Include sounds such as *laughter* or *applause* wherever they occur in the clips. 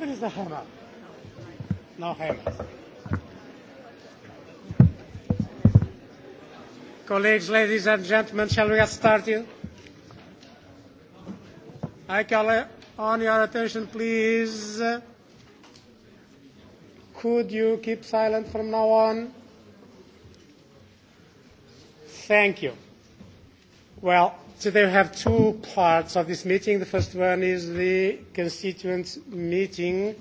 Господи, за the hammer? No hammer. Colleagues, ladies and gentlemen, shall we get started? I call on your attention, please. Could you keep silent from now on? Thank you. Well, Today we have two parts of this meeting. The first one is the constituent meeting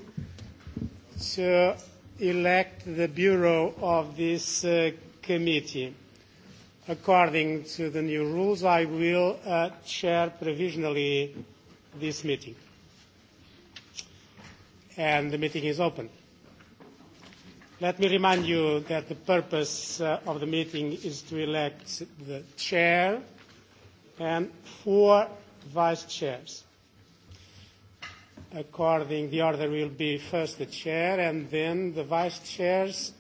to elect the bureau of this uh, committee. According to the new rules, I will uh, chair provisionally this meeting. And the meeting is open. Let me remind you that the purpose uh, of the meeting is to elect the chair and four vice chairs. According, the order will be first the chair and then the vice chairs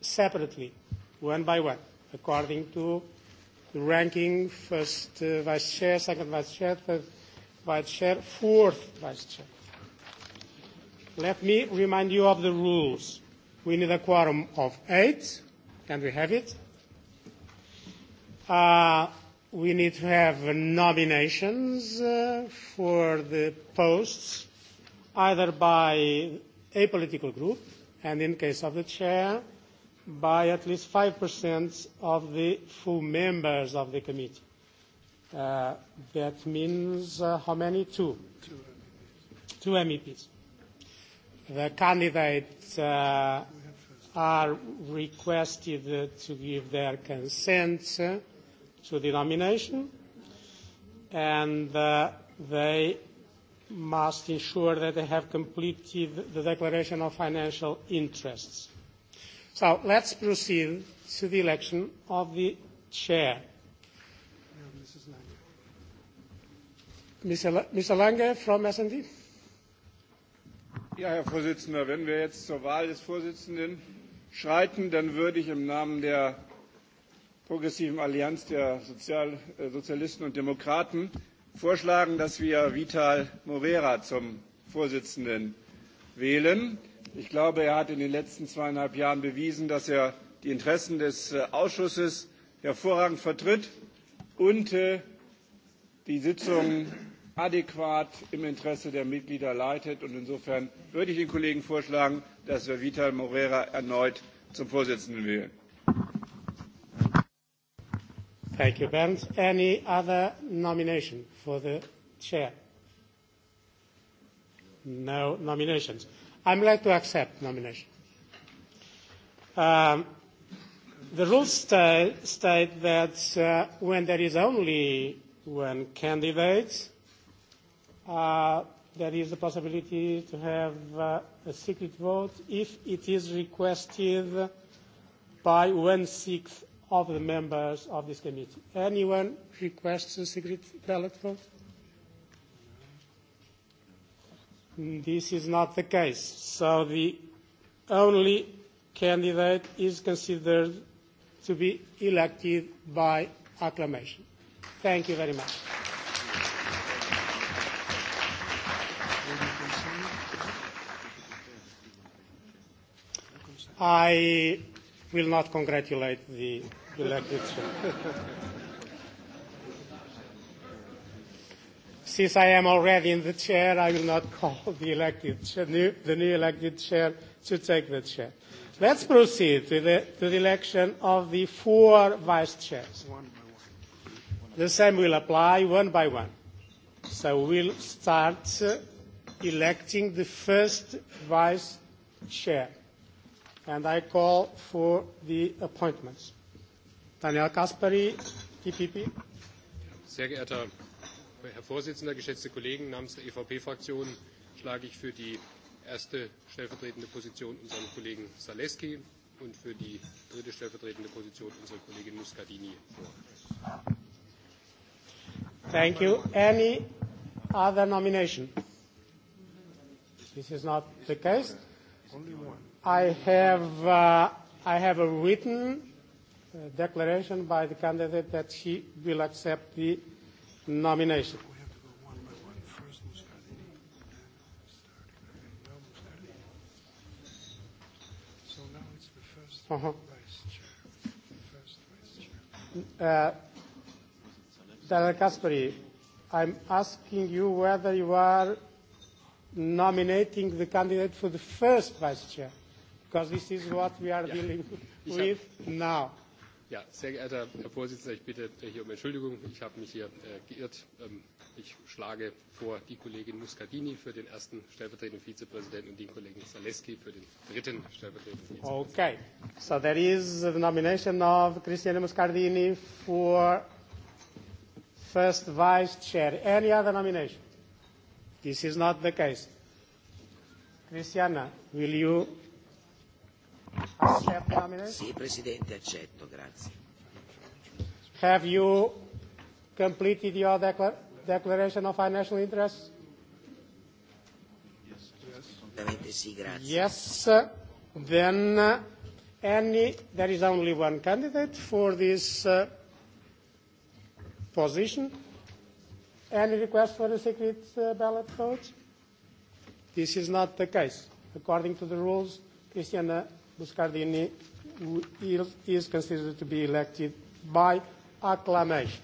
separately, one by one, according to the ranking, first uh, vice chair, second vice chair, third vice chair, fourth vice chair. Let me remind you of the rules. We need a quorum of eight, and we have it. Uh, we need to have nominations uh, for the posts, either by a political group, and in case of the chair, by at least 5% of the full members of the committee. Uh, that means uh, how many? Two. Two MEPs. The candidates uh, are requested to give their consent. Uh, to the nomination, and uh, they must ensure that they have completed the declaration of financial interests. So let's proceed to the election of the chair. Mr. Lange from SD. Ja, Herr Vorsitzender, wenn wir jetzt zur Wahl des Vorsitzenden schreiten, dann würde ich im Namen der progressiven Allianz der Sozialisten und Demokraten vorschlagen, dass wir Vital Moreira zum Vorsitzenden wählen. Ich glaube, er hat in den letzten zweieinhalb Jahren bewiesen, dass er die Interessen des Ausschusses hervorragend vertritt und die Sitzungen adäquat im Interesse der Mitglieder leitet. Und insofern würde ich den Kollegen vorschlagen, dass wir Vital Moreira erneut zum Vorsitzenden wählen. Thank you, Bernd. Any other nomination for the chair? No nominations. I'm glad to accept nomination. the rules state that when there is only one candidate, there is a possibility to have a secret vote if it is requested by one sixth of the members of this committee. Anyone requests a secret ballot vote? This is not the case. So the only candidate is considered to be elected by acclamation. Thank you very much. I will not congratulate the elected chair. Since I am already in the chair, I will not call the elected chair, new, the new elected chair to take the chair. Let's proceed to the, to the election of the four vice chairs. The same will apply one by one. So we'll start electing the first vice chair and I call for the appointments. Daniel Gasperi, DPP. Sehr geehrter Herr Vorsitzender, geschätzte Kollegen, namens der EVP-Fraktion schlage ich für die erste stellvertretende Position unseren Kollegen Saleski und für die dritte stellvertretende Position unsere Kollegin Muscardini vor. Thank you. Any other nomination? This is not the case. Only one. I have, uh, I have a written declaration by the candidate that he will accept the nomination. Uh-huh. Uh, Dr. Kasperi, I'm asking you whether you are nominating the candidate for the first vice chair because this is what we are dealing with now. Ja, sehr geehrter Herr Vorsitzender, ich bitte hier um Entschuldigung. Ich habe mich hier äh, geirrt. Ähm, Ich schlage vor die Kollegin Muscardini für den ersten stellvertretenden Vizepräsidenten und den Kollegen Zaleski für den dritten stellvertretenden Vizepräsidenten. Okay, so there is the nomination of Cristiano Muscardini for first vice chair. Any other nomination? This is not the case. Cristiana, will you Sì, Presidente, accetto, grazie. Have you completed your declar declaration of financial interests? Assolutamente sì, grazie. Yes, then any, there is only one candidate for this uh, position. Any request for a secret uh, ballot vote? This is not the case. According to the rules, Christiana Muscardini is considered to be elected by acclamation.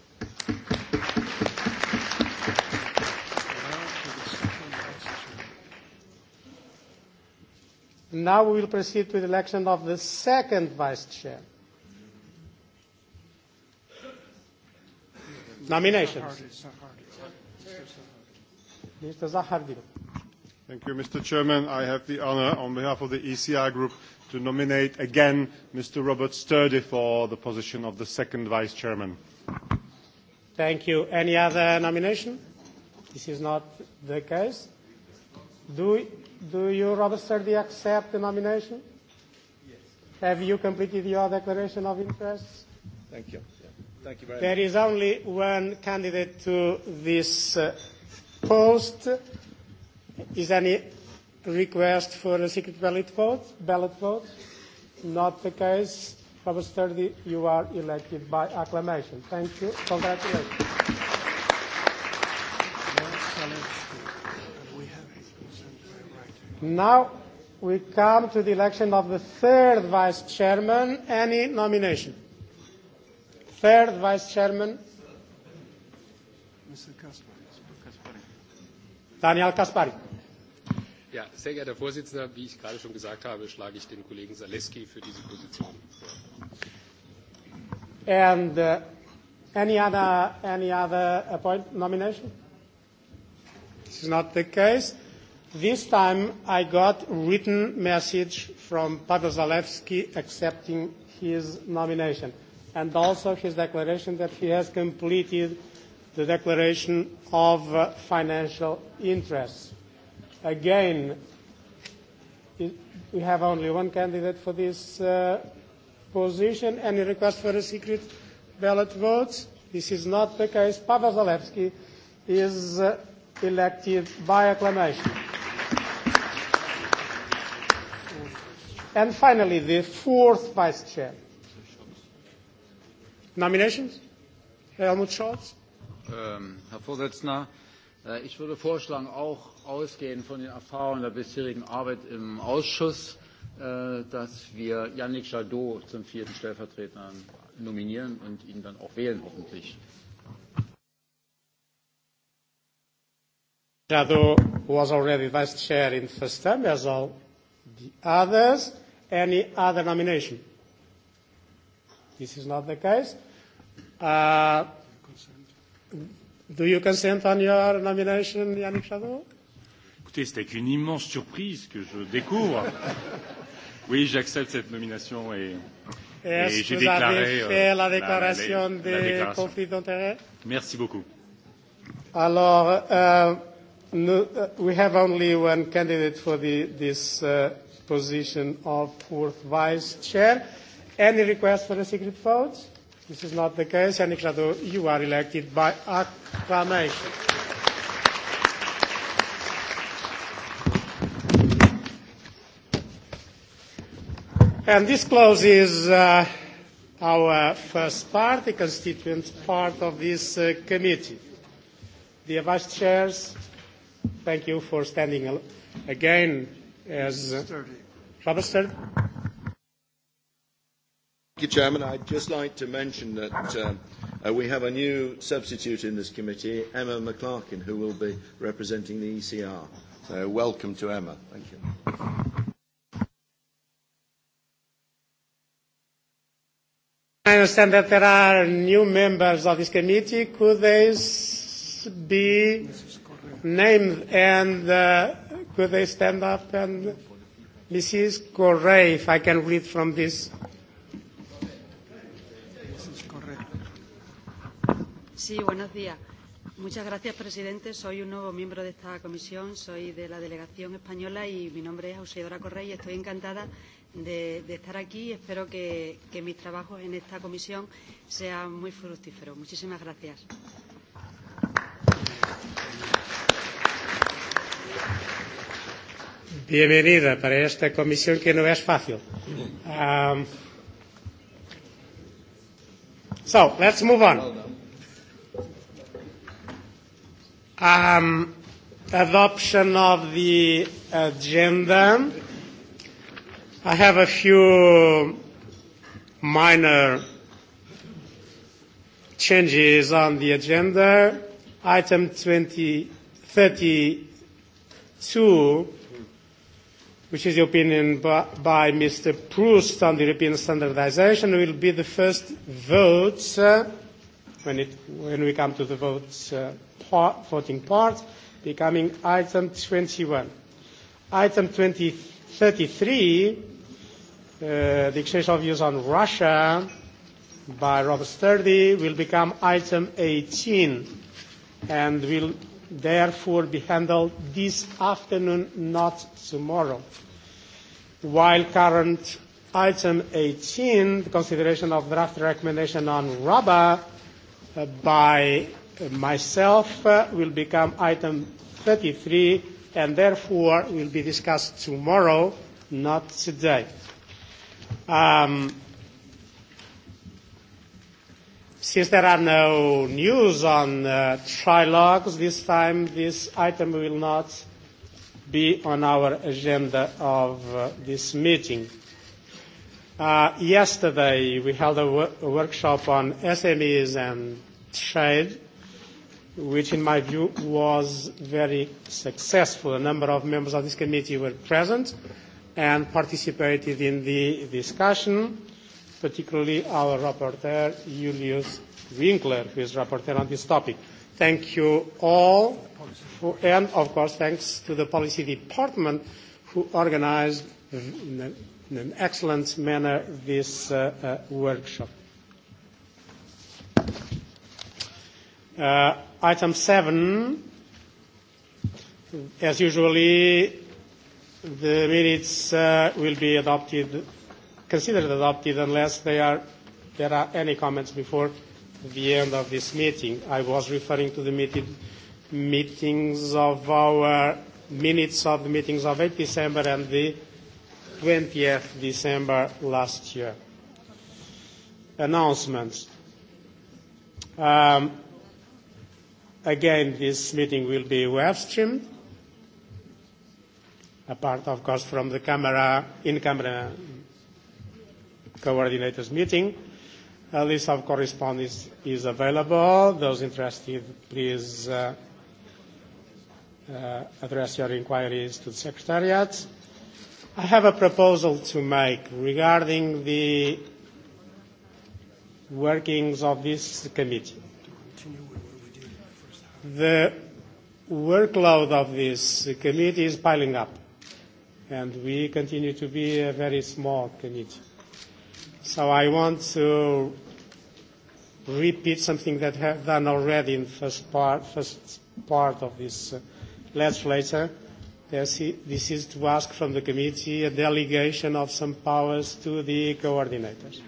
Now we will proceed to the election of the second vice chair. Nominations. Mr. Zahardino. Thank you, Mr. Chairman. I have the honour, on behalf of the ECR Group, to nominate again Mr. Robert Sturdy for the position of the second Vice Chairman. Thank you. Any other nomination? This is not the case. Do, do you, Robert Sturdy, accept the nomination? Yes. Have you completed your declaration of interests? Thank you. Thank you very much. There is only one candidate to this uh, post. Is any request for a secret ballot vote? Ballot vote? Not the case. Robert Sturdy, you are elected by acclamation. Thank you. Congratulations. Now we come to the election of the third vice chairman. Any nomination? Third vice chairman. Mr. Kasper. Daniel Kaspari. Ja, sehr geehrter Vorsitzender, wie ich gerade schon gesagt habe, schlage ich den Kollegen Zaleski für diese Position vor. And uh, any other any other appoint nomination? This is not the case. This time I got written message from Padozalewski accepting his nomination and also his declaration that he has completed the declaration of financial interests. Again, we have only one candidate for this uh, position. Any request for a secret ballot vote? This is not the case. Pavel Zalewski is uh, elected by acclamation. And finally, the fourth vice chair. Nominations? Helmut Scholz? Herr Vorsitzender. Ich würde vorschlagen, auch ausgehend von den Erfahrungen der bisherigen Arbeit im Ausschuss, dass wir Yannick Jadot zum vierten Stellvertreter nominieren und ihn dann auch wählen, hoffentlich. Jadot was already vice chair in the first term, as all the others. Any other nomination? This is not the case. Uh, Do you consent on your nomination, Yannick Jadot Écoutez, c'est avec une immense surprise que je découvre. Oui, j'accepte cette nomination et, et j'ai déclaré avez fait la déclaration des conflits d'intérêts. Merci beaucoup. Alors, uh, no, uh, we have only one candidate for the, this uh, position of fourth vice chair. Any request for a secret vote? This is not the case. Yannick Jadot, you are elected by acclamation. And this closes uh, our first part, the constituent part of this uh, committee. Dear Vice Chairs, thank you for standing again as uh, Robert Sturdy. Chairman. I'd just like to mention that we have a new substitute in this committee, Emma McClarkin, who will be representing the ECR. So welcome to Emma. Thank you. I understand that there are new members of this committee. Could they be named and uh, could they stand up and Mrs. Correa, if I can read from this señor Muchas gracias, presidente. Soy un nuevo miembro de esta comisión, soy de la delegación española y mi nombre es Auxiliadora Correa y estoy encantada de, de estar aquí y espero que, que mis trabajos en esta comisión sean muy fructíferos. Muchísimas gracias. Bienvenida para esta comisión que no es fácil. Um, so, let's move on. Um, adoption of the agenda. I have a few minor changes on the agenda. Item 20, 32, which is the opinion by, by Mr. Proust on the European standardization, will be the first vote. Uh, when, it, when we come to the votes, uh, part, voting part, becoming item 21. Item 20, 33, uh, the exchange of views on Russia by Robert Sturdy will become item 18 and will therefore be handled this afternoon, not tomorrow. While current item 18, the consideration of draft recommendation on RABA by myself will become item 33 and therefore will be discussed tomorrow, not today. Um, since there are no news on uh, trilogues this time, this item will not be on our agenda of uh, this meeting. Uh, yesterday, we held a, wor- a workshop on SMEs and trade, which, in my view, was very successful. A number of members of this committee were present and participated in the discussion, particularly our rapporteur, Julius Winkler, who is rapporteur on this topic. Thank you all, for, and of course, thanks to the policy department who organized in an excellent manner this workshop. Uh, item 7, as usually, the minutes uh, will be adopted, considered adopted unless they are, there are any comments before the end of this meeting. I was referring to the meeting, meetings of our minutes of the meetings of 8 December and the 20th December last year. Announcements. Um, again, this meeting will be web streamed. Apart, of course, from the camera, in-camera coordinators meeting. A list of correspondence is available. Those interested, please uh, uh, address your inquiries to the Secretariat. I have a proposal to make regarding the workings of this committee. The workload of this committee is piling up, and we continue to be a very small committee. So I want to repeat something that I have done already in the first part, first part of this legislature This is to ask from the committee a delegation of some powers to the coordinators.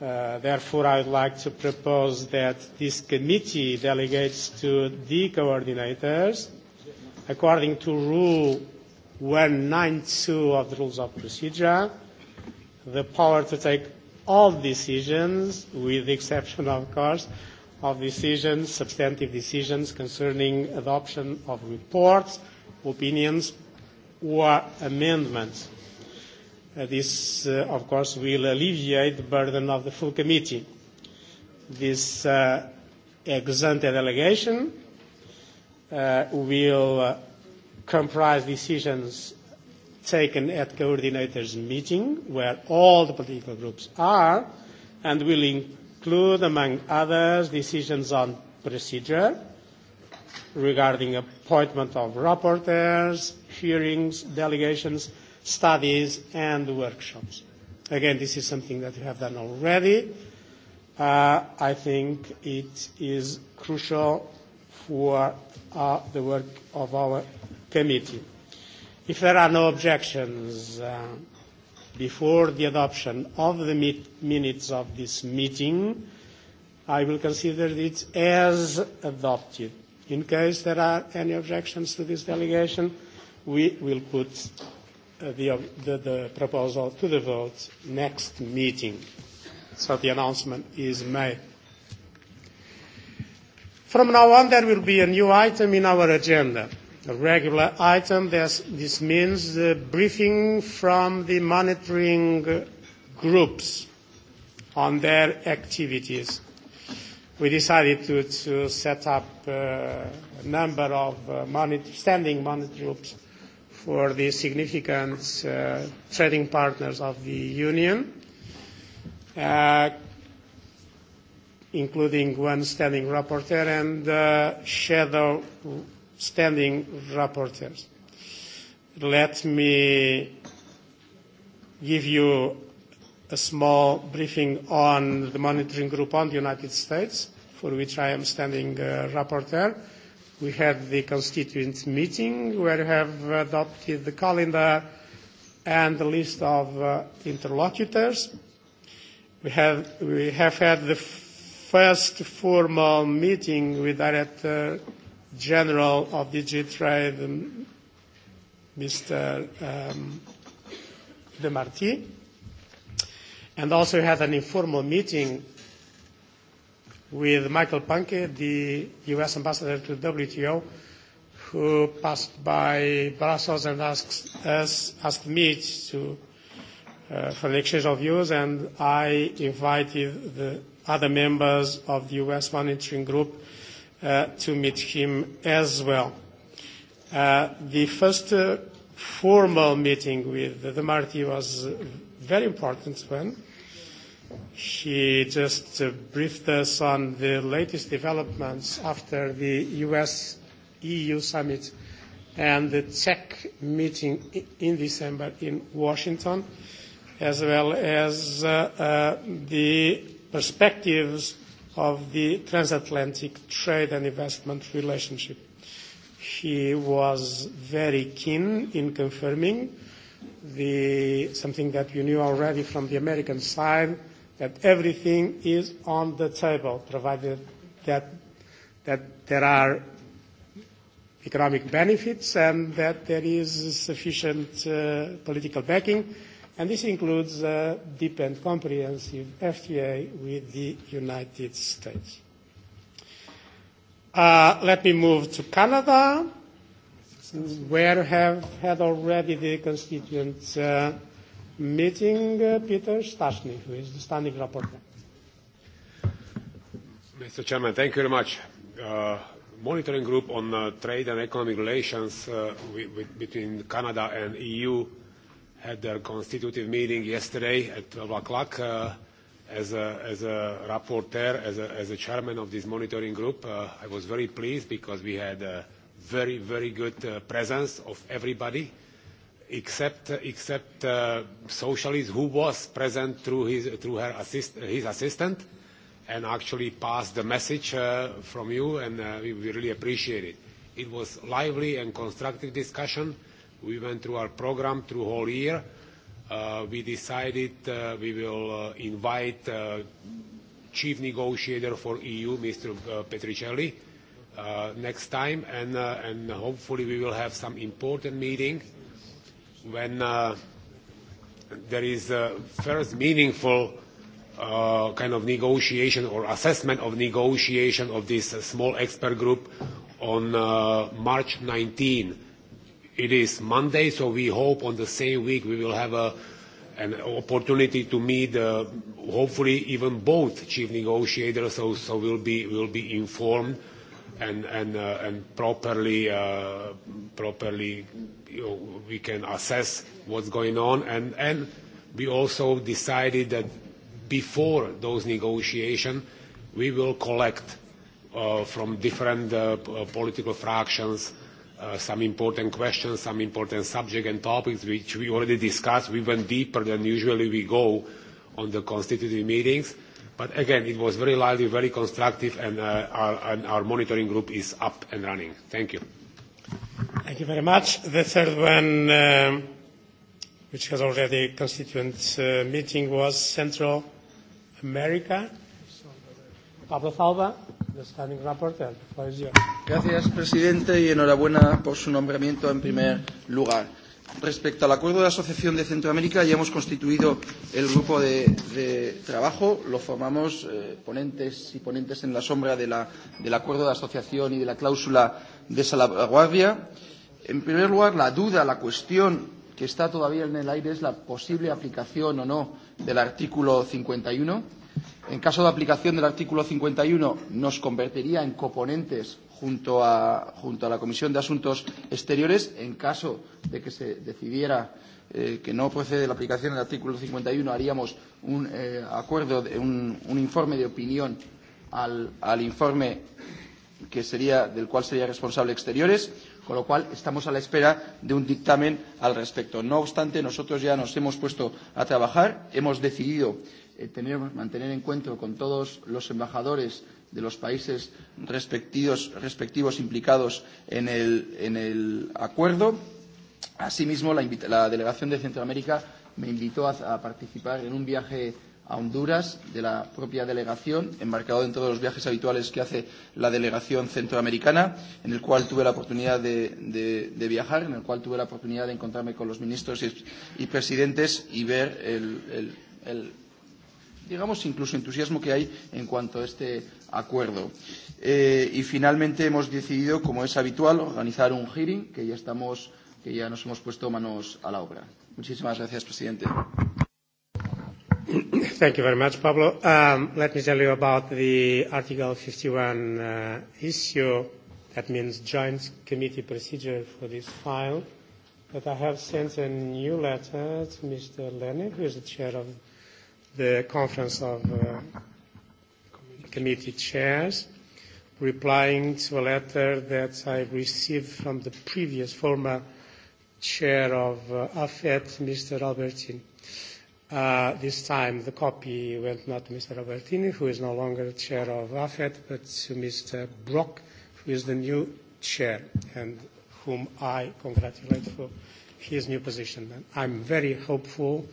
Therefore, I would like to propose that this committee delegates to the coordinators, according to Rule 192 of the Rules of Procedure, the power to take all decisions, with the exception, of course, of decisions, substantive decisions concerning adoption of reports, opinions, or amendments. This, of course, will alleviate the burden of the full committee. This ex ante delegation will comprise decisions taken at coordinators' meeting, where all the political groups are, and will include, among others, decisions on procedure regarding appointment of rapporteurs, hearings, delegations, studies, and workshops. Again, this is something that we have done already. Uh, I think it is crucial for uh, the work of our committee. If there are no objections, before the adoption of the minutes of this meeting, I will consider it as adopted. In case there are any objections to this delegation, we will put the, the, the proposal to the vote next meeting. So the announcement is made. From now on, there will be a new item in our agenda regular item. There's, this means the briefing from the monitoring groups on their activities. We decided to, to set up uh, a number of uh, monitor, standing monitor groups for the significant uh, trading partners of the Union, uh, including one standing rapporteur and uh, shadow standing rapporteurs. Let me give you a small briefing on the monitoring group on the United States, for which I am standing uh, rapporteur. We had the constituent meeting where we have adopted the calendar and the list of uh, interlocutors. We have, we have had the first formal meeting with Director General of Trade, Mr. Um, De Marti, and also had an informal meeting with Michael Panke, the U.S. ambassador to WTO, who passed by Brussels and asked us, asked me to uh, for an exchange of views, and I invited the other members of the U.S. monitoring group uh, to meet him as well. Uh, the first uh, formal meeting with the Marty was a very important one. He just uh, briefed us on the latest developments after the US EU summit and the Czech meeting in December in Washington, as well as uh, uh, the perspectives of the transatlantic trade and investment relationship. He was very keen in confirming the, something that you knew already from the American side, that everything is on the table, provided that, that there are economic benefits and that there is sufficient uh, political backing and this includes a deep and comprehensive FTA with the United States. Uh, let me move to Canada, where have had already the constituent uh, meeting uh, Peter Stashny, who is the standing rapporteur. Mr. Chairman, thank you very much. Uh, monitoring group on uh, trade and economic relations uh, with, between Canada and EU had their constitutive meeting yesterday at 12 o'clock. Uh, as a, as a rapporteur, as a, as a chairman of this monitoring group, uh, I was very pleased because we had a very, very good uh, presence of everybody except except uh, socialist who was present through his through her assist, his assistant and actually passed the message uh, from you and uh, we, we really appreciate it. It was lively and constructive discussion We went through our program through whole year. We decided we will invite chief negotiator for EU, Mr. Petricelli, next time, and hopefully we will have some important meeting when there is a first meaningful kind of negotiation or assessment of negotiation of this small expert group on March 19 It is Monday, so we hope on the same week we will have a an opportunity to meet, hopefully even both chief negotiators, so so we'll be we'll be informed and and and properly, properly you know, we can assess what's going on. And and we also decided that before those negotiations, we will collect from different political fractions some important questions, some important subject and topics which we already discussed. We went deeper than usually we go on the constitutive meetings. But again, it was very lively, very constructive, and our monitoring group is up and running. Thank you. Thank you very much. The third one, which has already constituent meeting, was Central America. Pablo Salva. Gracias, presidente, y enhorabuena por su nombramiento en primer lugar. Respecto al acuerdo de asociación de Centroamérica, ya hemos constituido el grupo de, de trabajo. Lo formamos eh, ponentes y ponentes en la sombra de la, del acuerdo de asociación y de la cláusula de salvaguardia. En primer lugar, la duda, la cuestión que está todavía en el aire es la posible aplicación o no del artículo 51 En caso de aplicación del artículo 51, nos convertiría en coponentes junto a, junto a la Comisión de Asuntos Exteriores. En caso de que se decidiera eh, que no procede la aplicación del artículo 51, haríamos un eh, acuerdo, de un, un informe de opinión al, al informe que sería, del cual sería responsable Exteriores, con lo cual estamos a la espera de un dictamen al respecto. No obstante, nosotros ya nos hemos puesto a trabajar, hemos decidido eh, tener, mantener encuentro con todos los embajadores de los países respectivos, respectivos implicados en el, en el acuerdo. Asimismo, la, la delegación de Centroamérica me invitó a, a participar en un viaje a Honduras de la propia delegación, embarcado dentro de los viajes habituales que hace la delegación centroamericana, en el cual tuve la oportunidad de, de, de viajar, en el cual tuve la oportunidad de encontrarme con los ministros y, y presidentes y ver el, el, el digamos, incluso entusiasmo que hay en cuanto a este acuerdo. Eh, y finalmente hemos decidido, como es habitual, organizar un hearing que ya estamos, que ya nos hemos puesto manos a la obra. Muchísimas gracias, presidente. Thank you very much, Pablo. Um, let me tell you about the Article 51 uh, issue. That means joint committee procedure for this file. But I have sent a new letter to Mr. Lenny, who is the chair of the the Conference of uh, Committee Chairs, replying to a letter that I received from the previous former chair of uh, AFET, Mr. Albertini. Uh, this time the copy went not to Mr. Albertini, who is no longer chair of AFET, but to Mr. Brock, who is the new chair, and whom I congratulate for his new position. And I'm very hopeful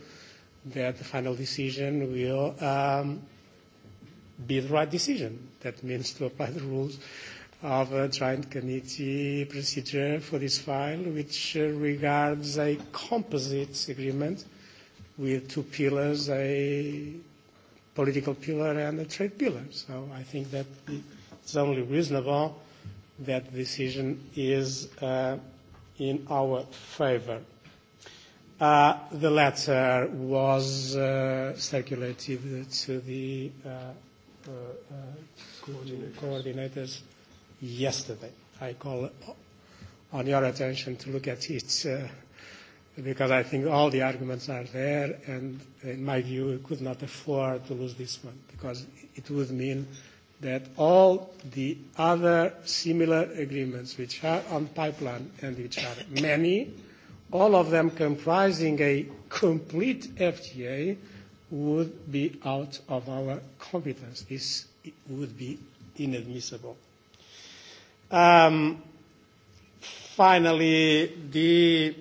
that the final decision will um, be the right decision. That means to apply the rules of a joint committee procedure for this file, which regards a composite agreement with two pillars, a political pillar and a trade pillar. So I think that it's only reasonable that the decision is uh, in our favor the letter was uh, circulated to the uh, uh, coordinators. coordinators yesterday. I call on your attention to look at it uh, because I think all the arguments are there, and in my view, we could not afford to lose this one because it would mean that all the other similar agreements which are on pipeline and which are many all of them comprising a complete FTA, would be out of our competence. This would be inadmissible. Um, finally, the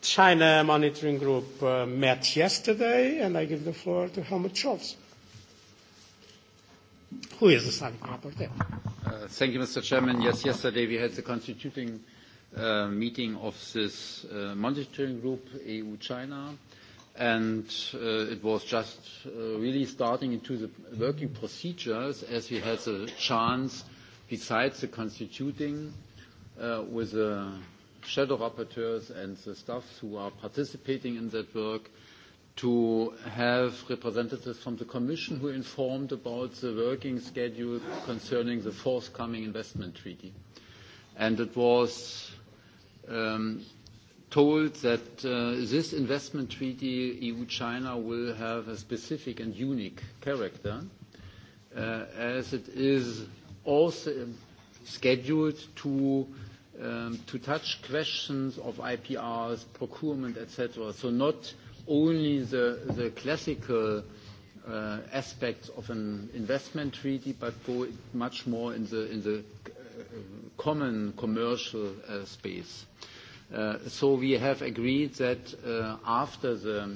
China Monitoring Group uh, met yesterday, and I give the floor to Helmut Scholz, who is the SADC rapporteur. Uh, thank you, Mr. Chairman. Yes, yesterday we had the constituting meeting of this monitoring group, EU-China, and it was just really starting into the working procedures as we had the chance, besides the constituting, with the shadow rapporteurs and the staff who are participating in that work, to have representatives from the Commission who informed about the working schedule concerning the forthcoming investment treaty. And It was told that this investment treaty, EU-China, will have a specific and unique character, as it is also scheduled to to touch questions of IPRs, procurement, et cetera. So not only the the classical aspects of an investment treaty, but go much more in the in the common commercial space. So we have agreed that after the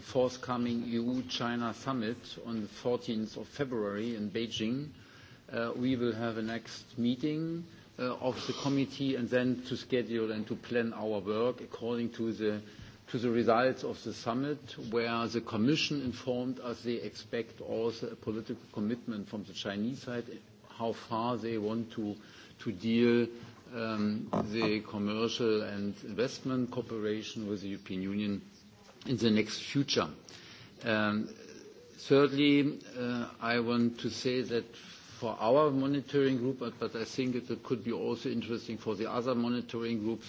forthcoming EU-China summit on the 14th of February in Beijing, we will have a next meeting of the committee and then to schedule and to plan our work according to the to the results of the summit, where the Commission informed us they expect also a political commitment from the Chinese side how far they want to to deal um the commercial and investment cooperation with the European Union in the next future. Um Thirdly, uh I want to say that for our monitoring group, but but I think it could be also interesting for the other monitoring groups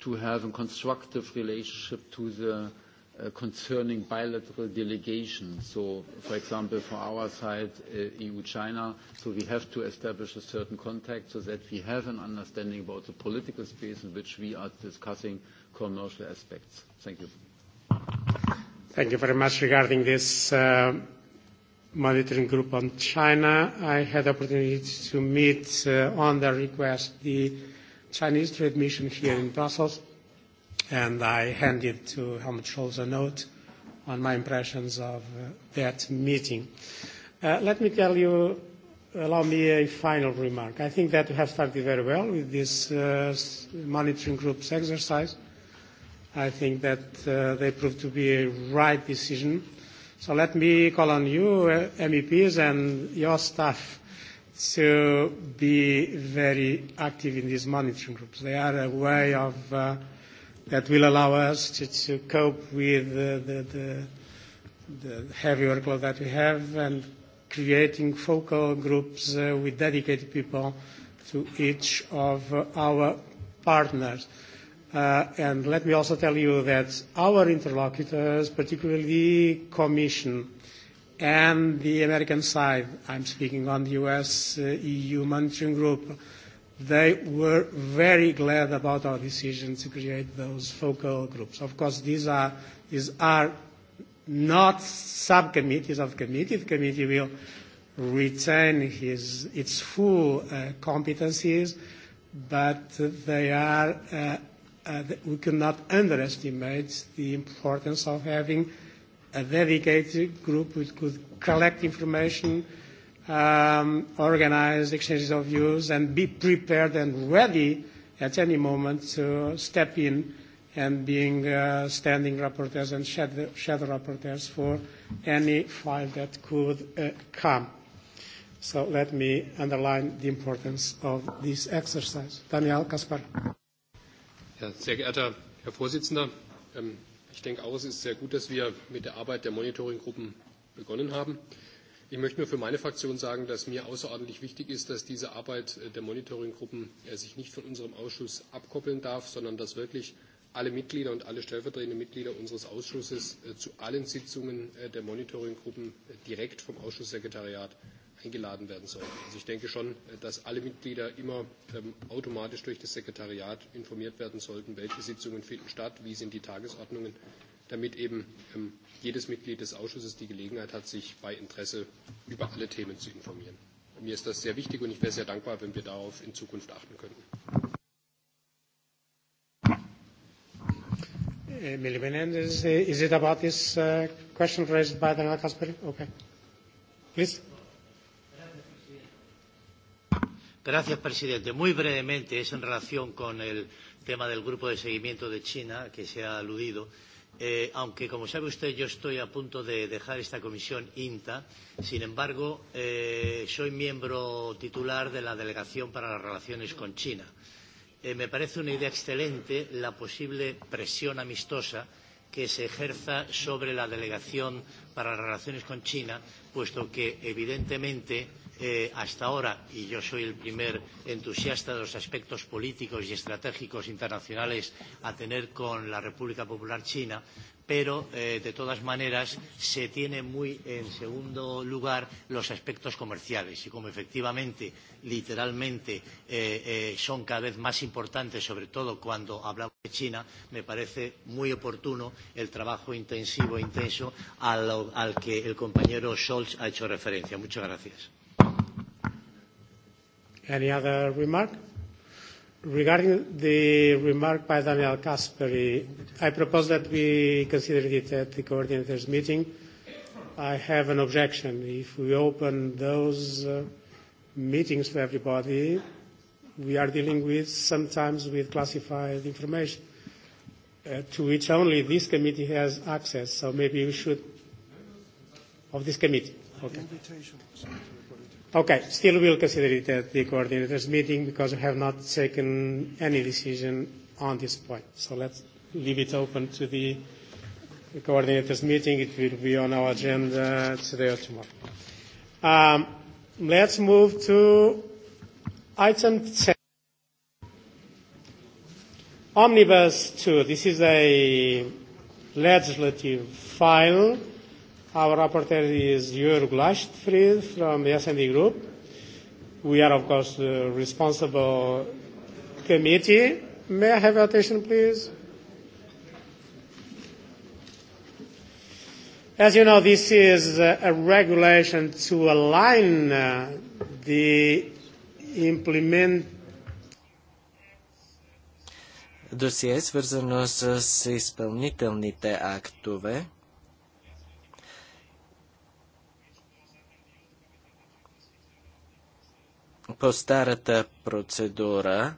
to have a constructive relationship to the concerning bilateral delegations. So, for example, for our side, EU-China, so we have to establish a certain contact so that we have an understanding about the political space in which we are discussing commercial aspects. Thank you. Thank you very much. Regarding this monitoring group on China, I had the opportunity to meet, on their request, the Chinese Trade Mission here in Brussels, and I handed to Helmut Scholz a note on my impressions of uh, that meeting. Uh, let me tell you, allow me a final remark. I think that we have started very well with this uh, monitoring group's exercise. I think that uh, they proved to be a right decision. So let me call on you, uh, MEPs, and your staff to be very active in these monitoring groups. They are a way of uh, that will allow us to, to cope with the, the, the, the heavy workload that we have and creating focal groups uh, with dedicated people to each of our partners. Uh, and let me also tell you that our interlocutors, particularly the Commission and the American side, I'm speaking on the US-EU monitoring group, they were very glad about our decision to create those focal groups. Of course, these are, these are not subcommittees of committee. The committee will retain his, its full uh, competencies, but they are, uh, uh, we cannot underestimate the importance of having a dedicated group which could collect information, um, organize exchanges of views, and be prepared and ready at any moment to step in and being uh, standing rapporteurs and shadow, shadow rapporteurs for any file that could uh, come. So let me underline the importance of this exercise. Daniel Kaspar. Ja, sehr geehrter Herr Vorsitzender, ähm, ich denke auch, es ist sehr gut, dass wir mit der Arbeit der Monitoringgruppen begonnen haben. Ich möchte nur für meine Fraktion sagen, dass mir außerordentlich wichtig ist, dass diese Arbeit der Monitoringgruppen sich nicht von unserem Ausschuss abkoppeln darf, sondern dass wirklich alle Mitglieder und alle stellvertretenden Mitglieder unseres Ausschusses zu allen Sitzungen der Monitoringgruppen direkt vom Ausschusssekretariat eingeladen werden sollen. Also ich denke schon, dass alle Mitglieder immer automatisch durch das Sekretariat informiert werden sollten, welche Sitzungen finden statt, wie sind die Tagesordnungen, damit eben jedes Mitglied des Ausschusses die Gelegenheit hat, sich bei Interesse über alle Themen zu informieren. Mir ist das sehr wichtig und ich wäre sehr dankbar, wenn wir darauf in Zukunft achten könnten. is it about this uh, question raised by Kasperi? Okay. Please. Gracias, presidente. Muy brevemente, es en relación con el tema del grupo de seguimiento de China que se ha aludido. Eh, aunque, como sabe usted, yo estoy a punto de dejar esta comisión INTA, sin embargo, eh, soy miembro titular de la Delegación para las Relaciones con China. Eh, me parece una idea excelente la posible presión amistosa que se ejerza sobre la Delegación para las Relaciones con China, puesto que, evidentemente, eh, hasta ahora, y yo soy el primer entusiasta de los aspectos políticos y estratégicos internacionales a tener con la República Popular China, pero eh, de todas maneras se tienen muy en segundo lugar los aspectos comerciales y como efectivamente, literalmente, eh, eh, son cada vez más importantes, sobre todo cuando hablamos de China, me parece muy oportuno el trabajo intensivo e intenso al que el compañero Scholz ha hecho referencia. Muchas gracias. Any other remark? Regarding the remark by Daniel Caspary, I propose that we consider it at the coordinators' meeting. I have an objection. If we open those uh, meetings to everybody, we are dealing with sometimes with classified information uh, to which only this committee has access. So maybe we should of this committee. Okay. Okay. Still we'll consider it at the coordinators meeting because we have not taken any decision on this point. So Let's leave it open to the coordinators meeting. It will be on our agenda today or tomorrow. Um Let's move to item 10. Omnibus 2. This is a legislative file Our rapporteur is Jörg Lastfried from the SND Group. We are, of course, the responsible committee. May I have your attention, please? As you know, this is a regulation to align the implement досие, свързано с изпълнителните актове по старата процедура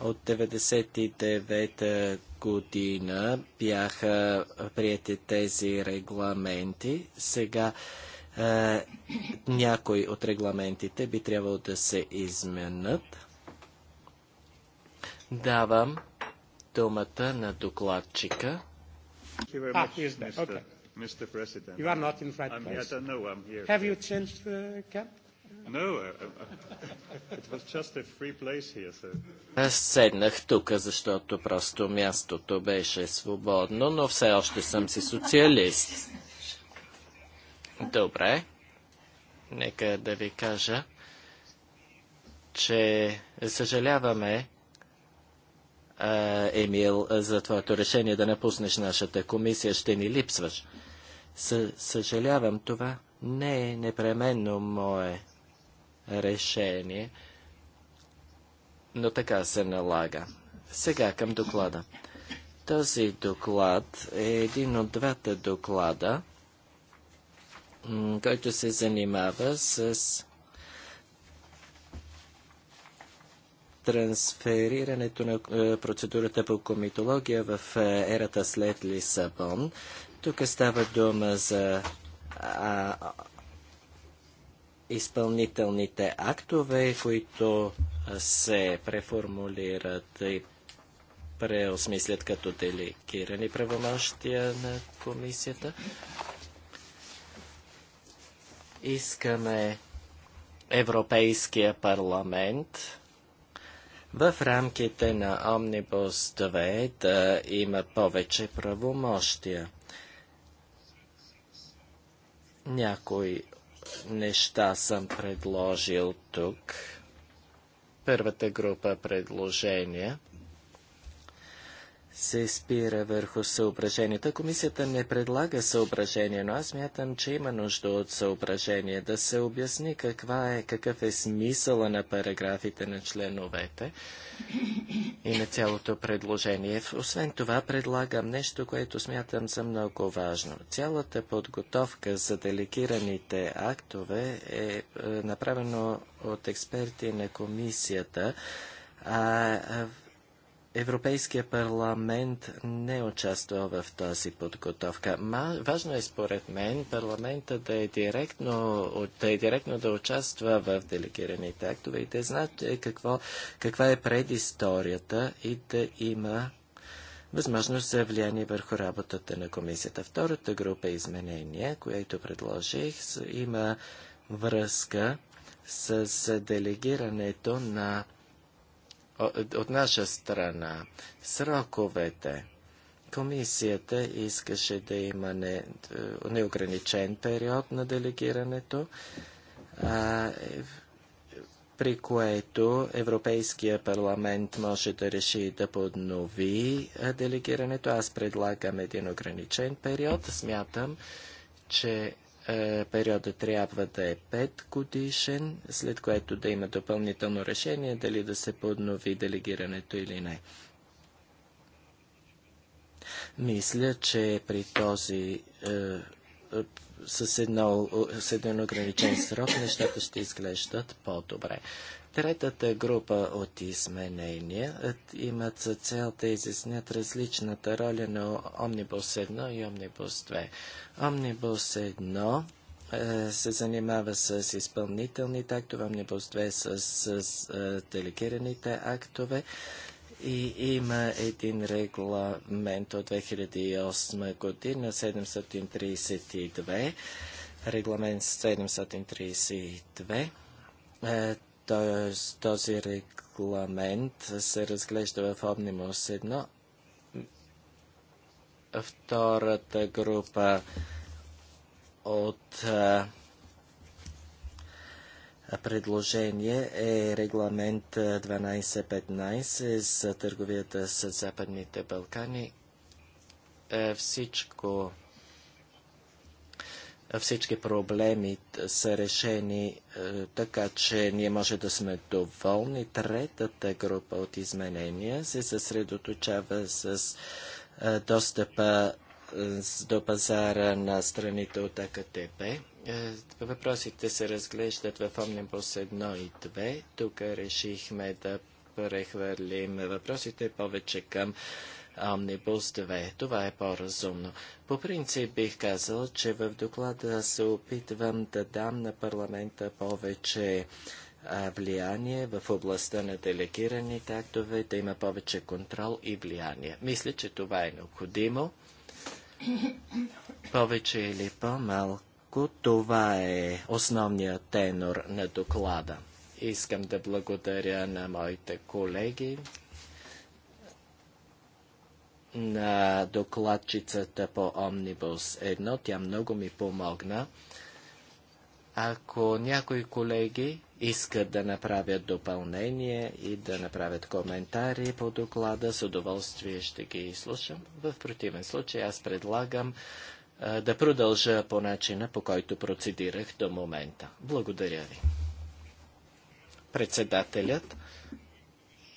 от 99 година бяха прияти тези регламенти. Сега е, някои от регламентите би трябвало да се изменят. Давам думата на докладчика. Ah, okay. Mr. President. You are not in the right I'm place. Here, I don't know, I'm here. Have you changed the uh, camp? No, uh, uh, *laughs* it was just a free place here, so. Аз седнах тук, защото просто мястото беше свободно, но все още съм си социалист. Добре. Нека да ви кажа, че съжаляваме, Емил, за твоето решение да напуснеш нашата комисия. Ще ни липсваш съжалявам, това не е непременно мое решение, но така се налага. Сега към доклада. Този доклад е един от двата доклада, който се занимава с трансферирането на е, процедурата по комитология в е, ерата след Лисабон. Тук става дума за а, изпълнителните актове, които се преформулират и преосмислят като делегирани правомощия на комисията. Искаме Европейския парламент в рамките на Омнибус 2 да има повече правомощия. Някои неща съм предложил тук. Първата група предложения – се спира върху съображенията. Комисията не предлага съображение, но аз мятам, че има нужда от съображение. Да се обясни каква е, какъв е смисъла на параграфите на членовете и на цялото предложение. Освен това, предлагам нещо, което смятам за много важно. Цялата подготовка за делегираните актове е, е направено от експерти на комисията, а, Европейския парламент не участва в тази подготовка. важно е според мен парламента да е, директно, да е директно да участва в делегираните актове и да знаят е какво, каква е предисторията и да има възможност за влияние върху работата на комисията. Втората група изменения, която предложих, има връзка с делегирането на от наша страна сроковете. Комисията искаше да има не, е, неограничен период на делегирането, а, при което Европейския парламент може да реши да поднови е, делегирането. Аз предлагам един ограничен период. Смятам, че е, периода трябва да е 5 годишен, след което да има допълнително решение дали да се поднови делегирането или не. Мисля, че при този е, е с, едно, е, с един ограничен срок нещата ще изглеждат по-добре. Третата група от изменения е, имат за цел да изяснят различната роля на Омнибус 1 и Омнибус 2. Омнибус 1 е, се занимава с изпълнителните актове, Омнибус 2 с, с, с е, делегираните актове и има един регламент от 2008 година 732, регламент 732. Тоест, този регламент се разглежда в Обнимус 1. Втората група от предложение е регламент 1215 за търговията с Западните Балкани. Е, всичко всички проблеми са решени е, така, че ние може да сме доволни. Третата група от изменения се съсредоточава с е, достъпа е, до пазара на страните от АКТП. Въпросите се разглеждат в Омнибус 1 и 2. Тук решихме да прехвърлим въпросите повече към Омнибус 2. Това е по-разумно. По принцип бих казал, че в доклада се опитвам да дам на парламента повече влияние в областта на делегираните тактове, да има повече контрол и влияние. Мисля, че това е необходимо. Повече или по-малко, това е основният тенор на доклада. Искам да благодаря на моите колеги, на докладчицата по Омнибус 1. Тя много ми помогна. Ако някои колеги искат да направят допълнение и да направят коментари по доклада, с удоволствие ще ги изслушам. В противен случай аз предлагам да продължа по начина, по който процедирах до момента. Благодаря ви. Председателят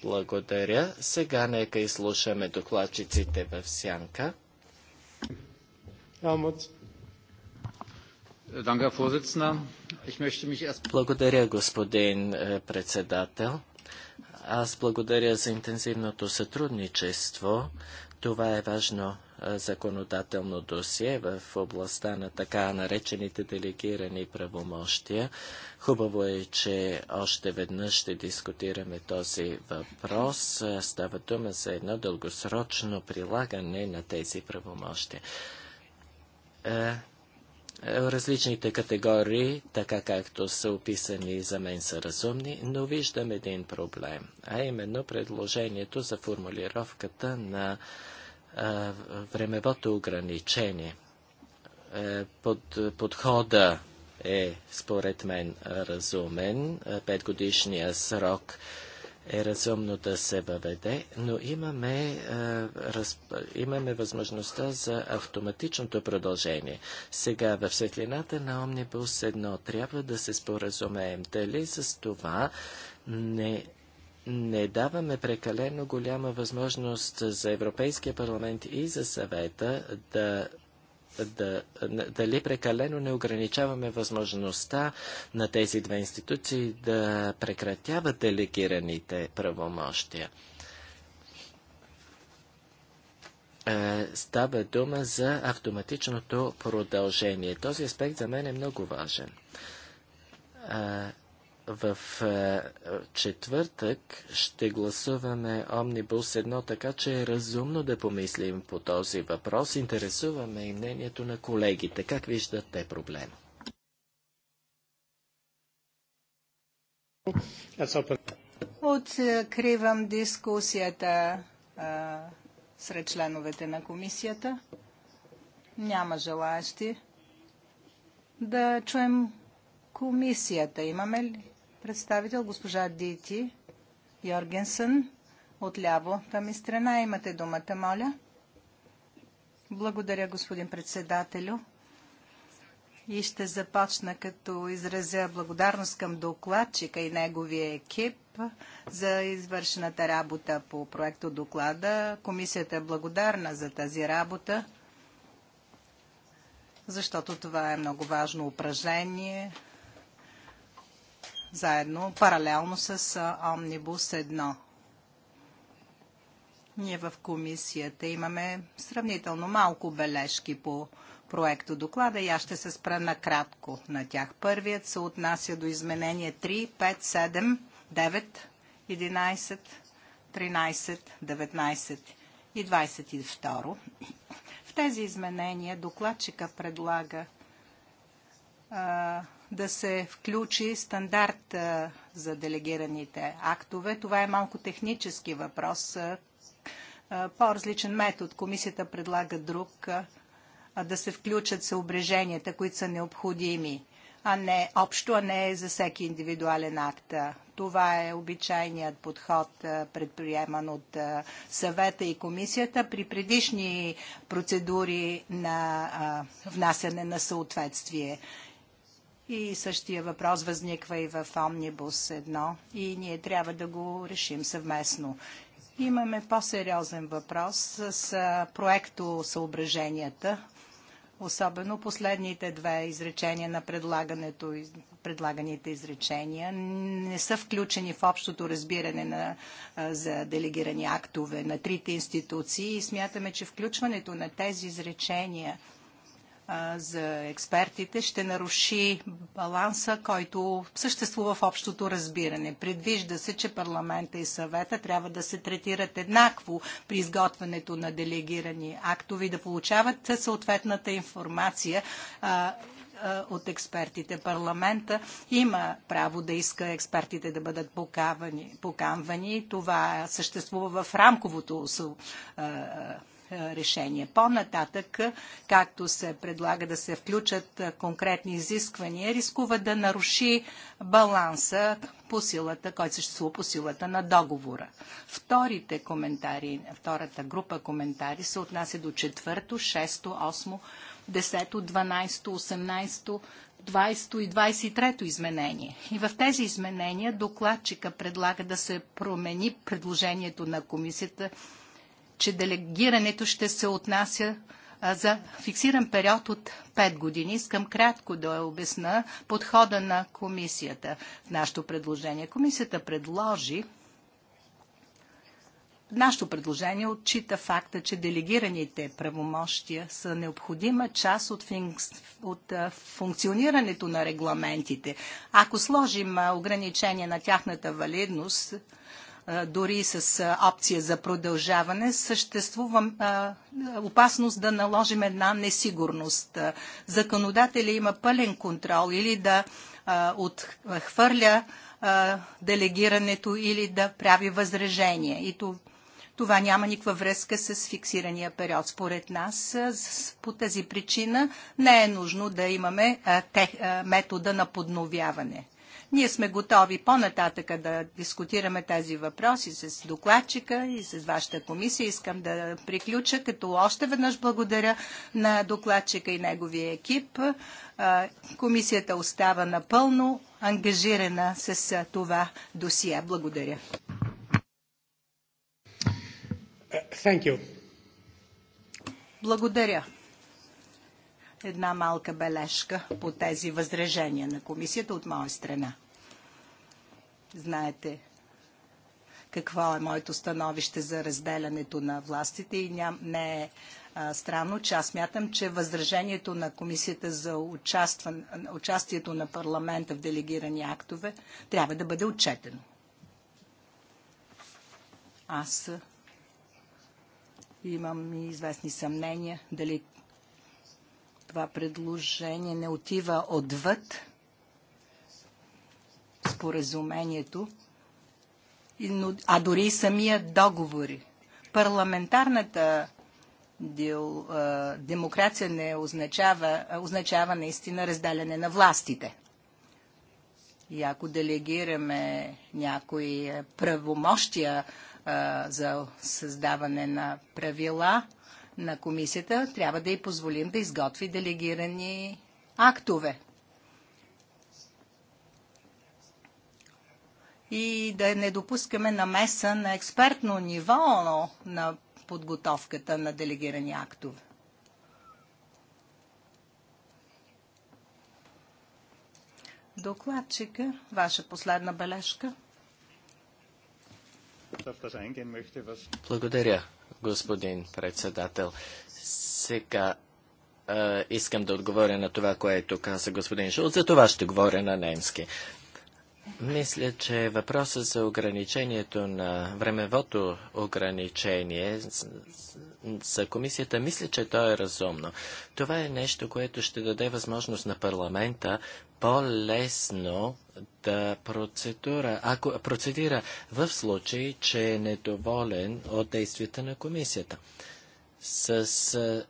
благодаря. Сега нека изслушаме докладчиците в сянка. Благодаря, господин е, председател. Аз благодаря за интензивното сътрудничество. Това е важно законодателно досие в областта на така наречените делегирани правомощия. Хубаво е, че още веднъж ще дискутираме този въпрос. Става дума за едно дългосрочно прилагане на тези правомощия. Различните категории, така както са описани, за мен са разумни, но виждам един проблем, а именно предложението за формулировката на времевото ограничение. Е, под, подхода е, според мен, разумен. Е, петгодишния срок е разумно да се въведе, но имаме, е, раз, имаме възможността за автоматичното продължение. Сега, в светлината на Омнибус едно трябва да се споразумеем дали с това не не даваме прекалено голяма възможност за Европейския парламент и за съвета да да, дали прекалено не ограничаваме възможността на тези две институции да прекратяват делегираните правомощия. Е, става дума за автоматичното продължение. Този аспект за мен е много важен. Е, в е, четвъртък ще гласуваме Омнибус 1, така че е разумно да помислим по този въпрос. Интересуваме и мнението на колегите. Как виждат те проблема? Е, откривам дискусията а, е, сред членовете на комисията. Няма желаящи. Да чуем комисията. Имаме ли? представител, госпожа Дити Йоргенсън отляво. Там и страна имате думата, моля. Благодаря, господин председателю. И ще започна като изразя благодарност към докладчика и неговия екип за извършената работа по проекто доклада. Комисията е благодарна за тази работа, защото това е много важно упражнение заедно, паралелно с Омнибус 1. Ние в комисията имаме сравнително малко бележки по проекто доклада и аз ще се спра накратко на тях. Първият се отнася до изменение 3, 5, 7, 9, 11, 13, 19 и 22. В тези изменения докладчика предлага да се включи стандарт за делегираните актове. Това е малко технически въпрос. По-различен метод. Комисията предлага друг да се включат съображенията, които са необходими, а не общо, а не за всеки индивидуален акт. Това е обичайният подход, предприеман от съвета и комисията при предишни процедури на внасяне на съответствие. И същия въпрос възниква и в Омнибус 1 и ние трябва да го решим съвместно. Имаме по-сериозен въпрос с проекто съображенията, особено последните две изречения на предлагането, предлаганите изречения не са включени в общото разбиране на, за делегирани актове на трите институции и смятаме, че включването на тези изречения – за експертите ще наруши баланса, който съществува в общото разбиране. Предвижда се, че парламента и съвета трябва да се третират еднакво при изготвянето на делегирани актови, да получават съответната информация от експертите. Парламента има право да иска експертите да бъдат покавани, поканвани. Това съществува в рамковото е, решение. По-нататък, както се предлага да се включат е, конкретни изисквания, рискува да наруши баланса по силата, който съществува по силата на договора. Вторите коментари, втората група коментари се отнася до четвърто, шесто, осмо, десето, дванайсто, осемнайсто, 20 и 23 изменение. И в тези изменения докладчика предлага да се промени предложението на комисията че делегирането ще се отнася за фиксиран период от 5 години. Искам кратко да обясна подхода на комисията в нашето предложение. Комисията предложи Нашето предложение отчита факта, че делегираните правомощия са необходима част от, от функционирането на регламентите. Ако сложим ограничение на тяхната валидност, дори с опция за продължаване, съществува опасност да наложим една несигурност. Законодателя има пълен контрол или да отхвърля делегирането или да прави възражение. И това няма никаква връзка с фиксирания период. Според нас, по тази причина не е нужно да имаме метода на подновяване. Ние сме готови по-нататъка да дискутираме тези въпроси с докладчика и с вашата комисия. Искам да приключа, като още веднъж благодаря на докладчика и неговия екип. Комисията остава напълно ангажирана с това досие. Благодаря. Благодаря една малка бележка по тези възражения на комисията от моя страна. Знаете какво е моето становище за разделянето на властите и ням, не е а, странно, че аз мятам, че възражението на комисията за участието на парламента в делегирани актове трябва да бъде отчетено. Аз имам и известни съмнения дали това предложение не отива отвъд споразумението, а дори и самия договор. Парламентарната дел, демокрация не означава, означава наистина разделяне на властите. И ако делегираме някои правомощия а, за създаване на правила, на комисията, трябва да й позволим да изготви делегирани актове. И да не допускаме намеса на експертно ниво на подготовката на делегирани актове. Докладчика, ваша последна бележка. Благодаря господин председател. Сега е, искам да отговоря на това, което каза господин Шулт. За това ще говоря на немски. Мисля, че въпросът за ограничението на времевото ограничение за комисията, мисля, че то е разумно. Това е нещо, което ще даде възможност на парламента по-лесно да процедура, ако процедира в случай, че е недоволен от действията на комисията. С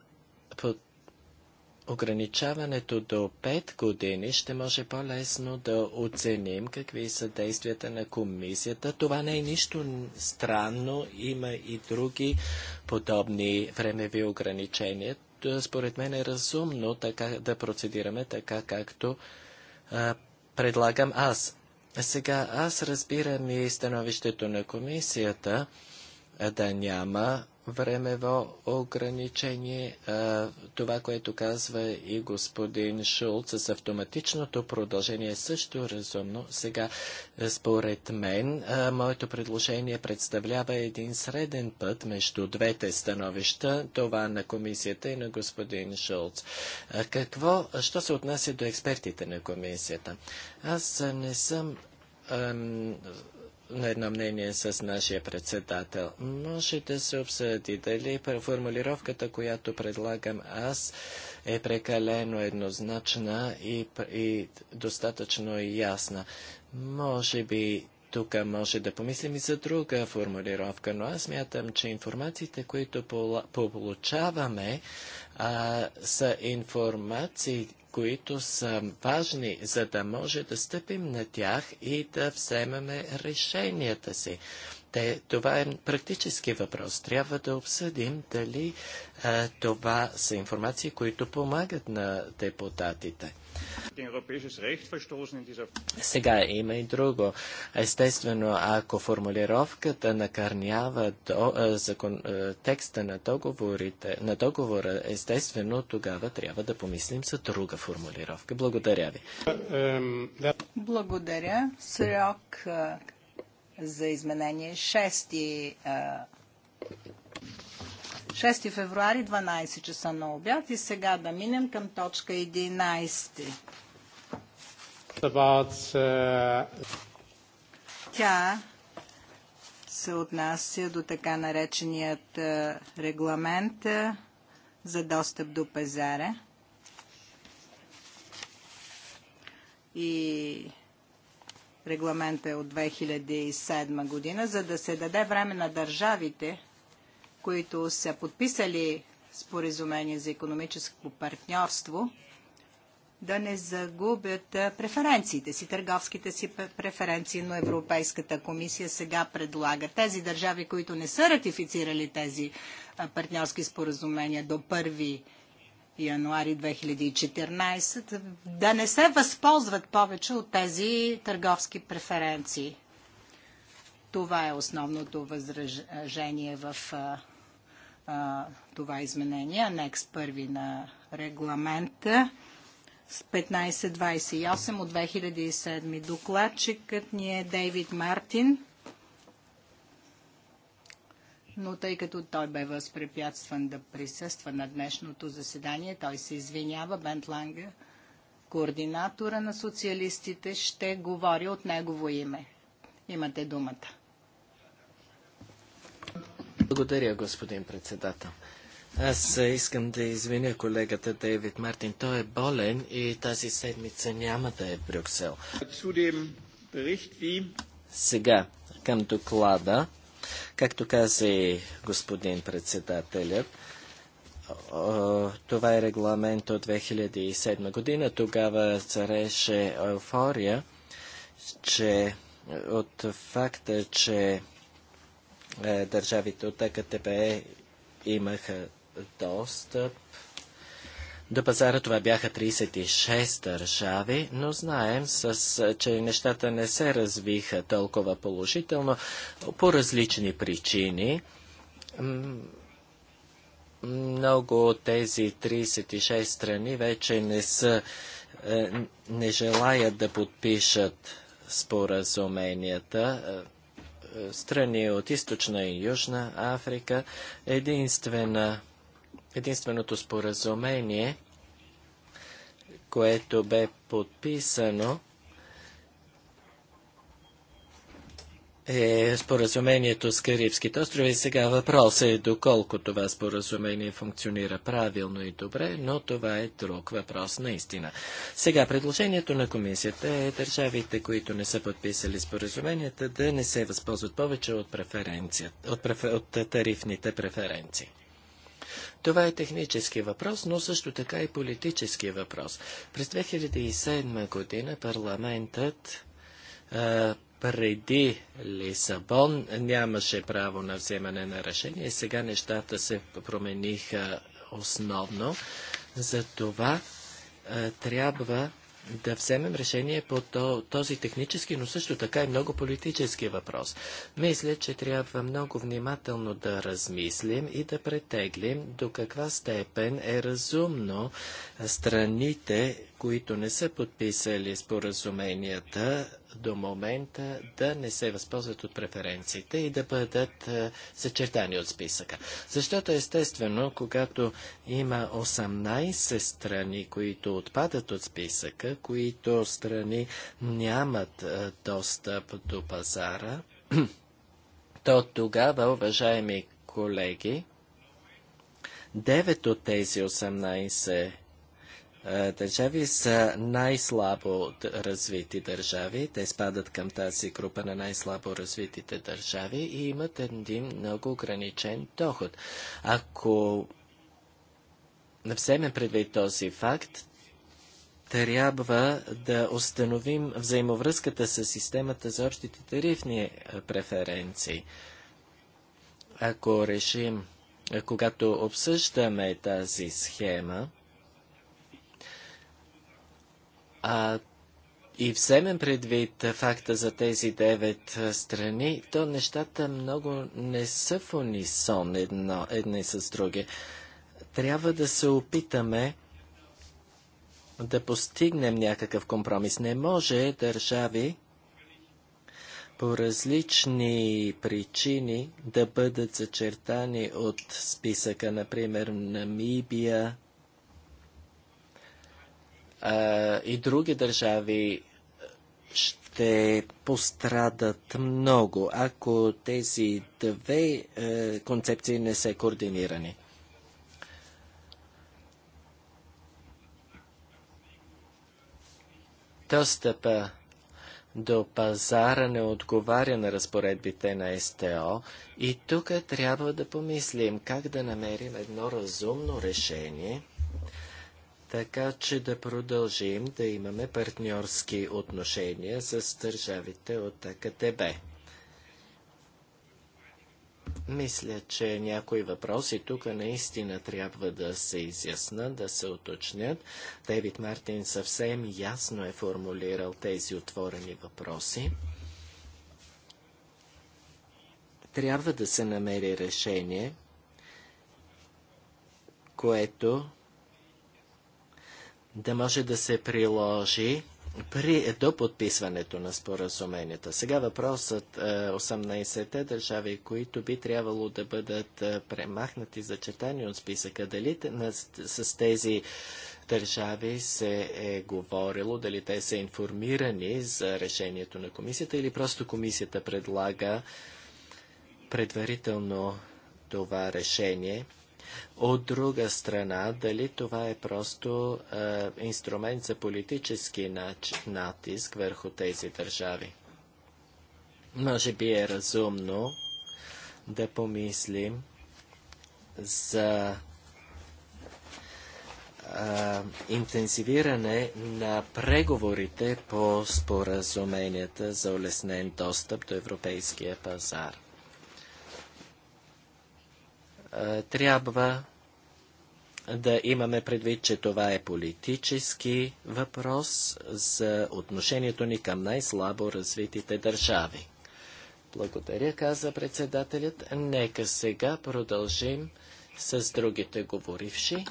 ограничаването до 5 години ще може по-лесно да оценим какви са действията на комисията. Това не е нищо странно. Има и други подобни времеви ограничения. Според мен е разумно така, да процедираме така, както а, предлагам аз. Сега аз разбирам и становището на комисията да няма времево ограничение. Това, което казва и господин Шулц с автоматичното продължение е също разумно. Сега, според мен, моето предложение представлява един среден път между двете становища, това на комисията и на господин Шулц. Какво, що се отнася до експертите на комисията? Аз не съм на едно мнение с нашия председател. Може да се обсъди дали формулировката, която предлагам аз, е прекалено еднозначна и, и достатъчно ясна. Може би тук може да помислим и за друга формулировка, но аз мятам, че информациите, които получаваме а, са информации, които са важни, за да може да стъпим на тях и да вземаме решенията си. Те, това е практически въпрос. Трябва да обсъдим дали това са информации, които помагат на депутатите. Сега има и друго. Естествено, ако формулировката накърнява до, закон, текста на, договорите, на договора, естествено, тогава трябва да помислим за друга формулировка. Благодаря ви. Благодаря. Срок за изменение 6, 6 февруари 12 часа на обяд и сега да минем към точка 11. About, uh... Тя се отнася до така нареченият регламент за достъп до пазара. И Регламента е от 2007 година, за да се даде време на държавите, които са подписали споразумение за економическо партньорство, да не загубят преференциите си, търговските си преференции, но Европейската комисия сега предлага тези държави, които не са ратифицирали тези партньорски споразумения до 1 януари 2014, да не се възползват повече от тези търговски преференции. Това е основното възражение в а, а, това изменение. Анекс първи на регламента с 1528 от 2007. Докладчикът ни е Дейвид Мартин но тъй като той бе възпрепятстван да присъства на днешното заседание, той се извинява, Бент Ланге, координатора на социалистите, ще говори от негово име. Имате думата. Благодаря, господин председател. Аз искам да извиня колегата Дейвид Мартин. Той е болен и тази седмица няма да е в Брюксел. Сега към доклада. Както каза и господин председателят, това е регламент от 2007 година. Тогава цареше еуфория, че от факта, че е, държавите от АКТБ имаха достъп до пазара това бяха 36 държави, но знаем, с, че нещата не се развиха толкова положително по различни причини. Много от тези 36 страни вече не са, е, не желаят да подпишат споразуменията е, е, страни от Източна и Южна Африка. Единствена единственото споразумение, което бе подписано, е споразумението с Карибските острови. Сега въпрос е доколко това споразумение функционира правилно и добре, но това е друг въпрос наистина. Сега предложението на комисията е държавите, които не са подписали споразуменията, да не се възползват повече от, от, от тарифните преференции. Това е технически въпрос, но също така и политически въпрос. През 2007 година парламентът а, преди Лисабон нямаше право на вземане на решение. Сега нещата се промениха основно. За това а, трябва да вземем решение по този технически, но също така и много политически въпрос. Мисля, че трябва много внимателно да размислим и да претеглим до каква степен е разумно страните, които не са подписали споразуменията, до момента да не се възползват от преференциите и да бъдат е, съчертани от списъка. Защото естествено, когато има 18 страни, които отпадат от списъка, които страни нямат е, достъп до пазара, *clears throat* то тогава, уважаеми колеги, 9 от тези 18 е, държави са най-слабо развити държави. Те спадат към тази група на най-слабо развитите държави и имат един много ограничен доход. Ако вземем предвид този факт, трябва да установим взаимовръзката с системата за общите тарифни е, преференции. Ако решим, е, когато обсъждаме тази схема, а, и вземем предвид факта за тези девет страни, то нещата много не са в унисон едно, едни с други. Трябва да се опитаме да постигнем някакъв компромис. Не може държави по различни причини да бъдат зачертани от списъка, например Намибия, и други държави ще пострадат много, ако тези две е, концепции не са координирани. Достъпа до пазара не отговаря на разпоредбите на СТО и тук трябва да помислим как да намерим едно разумно решение – така че да продължим да имаме партньорски отношения с държавите от АКТБ. Мисля, че някои въпроси тук наистина трябва да се изяснат, да се уточнят. Дейвид Мартин съвсем ясно е формулирал тези отворени въпроси. Трябва да се намери решение, което да може да се приложи при, до подписването на споразуменията. Сега въпросът 18-те е, държави, които би трябвало да бъдат е, премахнати, зачетани от списъка, дали с тези държави се е говорило, дали те са информирани за решението на комисията или просто комисията предлага предварително това решение. От друга страна, дали това е просто е, инструмент за политически натиск върху тези държави? Може би е разумно да помислим за е, интензивиране на преговорите по споразуменията за улеснен достъп до европейския пазар. Е, трябва да имаме предвид, че това е политически въпрос за отношението ни към най-слабо развитите държави. Благодаря, каза председателят. Нека сега продължим с другите говоривши.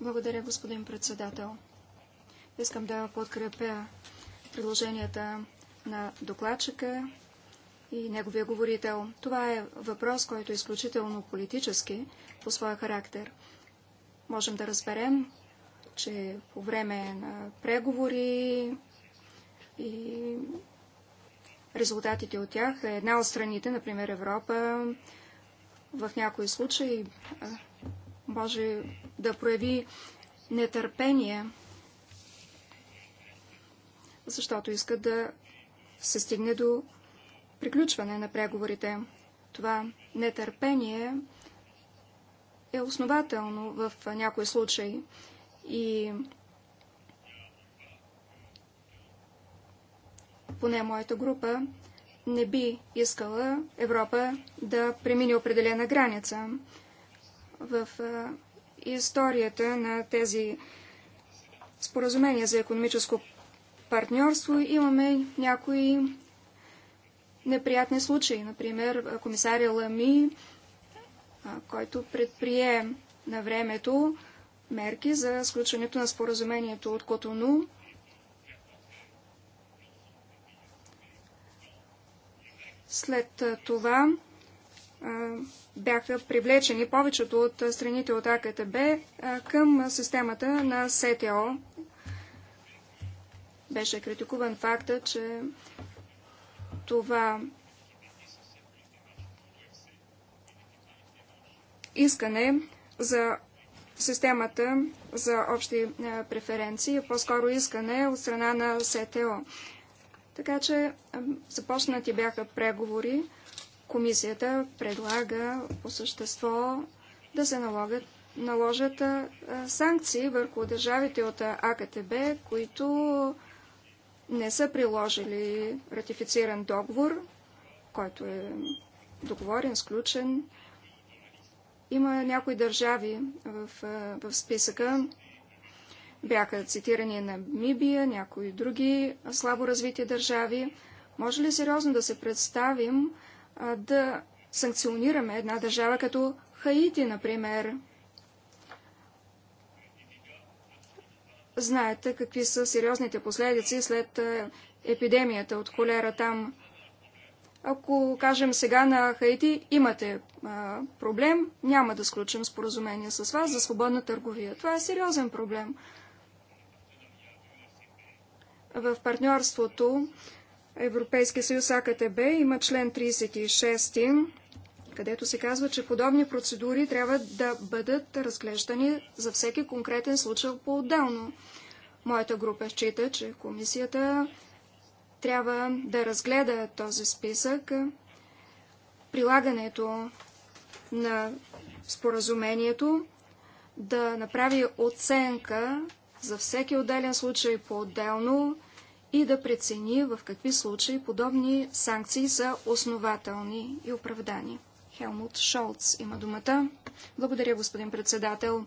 Благодаря, господин председател. Искам да подкрепя предложенията на докладчика и неговия говорител. Това е въпрос, който е изключително политически по своя характер. Можем да разберем, че по време на преговори и резултатите от тях, една от страните, например Европа, в някои случаи може да прояви нетърпение, защото иска да се стигне до приключване на преговорите. Това нетърпение е основателно в някои случаи и поне моята група не би искала Европа да премине определена граница. В историята на тези споразумения за економическо партньорство имаме някои неприятни случаи. Например, комисаря Лами, който предприе на времето мерки за сключването на споразумението от Котону. След това бяха привлечени повечето от страните от АКТБ към системата на СТО. Беше критикуван факта, че това искане за системата за общи е, преференции, по-скоро искане от страна на СТО. Така че е, започнати бяха преговори. Комисията предлага по същество да се налогат, наложат е, санкции върху държавите от АКТБ, които не са приложили ратифициран договор, който е договорен, сключен. Има някои държави в, в списъка. Бяха цитирани на Мибия, някои други слабо развити държави. Може ли сериозно да се представим а, да санкционираме една държава като Хаити, например, Знаете какви са сериозните последици след е, епидемията от холера там. Ако кажем сега на Хаити, имате а, е, проблем, няма да сключим споразумение с вас за свободна търговия. Това е сериозен проблем. В партньорството Европейския съюз АКТБ е има член 36 където се казва, че подобни процедури трябва да бъдат разглеждани за всеки конкретен случай по-отделно. Моята група счита, че комисията трябва да разгледа този списък. Прилагането на споразумението да направи оценка за всеки отделен случай по-отделно и да прецени в какви случаи подобни санкции са основателни и оправдани. Хелмут Шолц има думата. Благодаря, господин председател.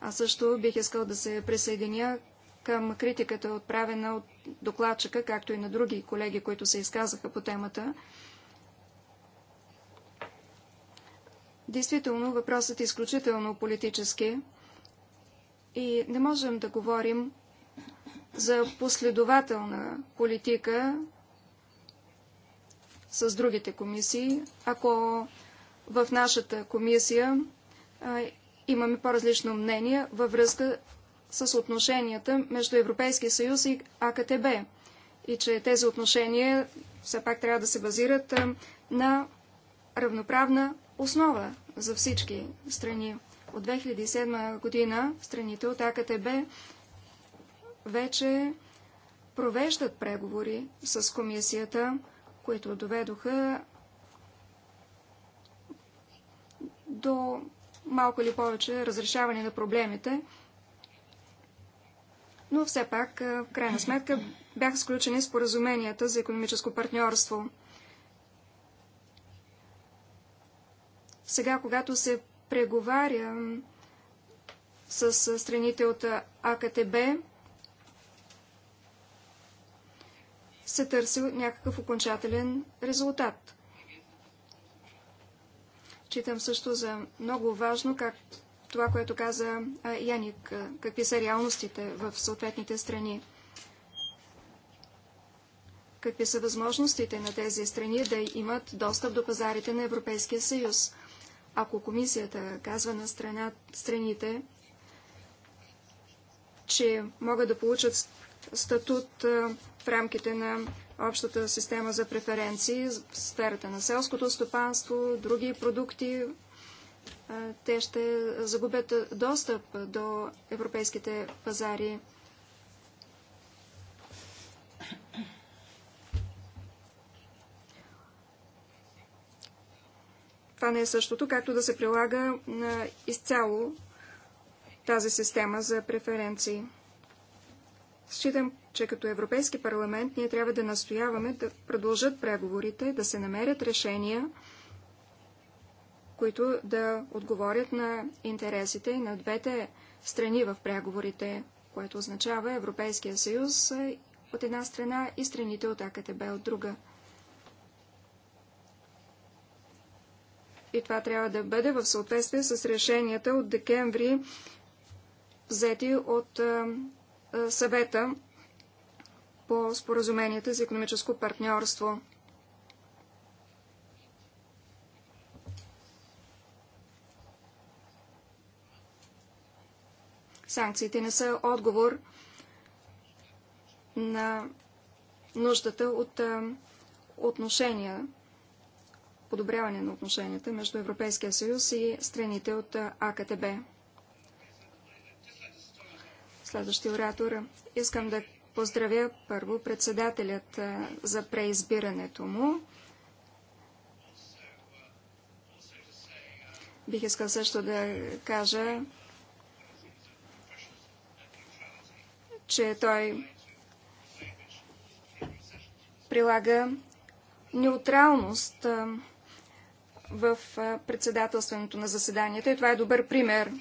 Аз също бих искал да се присъединя към критиката, отправена от докладчика, както и на други колеги, които се изказаха по темата. Действително, въпросът е изключително политически и не можем да говорим за последователна политика с другите комисии, ако в нашата комисия имаме по-различно мнение във връзка с отношенията между Европейския съюз и АКТБ и че тези отношения все пак трябва да се базират на равноправна основа за всички страни. От 2007 година страните от АКТБ вече провеждат преговори с комисията, които доведоха до малко или повече разрешаване на проблемите. Но все пак, е, в крайна сметка, бяха сключени споразуменията за економическо партньорство. Сега, когато се преговаря с е, страните от е, АКТБ, се търси някакъв окончателен резултат. Читам също за много важно как това, което каза Яник, какви са реалностите в съответните страни. Какви са възможностите на тези страни да имат достъп до пазарите на Европейския съюз? Ако комисията казва на страна, страните, че могат да получат статут в рамките на общата система за преференции в сферата на селското стопанство, други продукти. Те ще загубят достъп до европейските пазари. Това не е същото, както да се прилага на изцяло тази система за преференции. Считам, че като Европейски парламент ние трябва да настояваме да продължат преговорите, да се намерят решения, които да отговорят на интересите на двете страни в преговорите, което означава Европейския съюз от една страна и страните от АКТБ от друга. И това трябва да бъде в съответствие с решенията от декември, взети от съвета по споразуменията за економическо партньорство. Санкциите не са отговор на нуждата от отношения, подобряване на отношенията между Европейския съюз и страните от АКТБ. Следващия оратор. Искам да поздравя първо председателят за преизбирането му. Бих искал също да кажа, че той прилага неутралност в председателстването на заседанията и това е добър пример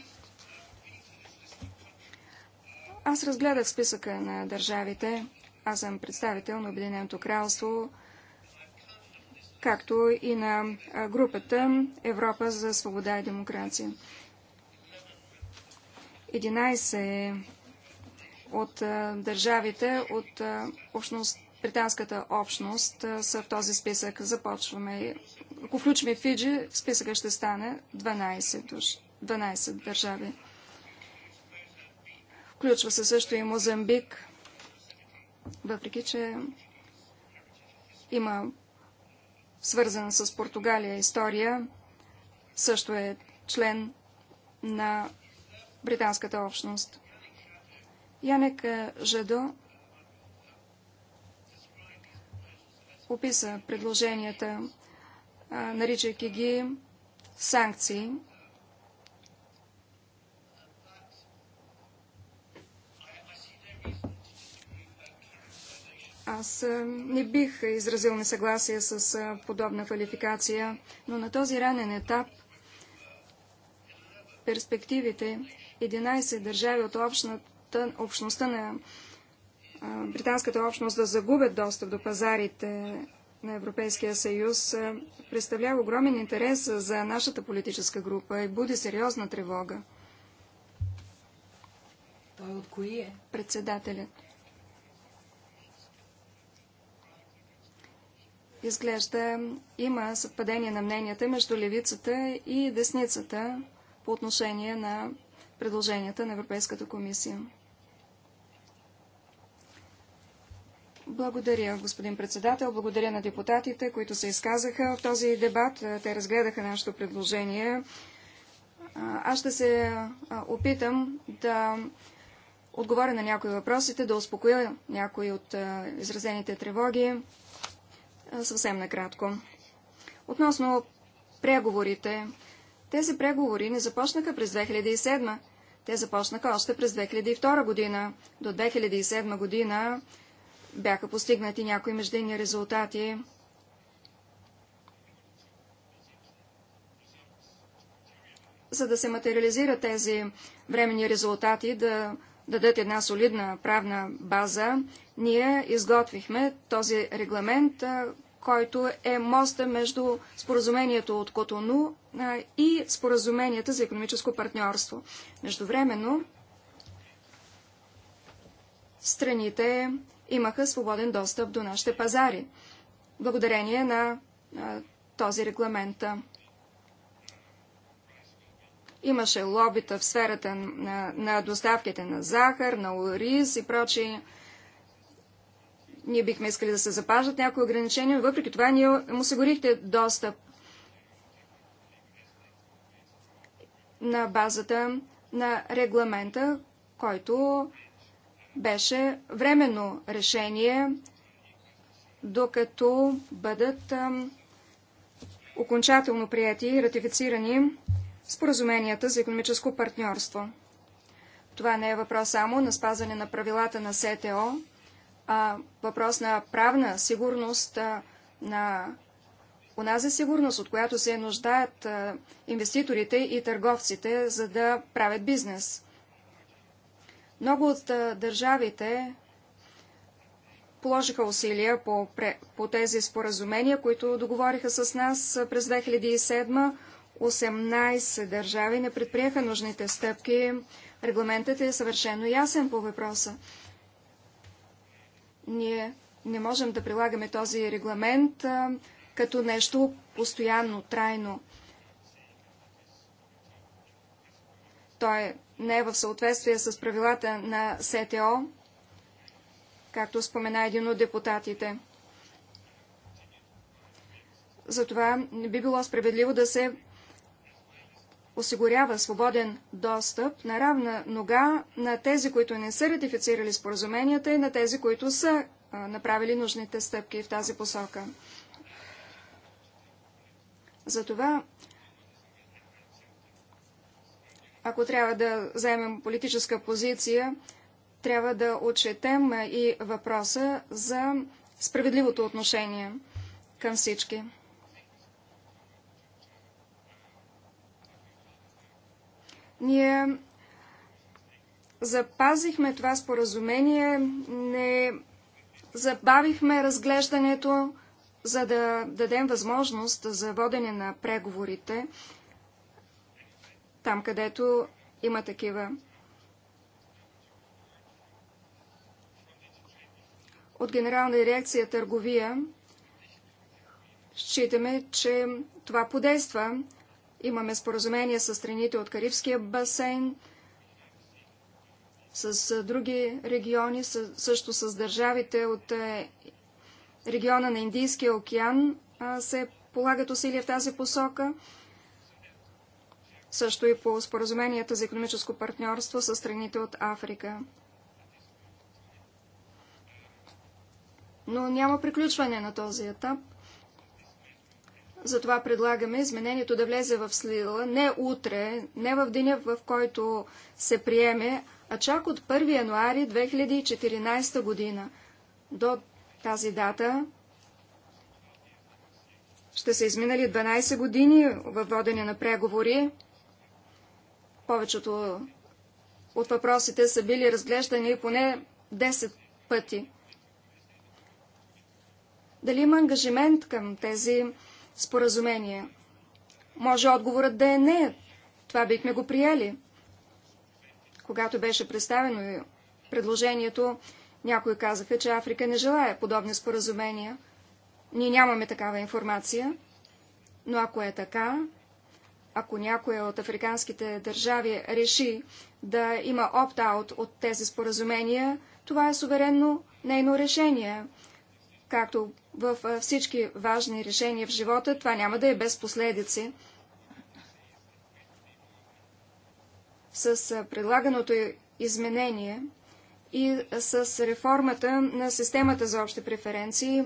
аз разгледах списъка на държавите. Аз съм представител на Обединеното кралство, както и на групата Европа за свобода и демокрация. 11 от държавите от общност, британската общност са в този списък. Започваме. Ако включим Фиджи, списъка ще стане 12, душ, 12 държави. Включва се също и Мозамбик, въпреки че има свързан с Португалия история, също е член на британската общност. Янек Жадо описа предложенията, наричайки ги санкции Аз е, не бих изразил несъгласие с е, подобна квалификация, но на този ранен етап перспективите 11 държави от общната, общността на е, британската общност да загубят достъп до пазарите на Европейския съюз представлява огромен интерес за нашата политическа група и буди сериозна тревога. Той от кои е? Председателят. Изглежда има съвпадение на мненията между левицата и десницата по отношение на предложенията на Европейската комисия. Благодаря, господин председател. Благодаря на депутатите, които се изказаха в този дебат. Те разгледаха нашето предложение. Аз ще се опитам да отговоря на някои въпросите, да успокоя някои от изразените тревоги съвсем накратко. Относно преговорите. Тези преговори не започнаха през 2007. Те започнаха още през 2002 година. До 2007 година бяха постигнати някои междинни резултати. За да се материализират тези временни резултати, да дадат една солидна правна база, ние изготвихме този регламент, който е моста между споразумението от Котону и споразуменията за економическо партньорство. Междувременно страните имаха свободен достъп до нашите пазари, благодарение на този регламент. Имаше лобита в сферата на, на доставките на захар, на ориз и прочие ние бихме искали да се запазят някои ограничения, но въпреки това ние му осигурихте достъп на базата на регламента, който беше временно решение, докато бъдат окончателно прияти и ратифицирани споразуменията за економическо партньорство. Това не е въпрос само на спазване на правилата на СТО, а, въпрос на правна сигурност, а, на онази сигурност, от която се нуждаят а, инвеститорите и търговците, за да правят бизнес. Много от а, държавите положиха усилия по, по тези споразумения, които договориха с нас през 2007. 18 държави не предприеха нужните стъпки. Регламентът е съвършено ясен по въпроса. Ние не можем да прилагаме този регламент а, като нещо постоянно, трайно. Той не е в съответствие с правилата на СТО, както спомена един от депутатите. Затова не би било справедливо да се осигурява свободен достъп на равна нога на тези, които не са ратифицирали споразуменията и на тези, които са направили нужните стъпки в тази посока. Затова, ако трябва да вземем политическа позиция, трябва да отчетем и въпроса за справедливото отношение към всички. Ние запазихме това споразумение, не забавихме разглеждането, за да дадем възможност за водене на преговорите там, където има такива. От Генерална дирекция търговия считаме, че това подейства Имаме споразумение с страните от Карибския басейн, с други региони, също с държавите от региона на Индийския океан се полагат усилия в тази посока. Също и по споразуменията за економическо партньорство с страните от Африка. Но няма приключване на този етап – затова предлагаме изменението да влезе в сила не утре, не в деня, в който се приеме, а чак от 1 януари 2014 година. До тази дата ще са изминали 12 години във водене на преговори. Повечето от въпросите са били разглеждани поне 10 пъти. Дали има ангажимент към тези споразумение? Може отговорът да е не. Това бихме го приели. Когато беше представено предложението, някои казаха, че Африка не желая подобни споразумения. Ние нямаме такава информация, но ако е така, ако някоя от африканските държави реши да има опт-аут от тези споразумения, това е суверенно нейно решение. Както в всички важни решения в живота, това няма да е без последици. С предлаганото изменение и с реформата на системата за общи преференции,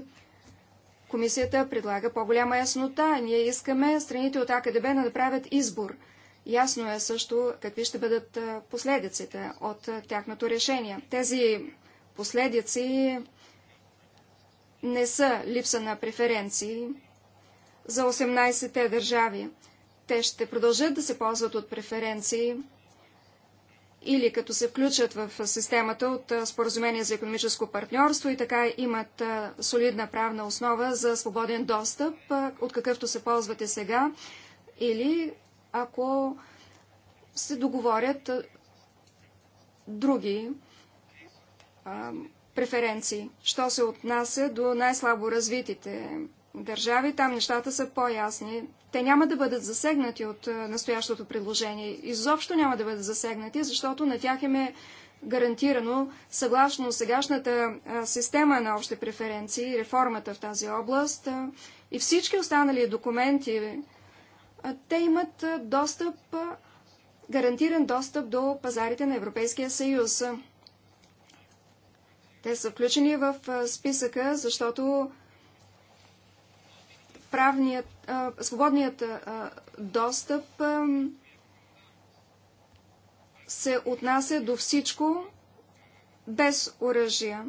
комисията предлага по-голяма яснота. Ние искаме страните от АКДБ да направят избор. Ясно е също какви ще бъдат последиците от тяхното решение. Тези последици не са липса на преференции за 18-те държави. Те ще продължат да се ползват от преференции или като се включат в системата от споразумение за економическо партньорство и така имат солидна правна основа за свободен достъп, от какъвто се ползвате сега, или ако се договорят други преференции. Що се отнася до най-слабо развитите държави, там нещата са по-ясни. Те няма да бъдат засегнати от е, настоящото предложение. Изобщо няма да бъдат засегнати, защото на тях им е гарантирано, съгласно сегашната е, система на общи преференции, реформата в тази област е, и всички останали документи, те имат достъп, гарантиран достъп до пазарите на Европейския съюз. Те са включени в списъка, защото правният, а, свободният а, достъп а, се отнася до всичко без оръжия.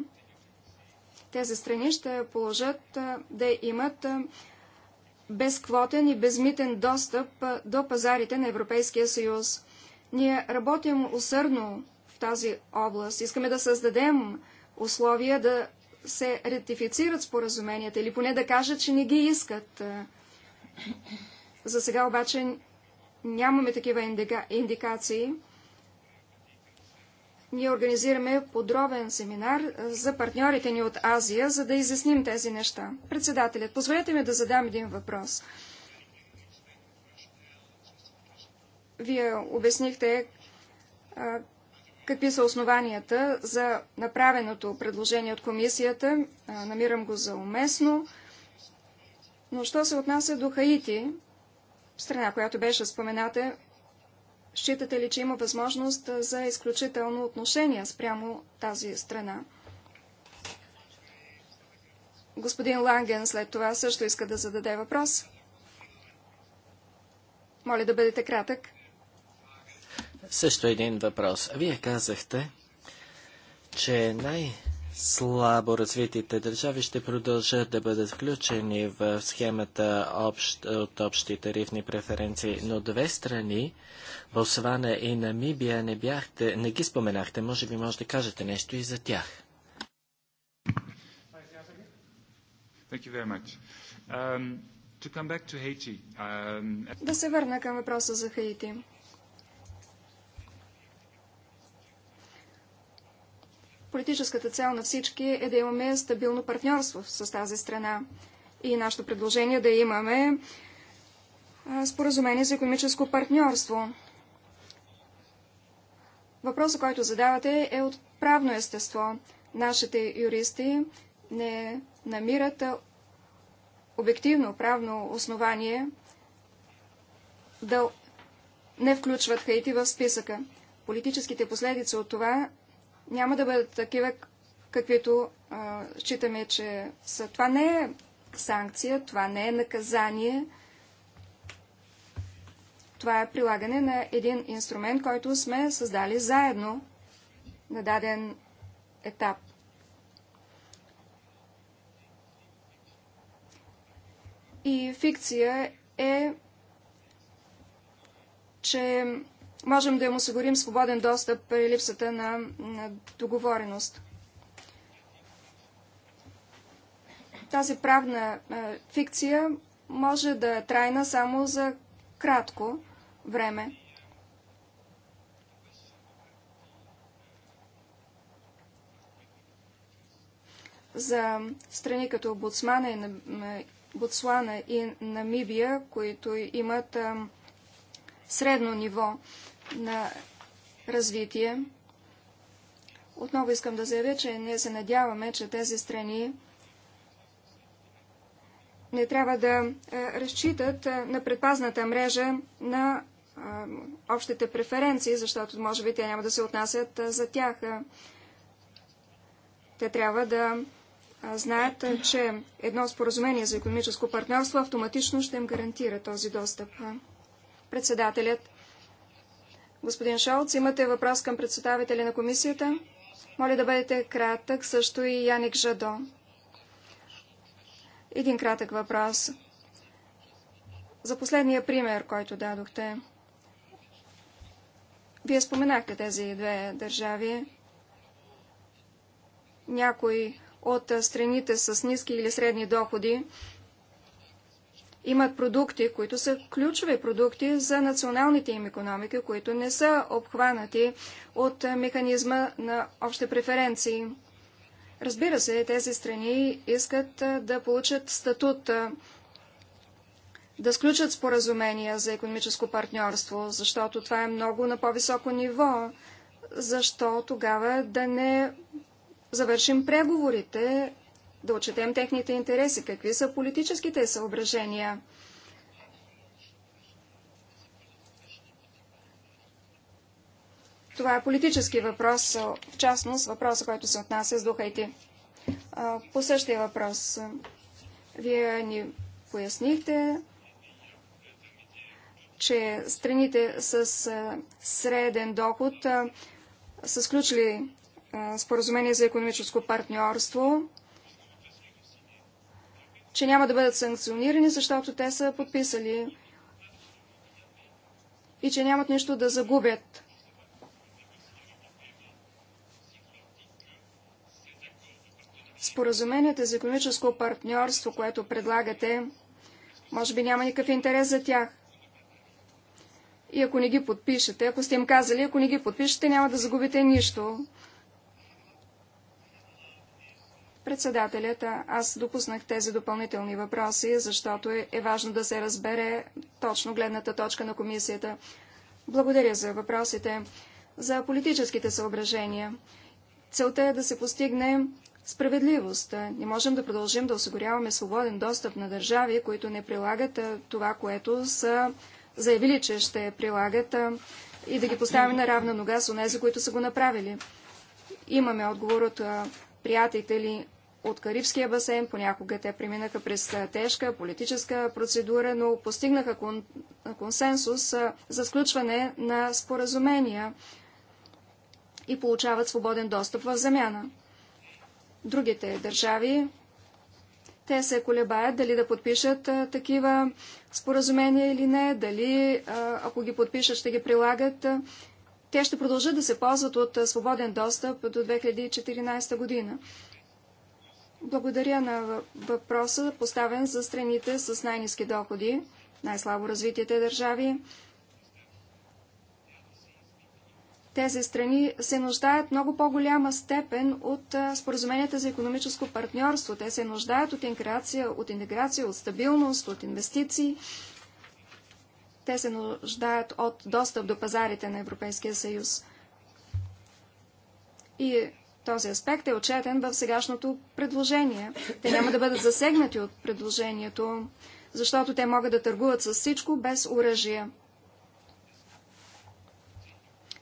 Тези страни ще положат а, да имат а, безквотен и безмитен достъп а, до пазарите на Европейския съюз. Ние работим усърдно в тази област. Искаме да създадем условия да се ретифицират споразуменията или поне да кажат, че не ги искат. Е, за сега обаче нямаме такива индика... индикации. Ние организираме подробен семинар е, за партньорите ни от Азия, за да изясним тези неща. Председателят, позволете ми да задам един въпрос. Вие обяснихте е, какви са основанията за направеното предложение от комисията. Намирам го за уместно. Но що се отнася до Хаити, страна, която беше спомената, считате ли, че има възможност за изключително отношение спрямо тази страна? Господин Ланген след това също иска да зададе въпрос. Моля да бъдете кратък. Също един въпрос. Вие казахте, че най-слабо развитите държави ще продължат да бъдат включени в схемата общ, от общи тарифни преференции, но две страни, Босвана и Намибия, не, бяхте, не ги споменахте. Може би може да кажете нещо и за тях. Thank you very much. Um, to come back to Haiti, um... Да се върна към въпроса за Хаити. Политическата цел на всички е да имаме стабилно партньорство с тази страна. И нашето предложение е да имаме споразумение за економическо партньорство. Въпросът, който задавате, е от правно естество. Нашите юристи не намират обективно правно основание да не включват Хаити в списъка. Политическите последици от това няма да бъдат такива, каквито а, считаме, че са. Това не е санкция, това не е наказание. Това е прилагане на един инструмент, който сме създали заедно на даден етап. И фикция е, че можем да им осигурим свободен достъп при липсата на, на договореност. Тази правна е, фикция може да е трайна само за кратко време. За страни като Ботсмана и, Ботсуана и Намибия, които имат а, средно ниво на развитие. Отново искам да заявя, че ние се надяваме, че тези страни не трябва да е, разчитат е, на предпазната мрежа на е, общите преференции, защото може би те няма да се отнасят за тях. Те трябва да знаят, че едно споразумение за економическо партньорство автоматично ще им гарантира този достъп. Председателят Господин Шолц, имате въпрос към представители на комисията? Моля да бъдете кратък, също и Яник Жадо. Един кратък въпрос. За последния пример, който дадохте. Вие споменахте тези две държави. Някои от страните с ниски или средни доходи имат продукти, които са ключови продукти за националните им економики, които не са обхванати от механизма на общи преференции. Разбира се, тези страни искат да получат статут, да сключат споразумения за економическо партньорство, защото това е много на по-високо ниво. Защо тогава да не завършим преговорите да отчетем техните интереси, какви са политическите съображения. Това е политически въпрос, в частност въпроса, който се отнася с духа и ти. По същия въпрос, вие ни пояснихте, че страните с среден доход са сключили споразумение за економическо партньорство че няма да бъдат санкционирани, защото те са подписали и че нямат нищо да загубят. Споразуменията за економическо партньорство, което предлагате, може би няма никакъв интерес за тях. И ако не ги подпишете, ако сте им казали, ако не ги подпишете, няма да загубите нищо. Председателят, аз допуснах тези допълнителни въпроси, защото е, е важно да се разбере точно гледната точка на комисията. Благодаря за въпросите. За политическите съображения. Целта е да се постигне справедливост. Не можем да продължим да осигуряваме свободен достъп на държави, които не прилагат това, което са заявили, че ще прилагат и да ги поставим на равна нога с онези, които са го направили. Имаме отговор от приятели от Карибския басейн, понякога те преминаха през тежка политическа процедура, но постигнаха кон, консенсус за сключване на споразумения и получават свободен достъп в замяна. Другите държави, те се колебаят дали да подпишат а, такива споразумения или не, дали а, ако ги подпишат ще ги прилагат. А, те ще продължат да се ползват от свободен достъп до 2014 година. Благодаря на въпроса, поставен за страните с най-низки доходи, най-слабо развитите държави. Тези страни се нуждаят много по-голяма степен от споразуменията за економическо партньорство. Те се нуждаят от интеграция, от интеграция, от стабилност, от инвестиции. Те се нуждаят от достъп до пазарите на Европейския съюз. И този аспект е отчетен в сегашното предложение. Те няма да бъдат засегнати от предложението, защото те могат да търгуват с всичко без оръжие.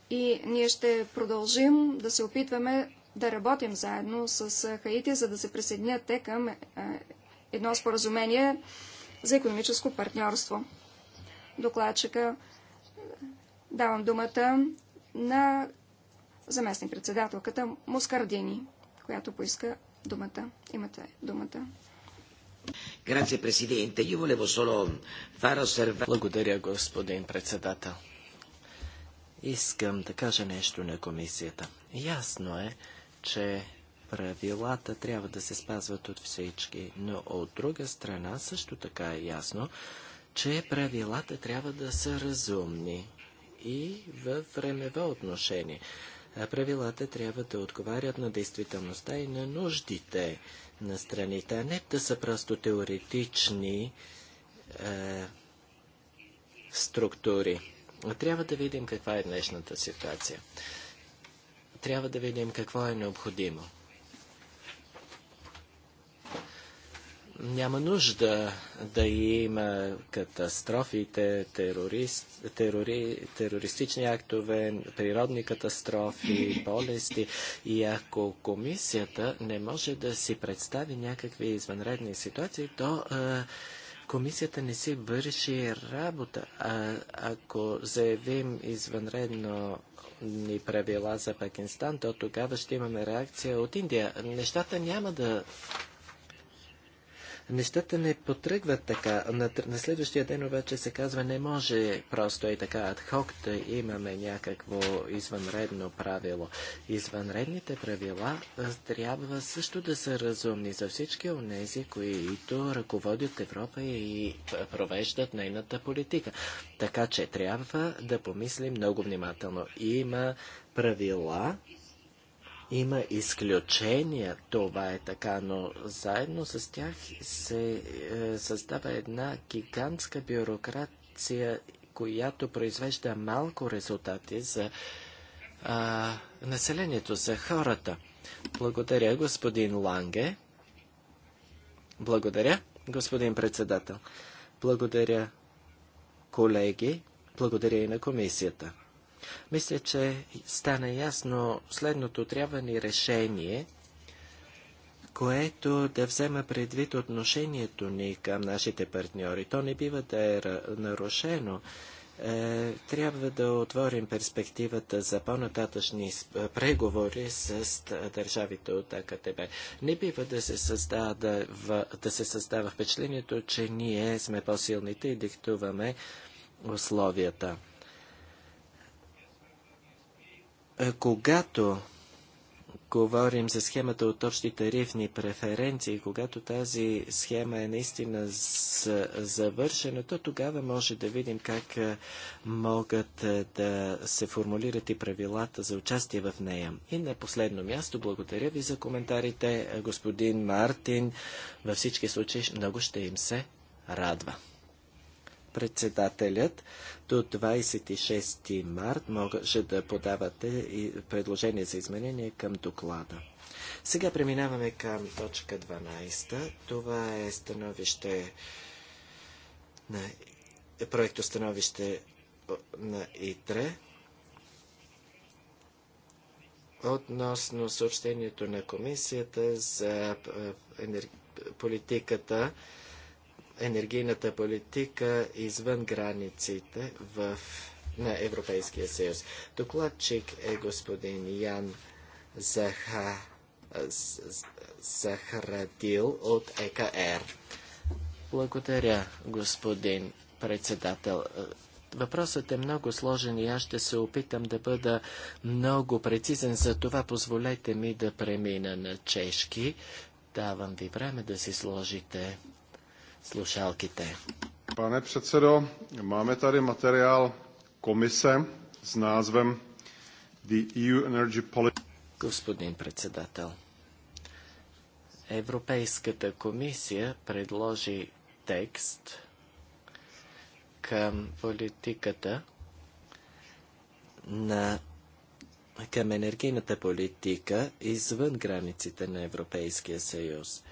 И ние ще продължим да се опитваме да работим заедно с Хаити, за да се присъединят те към едно споразумение за економическо партньорство. Докладчика давам думата на заместник председателката Мускардини, която поиска думата. Имате думата. Благодаря, господин председател. Искам да кажа нещо на комисията. Ясно е, че правилата трябва да се спазват от всички, но от друга страна също така е ясно, че правилата трябва да са разумни и във времево отношение правилата трябва да отговарят на действителността и на нуждите на страните, а не да са просто теоретични е, структури. Трябва да видим каква е днешната ситуация. Трябва да видим какво е необходимо. няма нужда да има катастрофите, терорист, терори, терористични актове, природни катастрофи, болести. И ако комисията не може да си представи някакви извънредни ситуации, то а, комисията не си върши работа. А, ако заявим извънредно ни правила за Пакистан, то тогава ще имаме реакция от Индия. Нещата няма да Нещата не потръгват така. На, на следващия ден обаче се казва, не може просто и така адхок да имаме някакво извънредно правило. Извънредните правила трябва също да са разумни за всички онези, които ръководят Европа и провеждат нейната политика. Така че трябва да помислим много внимателно. Има правила, има изключения, това е така, но заедно с тях се е, създава една гигантска бюрокрация, която произвежда малко резултати за а, населението, за хората. Благодаря, господин Ланге. Благодаря, господин председател. Благодаря, колеги. Благодаря и на комисията. Мисля, че стана ясно следното. Трябва ни решение, което да взема предвид отношението ни към нашите партньори. То не бива да е нарушено. Е, трябва да отворим перспективата за по-нататъчни преговори с е, държавите от АКТБ. Не бива да се създава, да се създава впечатлението, че ние сме по-силните и диктуваме условията. Е, когато говорим за схемата от общи тарифни преференции, когато тази схема е наистина завършена, то тогава може да видим как е, могат е, да се формулират и правилата за участие в нея. И на последно място, благодаря ви за коментарите, господин Мартин. Във всички случаи много ще им се радва. Председателят до 26 март може да подавате и предложения за изменение към доклада. Сега преминаваме към точка 12. Това е становище на проекто становище на ИТРЕ относно съобщението на комисията за е, енер... политиката енергийната политика извън границите в, на Европейския съюз. Докладчик е господин Ян Заха, Захарадил от ЕКР. Благодаря, господин председател. Въпросът е много сложен и аз ще се опитам да бъда много прецизен, за това позволете ми да премина на чешки. Давам ви време да си сложите слушалките. Pane předsedo, máme tady materiál komise s názvem The EU Energy Policy. Господин председател, Европейската комисия предложи текст към политиката на към енергийната политика извън границите на Европейския съюз.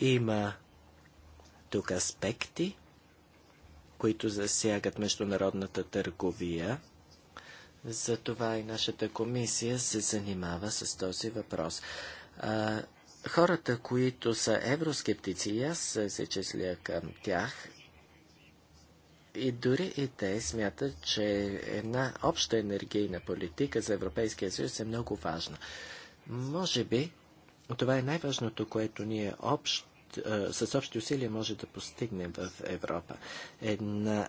Има тук аспекти, които засягат международната търговия. Затова и нашата комисия се занимава с този въпрос. А, хората, които са евроскептици, и аз се числя към тях, и дори и те смятат, че една обща енергийна политика за Европейския съюз е много важна. Може би това е най-важното, което ние общо е, с общи усилия може да постигнем в Европа. Една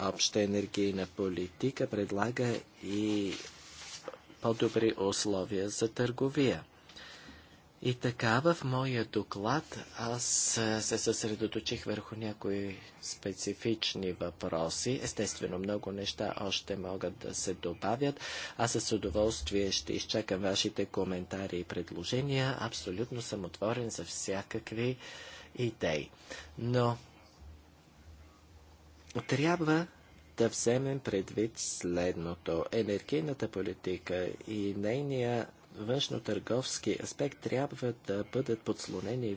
обща енергийна политика предлага и по-добри условия за търговия. И така, в моя доклад аз се съсредоточих върху някои специфични въпроси. Естествено, много неща още могат да се добавят. Аз с удоволствие ще изчакам вашите коментари и предложения. Абсолютно съм отворен за всякакви идеи. Но трябва да вземем предвид следното. Енергийната политика и нейния външно-търговски аспект трябва да бъдат подслонени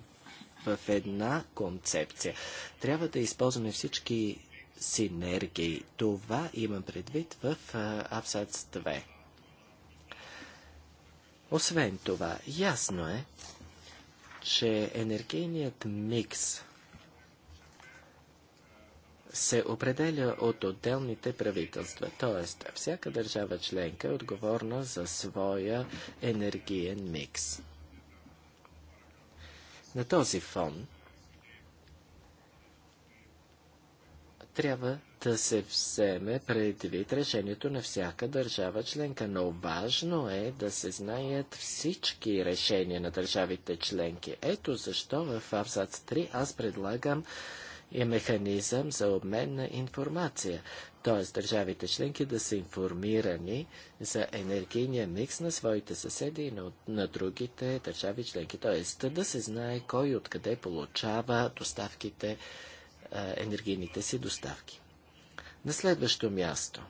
в една концепция. Трябва да използваме всички синергии. Това имам предвид в абсац 2. Освен това, ясно е, че енергийният микс – се определя от отделните правителства. т.е. всяка държава членка е отговорна за своя енергиен микс. На този фон трябва да се вземе предвид решението на всяка държава членка, но важно е да се знаят всички решения на държавите членки. Ето защо в абзац 3 аз предлагам е механизъм за обмен на информация, т.е. държавите членки да са информирани за енергийния микс на своите съседи и на, другите държави членки, т.е. да се знае кой откъде получава доставките, е, енергийните си доставки. На следващо място.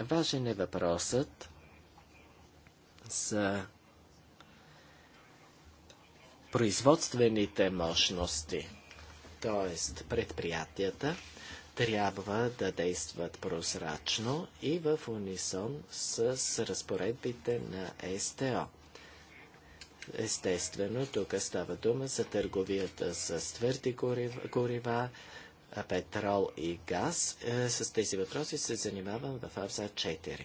Важен е въпросът за производствените мощности. Т.е. предприятията трябва да действат прозрачно и в унисон с разпоредбите на СТО. Естествено, тук става дума за търговията с твърди горива, петрол и газ. Е, с тези въпроси се занимавам в АВЗА 4.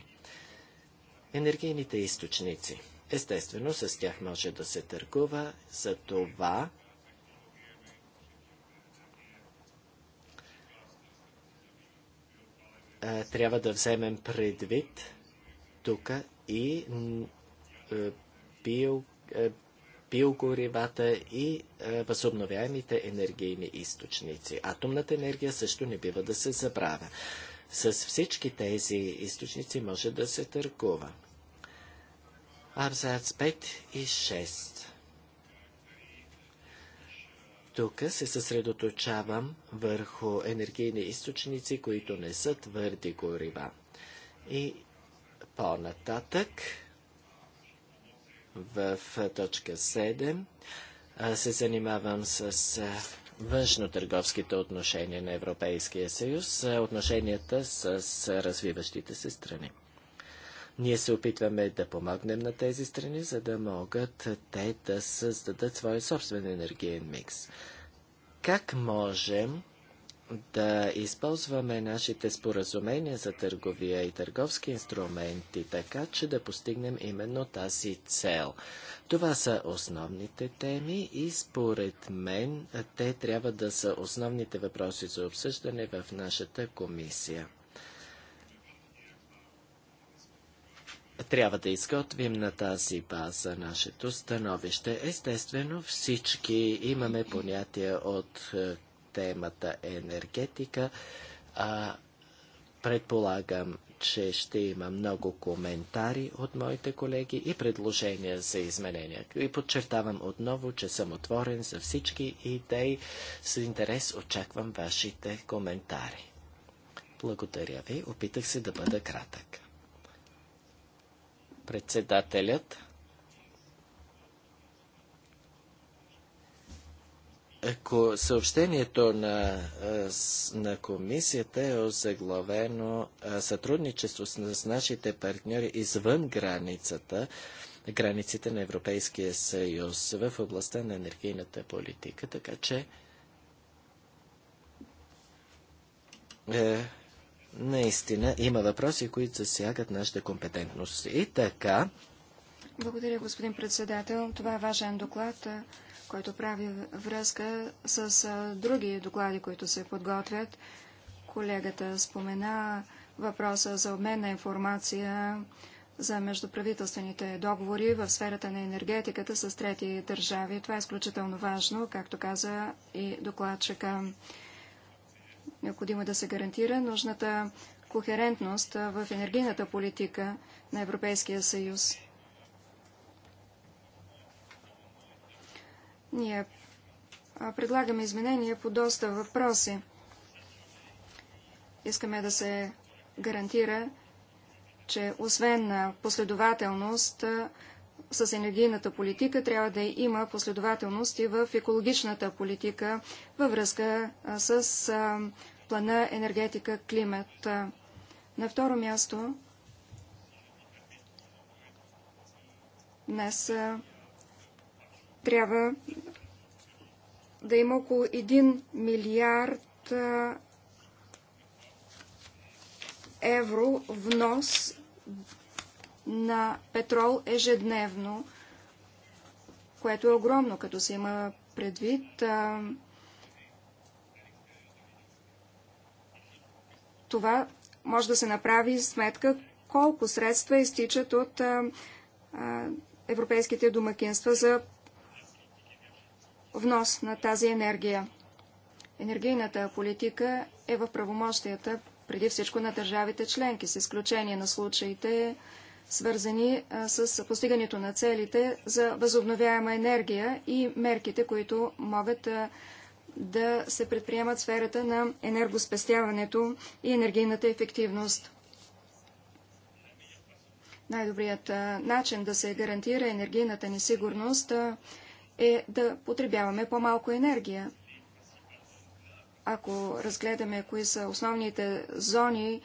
Енергийните източници. Естествено, с тях може да се търгува, за това трябва да вземем предвид тук и биогоривата и възобновяемите енергийни източници. Атомната енергия също не бива да се забравя. С всички тези източници може да се търгува. Абзац 5 и 6 тук се съсредоточавам върху енергийни източници, които не са твърди горива. И по-нататък, в точка 7, се занимавам с външно-търговските отношения на Европейския съюз, отношенията с развиващите се страни. Ние се опитваме да помогнем на тези страни, за да могат те да създадат своя собствен енергиен микс. Как можем да използваме нашите споразумения за търговия и търговски инструменти, така че да постигнем именно тази цел. Това са основните теми и според мен те трябва да са основните въпроси за обсъждане в нашата комисия. Трябва да изготвим на тази база нашето становище. Естествено, всички имаме понятие от е, темата енергетика. А, предполагам, че ще има много коментари от моите колеги и предложения за изменения. И подчертавам отново, че съм отворен за всички идеи. С интерес очаквам вашите коментари. Благодаря ви. Опитах се да бъда кратък. Председателят Ако съобщението на, на комисията е озаглавено сътрудничество с, с нашите партньори извън границата, границите на Европейския съюз в областта на енергийната политика, така че е, наистина има въпроси, които засягат нашата компетентност. И така. Благодаря, господин председател. Това е важен доклад, който прави връзка с други доклади, които се подготвят. Колегата спомена въпроса за обмен на информация за междуправителствените договори в сферата на енергетиката с трети държави. Това е изключително важно, както каза и докладчика. Необходимо е да се гарантира нужната кохерентност в енергийната политика на Европейския съюз. Ние предлагаме изменения по доста въпроси. Искаме да се гарантира, че освен на последователност с енергийната политика, трябва да има последователност и в екологичната политика във връзка с плана енергетика климат. На второ място, днес трябва да има около 1 милиард евро внос на петрол ежедневно, което е огромно, като се има предвид това може да се направи сметка колко средства изтичат от а, а, европейските домакинства за внос на тази енергия. Енергийната политика е в правомощията преди всичко на държавите членки, с изключение на случаите, свързани а, с постигането на целите за възобновяема енергия и мерките, които могат да да се предприемат сферата на енергоспестяването и енергийната ефективност. Най-добрият начин да се гарантира енергийната ни сигурност е да потребяваме по-малко енергия. Ако разгледаме кои са основните зони,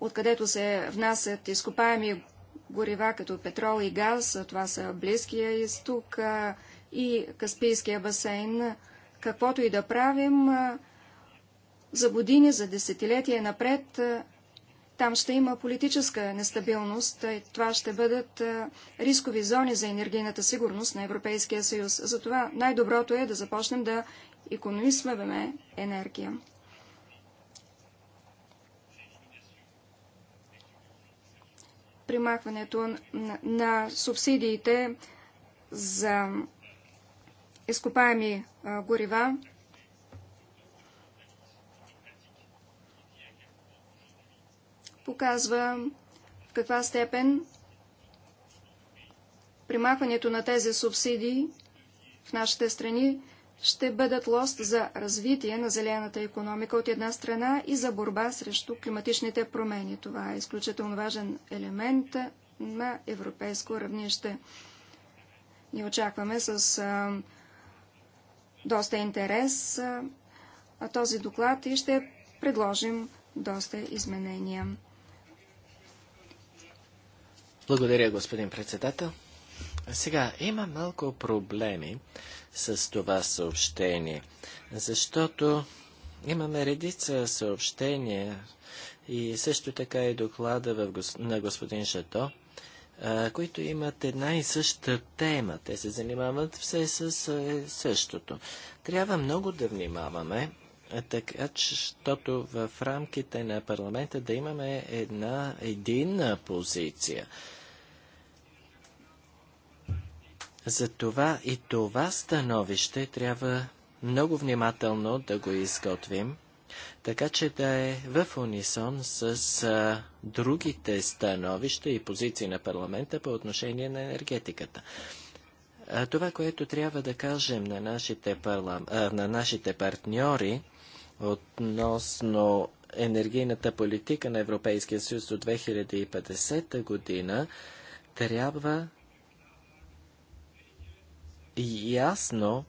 откъдето се внасят изкопаеми горива като петрол и газ, това са Близкия изток и Каспийския басейн, Каквото и да правим за години, за десетилетия напред, там ще има политическа нестабилност. И това ще бъдат рискови зони за енергийната сигурност на Европейския съюз. Затова най-доброто е да започнем да економисваме енергия. Примахването на субсидиите за изкопаеми горива. Показва в каква степен примахването на тези субсидии в нашите страни ще бъдат лост за развитие на зелената економика от една страна и за борба срещу климатичните промени. Това е изключително важен елемент на европейско равнище. Ние очакваме с доста интерес този доклад и ще предложим доста изменения. Благодаря, господин председател. Сега има малко проблеми с това съобщение, защото имаме редица съобщения и също така и доклада в, на господин Шато които имат една и съща тема. Те се занимават все с същото. Трябва много да внимаваме, така защото в рамките на парламента да имаме една единна позиция. Затова и това становище трябва много внимателно да го изготвим така че да е в унисон с а, другите становища и позиции на парламента по отношение на енергетиката. А, това, което трябва да кажем на нашите, парлам... а, на нашите партньори относно енергийната политика на Европейския съюз до 2050 година, трябва ясно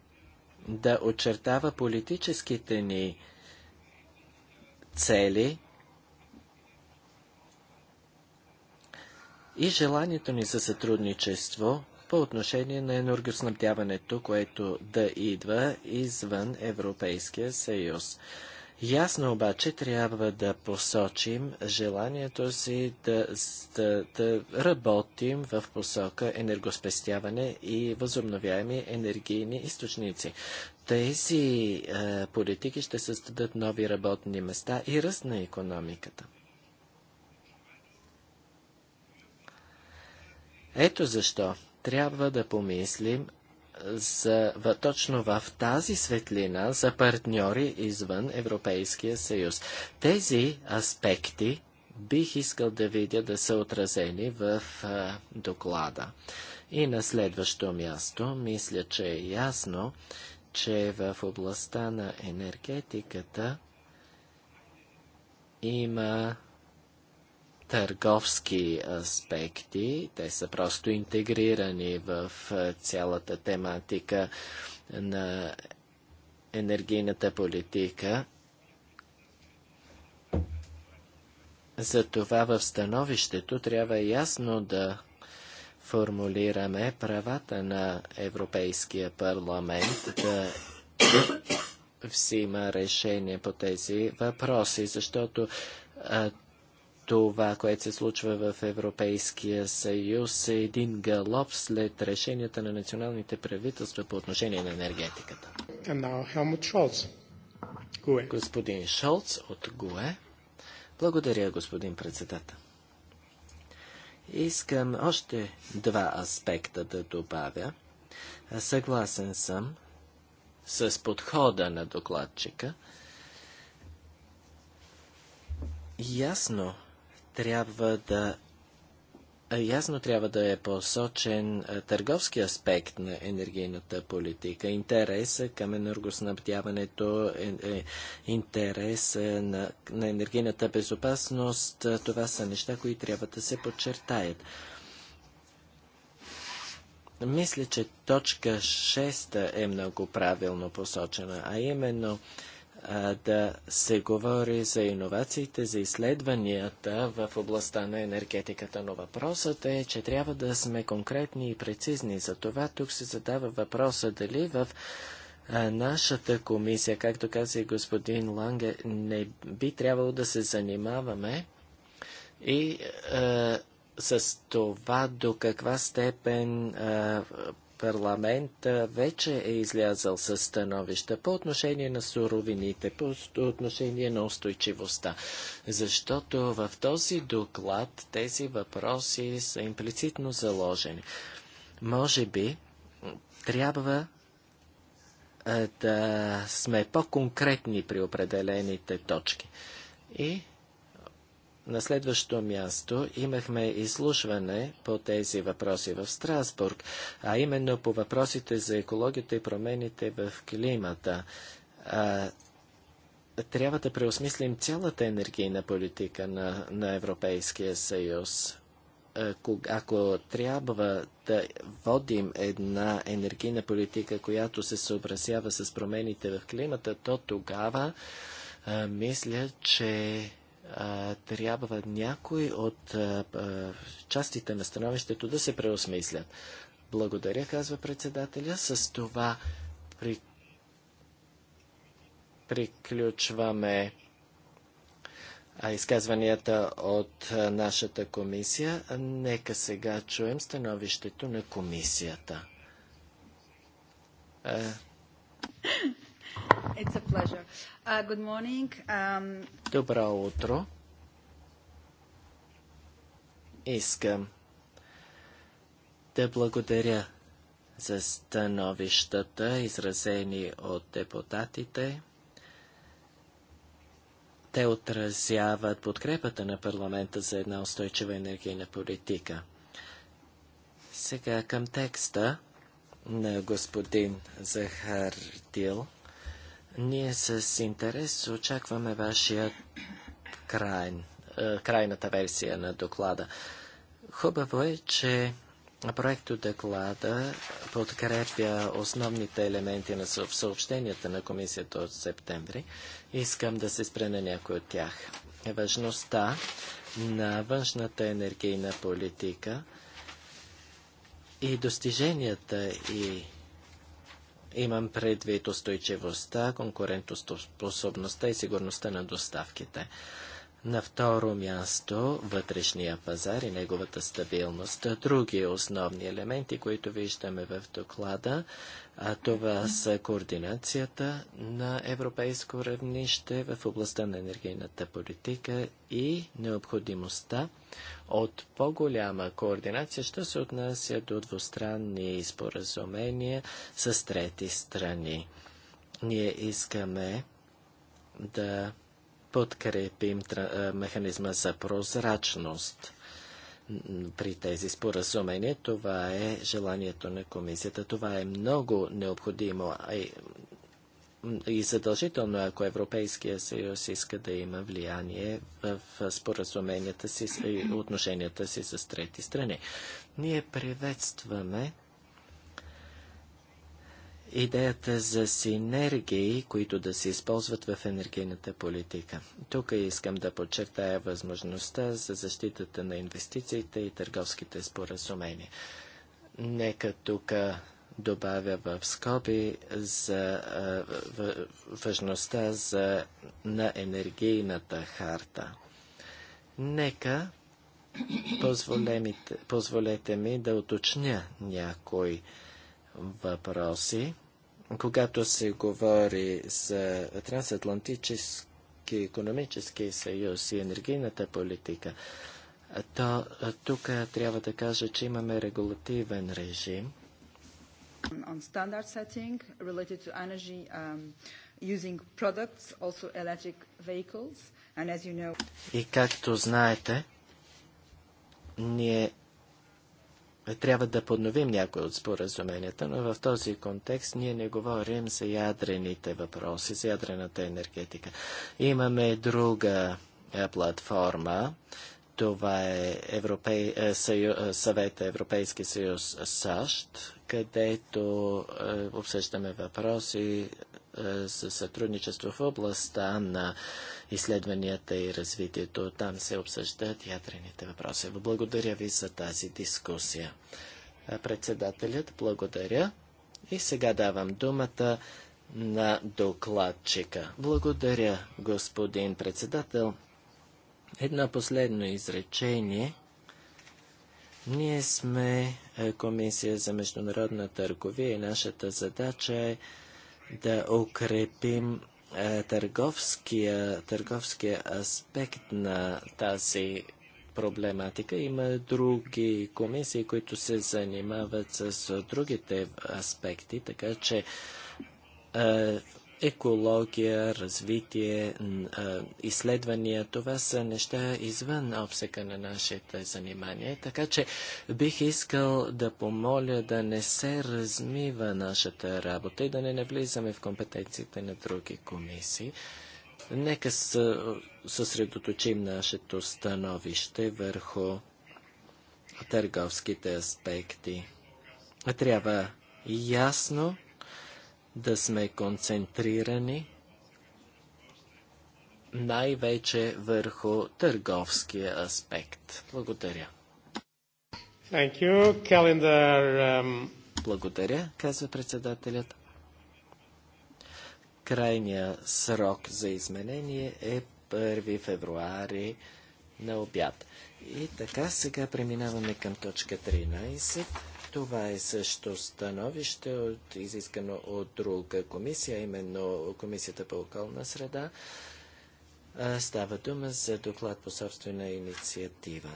да очертава политическите ни цели и желанието ни за сътрудничество по отношение на енергоснабдяването, което да идва извън Европейския съюз. Ясно обаче трябва да посочим желанието си да, да, да работим в посока енергоспестяване и възобновяеми енергийни източници. Тези е, политики ще създадат нови работни места и ръст на економиката. Ето защо трябва да помислим за, в, точно в тази светлина за партньори извън Европейския съюз. Тези аспекти бих искал да видя да са отразени в е, доклада. И на следващо място, мисля, че е ясно, че в областта на енергетиката има търговски аспекти. Те са просто интегрирани в цялата тематика на енергийната политика. Затова в становището трябва ясно да формулираме правата на Европейския парламент да взима решение по тези въпроси, защото а, това, което се случва в Европейския съюз е един галоп след решенията на националните правителства по отношение на енергетиката. Господин Шолц от ГУЕ. Благодаря, господин председател. Искам още два аспекта да добавя. Съгласен съм с подхода на докладчика. Ясно трябва да ясно трябва да е посочен търговски аспект на енергийната политика, интереса към енергоснабдяването, е, е, интереса на, на енергийната безопасност. Това са неща, които трябва да се подчертаят. Мисля, че точка 6 е много правилно посочена, а именно да се говори за иновациите, за изследванията в областта на енергетиката. Но въпросът е, че трябва да сме конкретни и прецизни. За това тук се задава въпроса дали в нашата комисия, както каза и господин Ланге, не би трябвало да се занимаваме и е, с това до каква степен е, парламент вече е излязал с становища по отношение на суровините, по отношение на устойчивостта. Защото в този доклад тези въпроси са имплицитно заложени. Може би трябва да сме по-конкретни при определените точки. И на следващо място имахме изслушване по тези въпроси в Страсбург, а именно по въпросите за екологията и промените в климата. А, трябва да преосмислим цялата енергийна политика на, на Европейския съюз. Ако, трябва да водим една енергийна политика, която се съобразява с промените в климата, то тогава а, мисля, че трябва някои от частите на становището да се преосмислят. Благодаря, казва председателя. С това при... приключваме а, изказванията от нашата комисия. Нека сега чуем становището на комисията. It's a pleasure. Uh, good morning. Um, Добро утро. Искам да благодаря за становищата, изразени от депутатите. Те отразяват подкрепата на парламента за една устойчива енергийна политика. Сега към текста на господин Захар Дил – ние с интерес очакваме вашия край, е, крайната версия на доклада. Хубаво е, че доклада подкрепя основните елементи на съобщенията на комисията от септември. Искам да се спре на някой от тях. Важността на външната енергийна политика и достиженията и Имам предвид устойчивостта, конкурентоспособността и сигурността на доставките. На второ място вътрешния пазар и неговата стабилност. Други основни елементи, които виждаме в доклада, а това са координацията на европейско равнище в областта на енергийната политика и необходимостта от по-голяма координация, ще се отнася до двустранни споразумения с трети страни. Ние искаме да подкрепим механизма за прозрачност при тези споразумения. Това е желанието на комисията. Това е много необходимо и задължително, ако Европейския съюз иска да има влияние в споразуменията си и отношенията си с трети страни. Ние приветстваме идеята за синергии, които да се използват в енергийната политика. Тук искам да подчертая възможността за защитата на инвестициите и търговските споразумения. Нека тук добавя в скоби за важността за, на енергийната харта. Нека позволете ми да уточня някои въпроси когато се говори за трансатлантически економически съюз и енергийната политика, то тук трябва да кажа, че имаме регулативен режим. On standard setting related to energy um, using products, also electric vehicles, and as you know... И както знаете, ние трябва да подновим някои от споразуменията, но в този контекст ние не говорим за ядрените въпроси, за ядрената енергетика. Имаме друга платформа. Това е Европей... съю... съвет Европейски съюз САЩ, където обсъждаме въпроси за е, сътрудничество в областта на изследванията и развитието. Там се обсъждат ядрените въпроси. Благодаря ви за тази дискусия. Е, председателят, благодаря. И сега давам думата на докладчика. Благодаря, господин председател. Едно последно изречение. Ние сме е, Комисия за международна търговия и нашата задача е да укрепим е, търговския, търговския аспект на тази проблематика. Има други комисии, които се занимават с другите аспекти, така че е, екология, развитие, изследвания. Това са неща извън обсека на нашите занимания. Така че бих искал да помоля да не се размива нашата работа и да не навлизаме в компетенциите на други комисии. Нека съсредоточим нашето становище върху търговските аспекти. Трябва ясно да сме концентрирани най-вече върху търговския аспект. Благодаря. Thank you. Calendar, um... Благодаря, казва председателят. Крайният срок за изменение е 1 февруари на обяд. И така сега преминаваме към точка 13. Това е също становище, от, изискано от друга комисия, именно Комисията по околна среда. Става дума за доклад по собствена инициатива.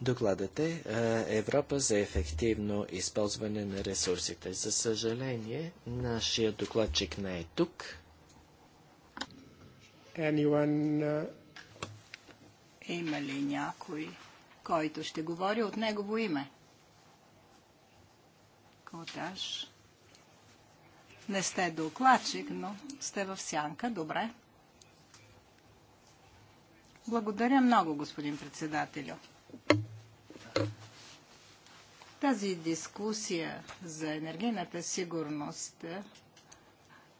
Докладът е, е Европа за ефективно използване на ресурсите. За съжаление, нашия докладчик не е тук. Anyone... Uh, Има ли някой, който ще говори от негово име? Коташ. Не сте докладчик, но сте в сянка. Добре. Благодаря много, господин председателю. Тази дискусия за енергийната сигурност е,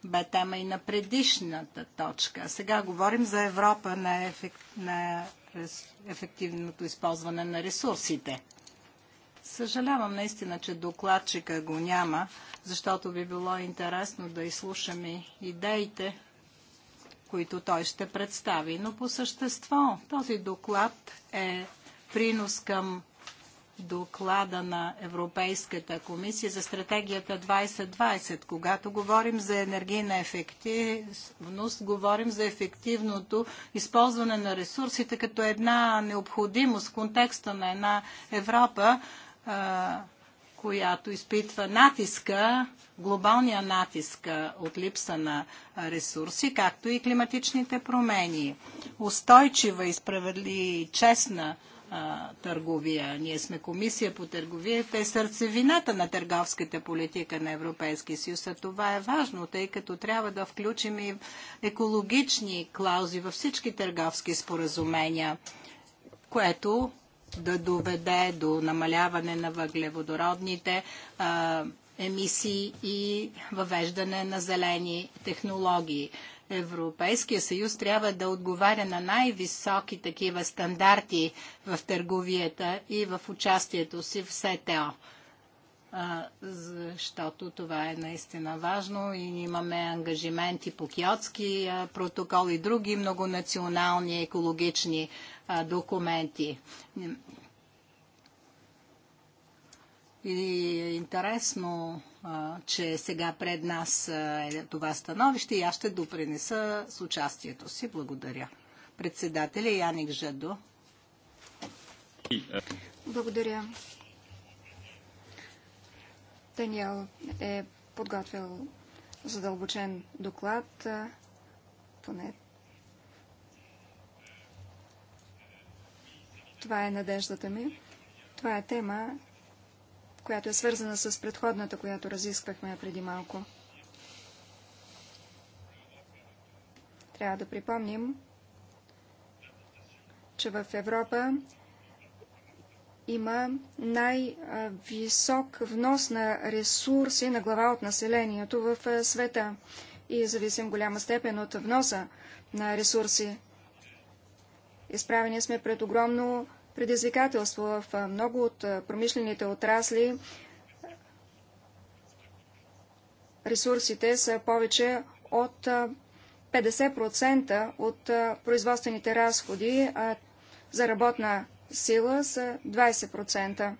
бе тема и на предишната точка. Сега говорим за Европа на, ефект, на ефективното използване на ресурсите. Съжалявам наистина, че докладчика го няма, защото би било интересно да изслушаме идеите, които той ще представи. Но по същество този доклад е принос към доклада на Европейската комисия за стратегията 2020. Когато говорим за енергийна ефективност, говорим за ефективното използване на ресурсите като една необходимост в контекста на една Европа, която изпитва натиска, глобалния натиск от липса на ресурси, както и климатичните промени. Устойчива и справедлива и честна търговия. Ние сме комисия по търговия. Те сърцевината на търговската политика на Европейския съюз. А това е важно, тъй като трябва да включим и екологични клаузи във всички търговски споразумения, което да доведе до намаляване на въглеводородните емисии и въвеждане на зелени технологии. Европейския съюз трябва да отговаря на най-високи такива стандарти в търговията и в участието си в СТО. Защото това е наистина важно и имаме ангажименти по киотски протокол и други многонационални екологични документи. И е интересно че сега пред нас е това становище и аз ще допринеса с участието си. Благодаря. Председателя Яник Жадо. Благодаря. Даниел е подготвил задълбочен доклад, поне това е надеждата ми. Това е тема, която е свързана с предходната, която разисквахме преди малко. Трябва да припомним, че в Европа има най-висок внос на ресурси на глава от населението в света и зависим голяма степен от вноса на ресурси. Изправени сме пред огромно предизвикателство в много от промишлените отрасли. Ресурсите са повече от 50% от производствените разходи а за работна сила са 20%.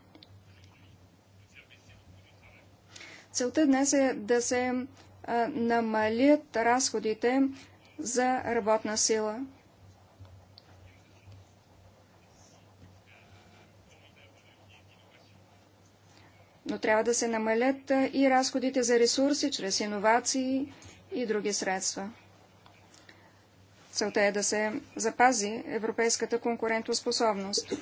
Целта днес е да се намалят разходите за работна сила. но трябва да се намалят и разходите за ресурси, чрез иновации и други средства. Целта е да се запази европейската конкурентоспособност.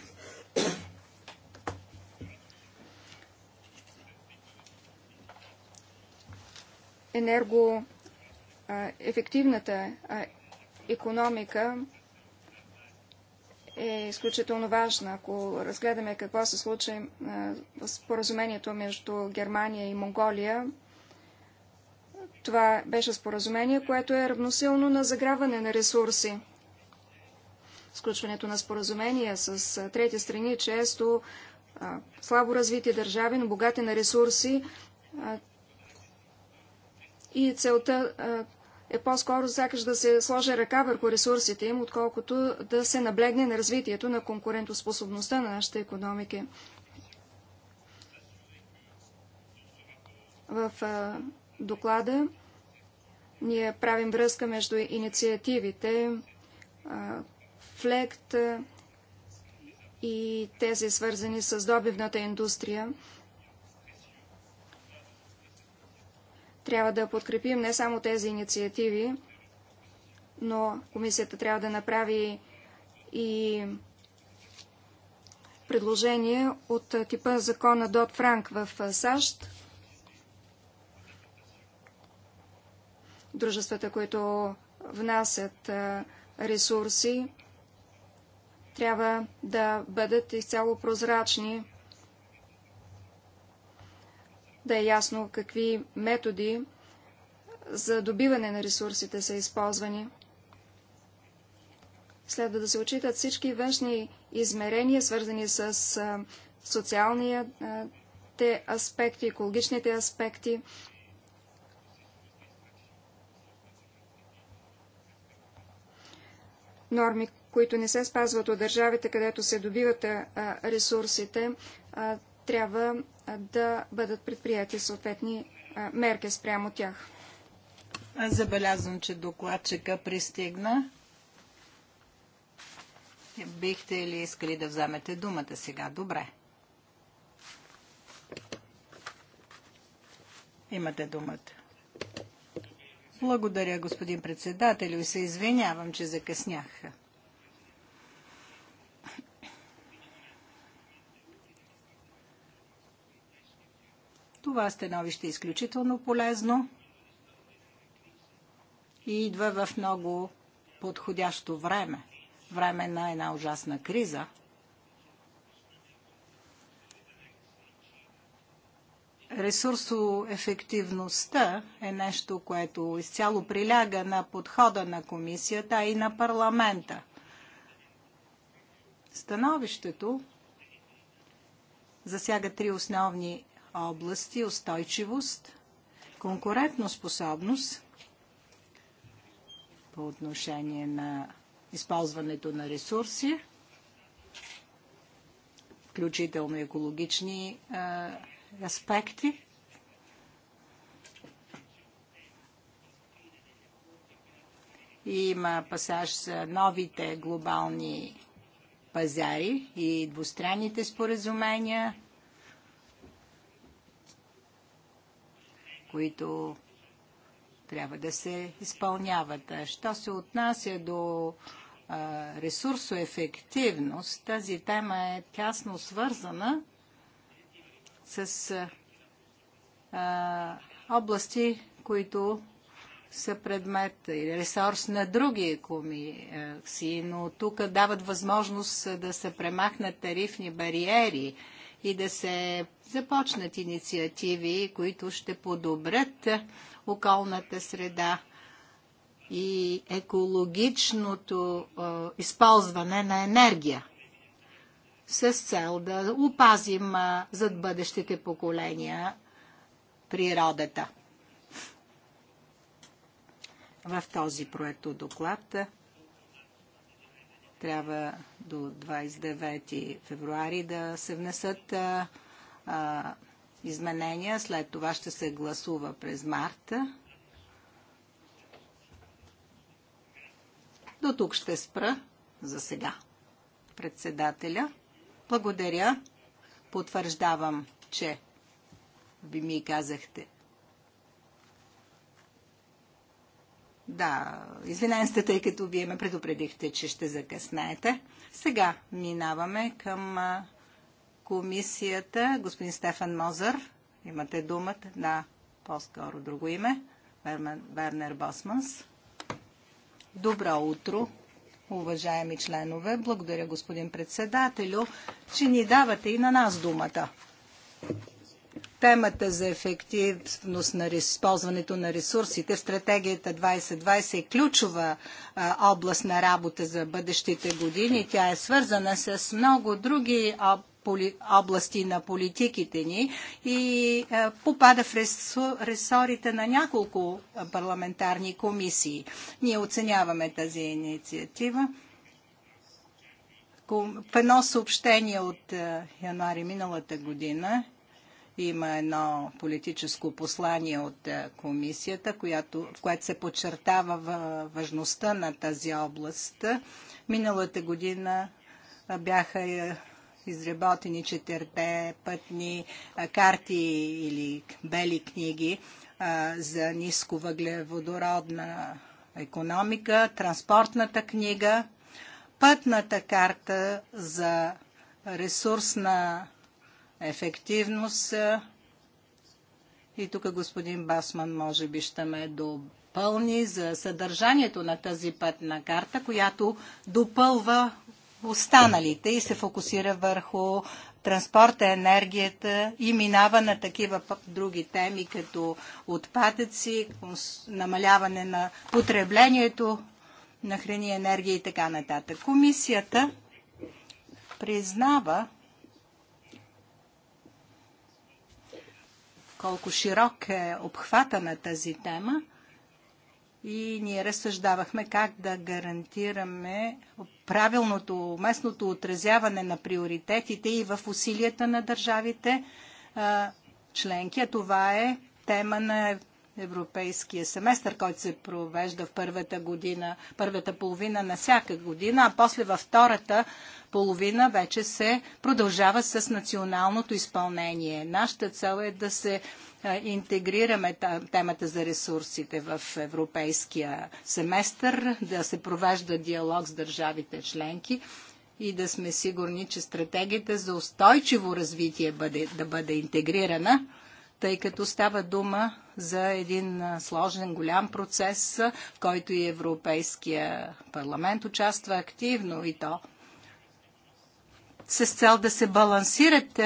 Енергоефективната економика е изключително важна. Ако разгледаме какво се случи с е, споразумението между Германия и Монголия, това беше споразумение, което е равносилно на заграване на ресурси. Сключването на споразумения с е, трети страни, често е, слабо развити държави, но богати на ресурси. и целта е по-скоро сякаш да се сложи ръка върху ресурсите им, отколкото да се наблегне на развитието на конкурентоспособността на нашите економики. В а, доклада ние правим връзка между инициативите, а, флект а, и тези свързани с добивната индустрия. Трябва да подкрепим не само тези инициативи, но комисията трябва да направи и предложение от типа закона Дот Франк в САЩ. Дружествата, които внасят ресурси, трябва да бъдат изцяло прозрачни да е ясно какви методи за добиване на ресурсите са използвани. Следва да се очитат всички външни измерения, свързани с социалните аспекти, екологичните аспекти. Норми, които не се спазват от държавите, където се добиват ресурсите, трябва да бъдат предприяти съответни мерки спрямо тях. Аз забелязвам, че докладчика пристигна. Бихте ли искали да вземете думата сега? Добре. Имате думата. Благодаря, господин председател, и се извинявам, че закъснях. Това становище е изключително полезно и идва в много подходящо време. Време на една ужасна криза. Ресурсоефективността е нещо, което изцяло приляга на подхода на комисията и на парламента. Становището засяга три основни области устойчивост, конкурентоспособност по отношение на използването на ресурси, включително екологични а, аспекти. Има пасаж за новите глобални пазари и двустранните споразумения които трябва да се изпълняват. Що се отнася до ресурсоефективност, тази тема е тясно свързана с а, области, които са предмет или ресурс на други комисии, но тук дават възможност да се премахнат тарифни бариери и да се започнат инициативи, които ще подобрят околната среда и екологичното използване на енергия с цел да опазим зад бъдещите поколения природата. В този проект доклад трябва до 29 февруари да се внесат а, а, изменения. След това ще се гласува през марта. До тук ще спра за сега. Председателя, благодаря. Потвърждавам, че ви ми казахте Да, извинен сте, тъй като вие ме предупредихте, че ще закъснете. Сега минаваме към комисията. Господин Стефан Мозър, имате думата на по-скоро друго име. Вернер Босманс. Добро утро, уважаеми членове. Благодаря, господин председателю, че ни давате и на нас думата. Темата за ефективност на използването на ресурсите в стратегията 2020 е ключова а, област на работа за бъдещите години. Тя е свързана с много други об, области на политиките ни и попада в ресорите на няколко парламентарни комисии. Ние оценяваме тази инициатива в едно съобщение от януари миналата година има едно политическо послание от е, комисията, която, в което се подчертава важността на тази област. Миналата година е, бяха е, изработени четирте пътни карти или бели книги за за нисковъглеводородна економика, транспортната книга, пътната карта за ресурсна ефективност. И тук господин Басман може би ще ме допълни за съдържанието на тази пътна карта, която допълва останалите и се фокусира върху транспорта, енергията и минава на такива други теми, като отпадъци, намаляване на потреблението на храни, енергия и така нататък. Комисията признава, колко широк е обхвата на тази тема и ние разсъждавахме как да гарантираме правилното, местното отразяване на приоритетите и в усилията на държавите членки. А това е тема на европейския семестър, който се провежда в първата година, първата половина на всяка година, а после във втората половина вече се продължава с националното изпълнение. Нашата цел е да се интегрираме темата за ресурсите в европейския семестър, да се провежда диалог с държавите членки и да сме сигурни, че стратегията за устойчиво развитие бъде, да бъде интегрирана тъй като става дума за един сложен, голям процес, в който и Европейския парламент участва активно и то с цел да се балансират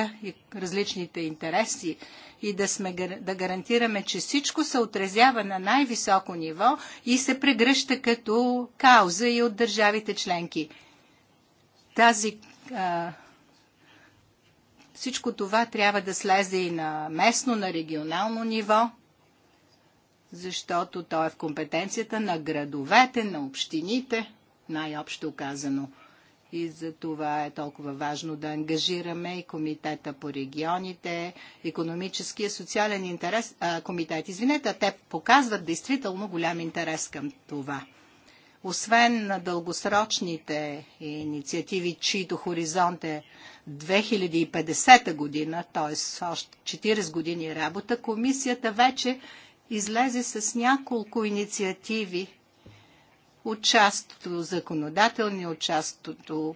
различните интереси и да, сме, да гарантираме, че всичко се отразява на най-високо ниво и се прегръща като кауза и от държавите членки. Тази а, всичко това трябва да слезе и на местно, на регионално ниво, защото то е в компетенцията на градовете, на общините, най-общо казано. И за това е толкова важно да ангажираме и комитета по регионите, економически и социален интерес, а, комитет, извинете, те показват действително голям интерес към това. Освен на дългосрочните инициативи, чието хоризонт е 2050 година, т.е. още 40 години работа, комисията вече излезе с няколко инициативи, от частото законодателни, от частото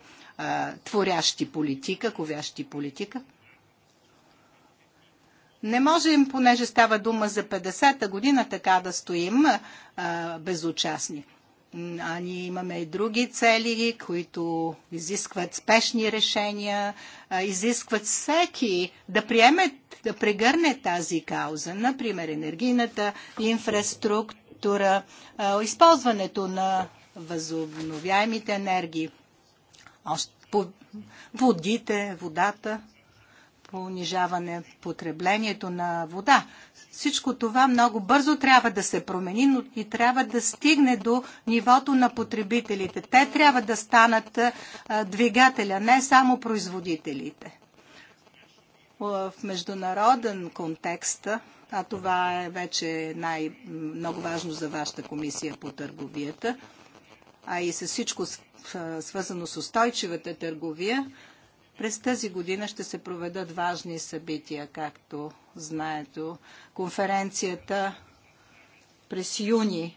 творящи политика, ковящи политика. Не можем, понеже става дума за 50-та година, така да стоим а, безучастни а ние имаме и други цели, които изискват спешни решения, изискват всеки да приеме, да прегърне тази кауза. Например, енергийната инфраструктура, използването на възобновяемите енергии, водите, водата, понижаване потреблението на вода. Всичко това много бързо трябва да се промени, но и трябва да стигне до нивото на потребителите. Те трябва да станат двигателя, не само производителите. В международен контекст, а това е вече най-много важно за вашата комисия по търговията, а и с всичко свързано с устойчивата търговия, през тази година ще се проведат важни събития, както знаете. Конференцията през юни,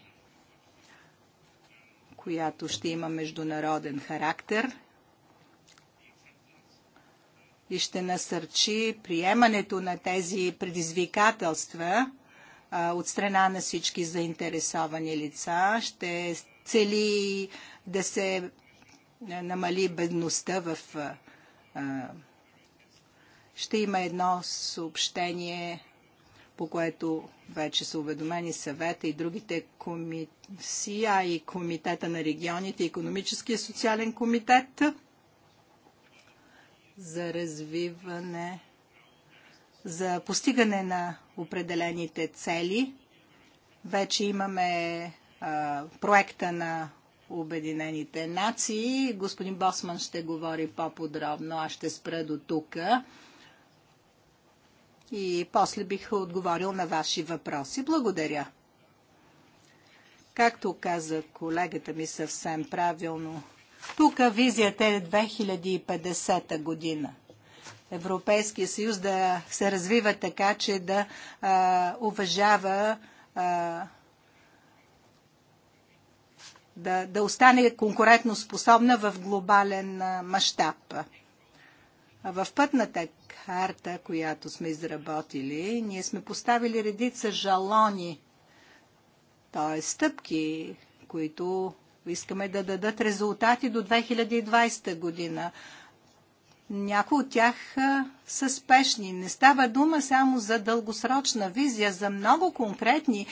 която ще има международен характер и ще насърчи приемането на тези предизвикателства а, от страна на всички заинтересовани лица. Ще цели да се е, намали бедността в е, ще има едно съобщение, по което вече са уведомени съвета и другите комисия и комитета на регионите, економически и социален комитет за развиване, за постигане на определените цели. Вече имаме а, проекта на Обединените нации. Господин Босман ще говори по-подробно. Аз ще спра до тук. И после бих отговорил на ваши въпроси. Благодаря. Както каза колегата ми съвсем правилно, тук визията е 2050 година. Европейския съюз да се развива така, че да а, уважава а, да, да остане способна в глобален мащаб. В пътната карта, която сме изработили, ние сме поставили редица жалони, т.е. стъпки, които искаме да дадат резултати до 2020 година. Някои от тях са спешни. Не става дума само за дългосрочна визия, за много конкретни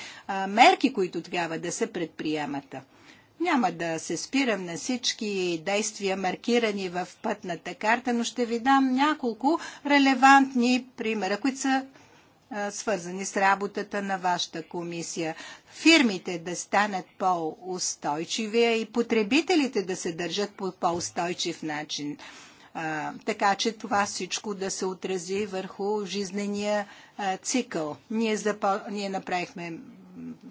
мерки, които трябва да се предприемат. Няма да се спирам на всички действия, маркирани в пътната карта, но ще ви дам няколко релевантни примера, които са свързани с работата на вашата комисия. Фирмите да станат по-устойчиви и потребителите да се държат по по-устойчив начин. А, така че това всичко да се отрази върху жизнения а, цикъл. Ние, запо... Ние направихме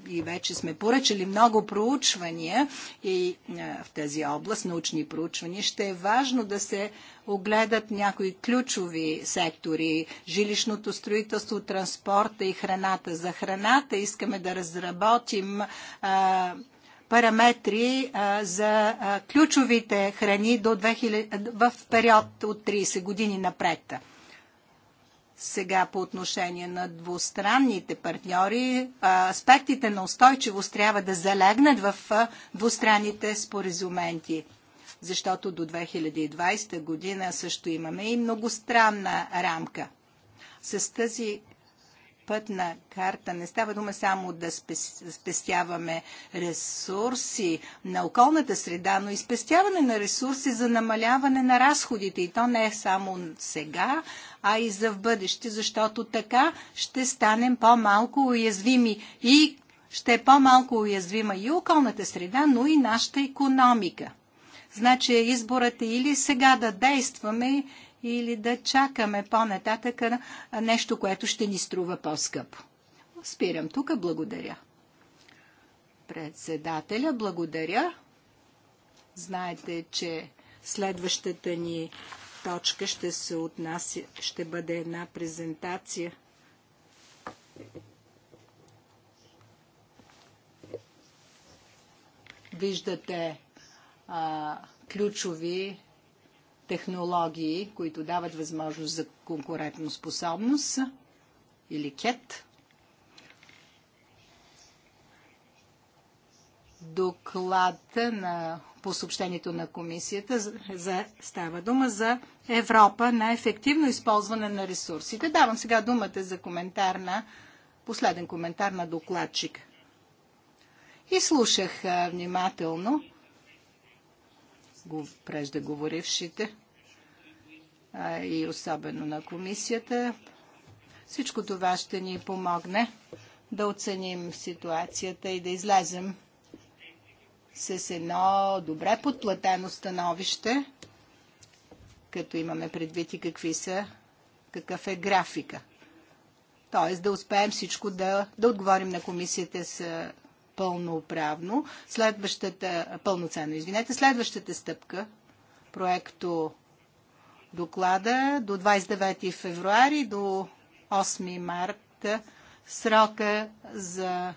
и вече сме поръчали много проучвания и е, в тази област, научни проучвания, ще е важно да се огледат някои ключови сектори. Жилищното строителство, транспорта и храната. За храната искаме да разработим е, параметри а, е, за а, ключовите храни до 2000, в период от 30 години напред. Сега по отношение на двустранните партньори, аспектите на устойчивост трябва да залегнат в двустранните споразументи защото до 2020 година също имаме и многостранна рамка. С тази пътна карта. Не става дума само да спестяваме ресурси на околната среда, но и спестяване на ресурси за намаляване на разходите. И то не е само сега, а и за в бъдеще, защото така ще станем по-малко уязвими и ще е по-малко уязвима и околната среда, но и нашата економика. Значи изборът е или сега да действаме, или да чакаме по-нататък нещо, което ще ни струва по-скъпо. Спирам тук. Благодаря. Председателя, благодаря. Знаете, че следващата ни точка ще се отнася, ще бъде една презентация. Виждате а, ключови технологии, които дават възможност за конкурентоспособност или КЕТ. Доклад на, по съобщението на комисията за, за, става дума за Европа на ефективно използване на ресурсите. Давам сега думата за коментар на последен коментар на докладчик. И слушах а, внимателно преждеговорившите и особено на комисията. Всичко това ще ни помогне да оценим ситуацията и да излезем с едно добре подплатено становище, като имаме предвид и какви са, какъв е графика. Тоест да успеем всичко да, да отговорим на комисията с пълноправно. Следващата, пълноценно, извинете, следващата стъпка, проекто доклада до 29 февруари, до 8 марта срока за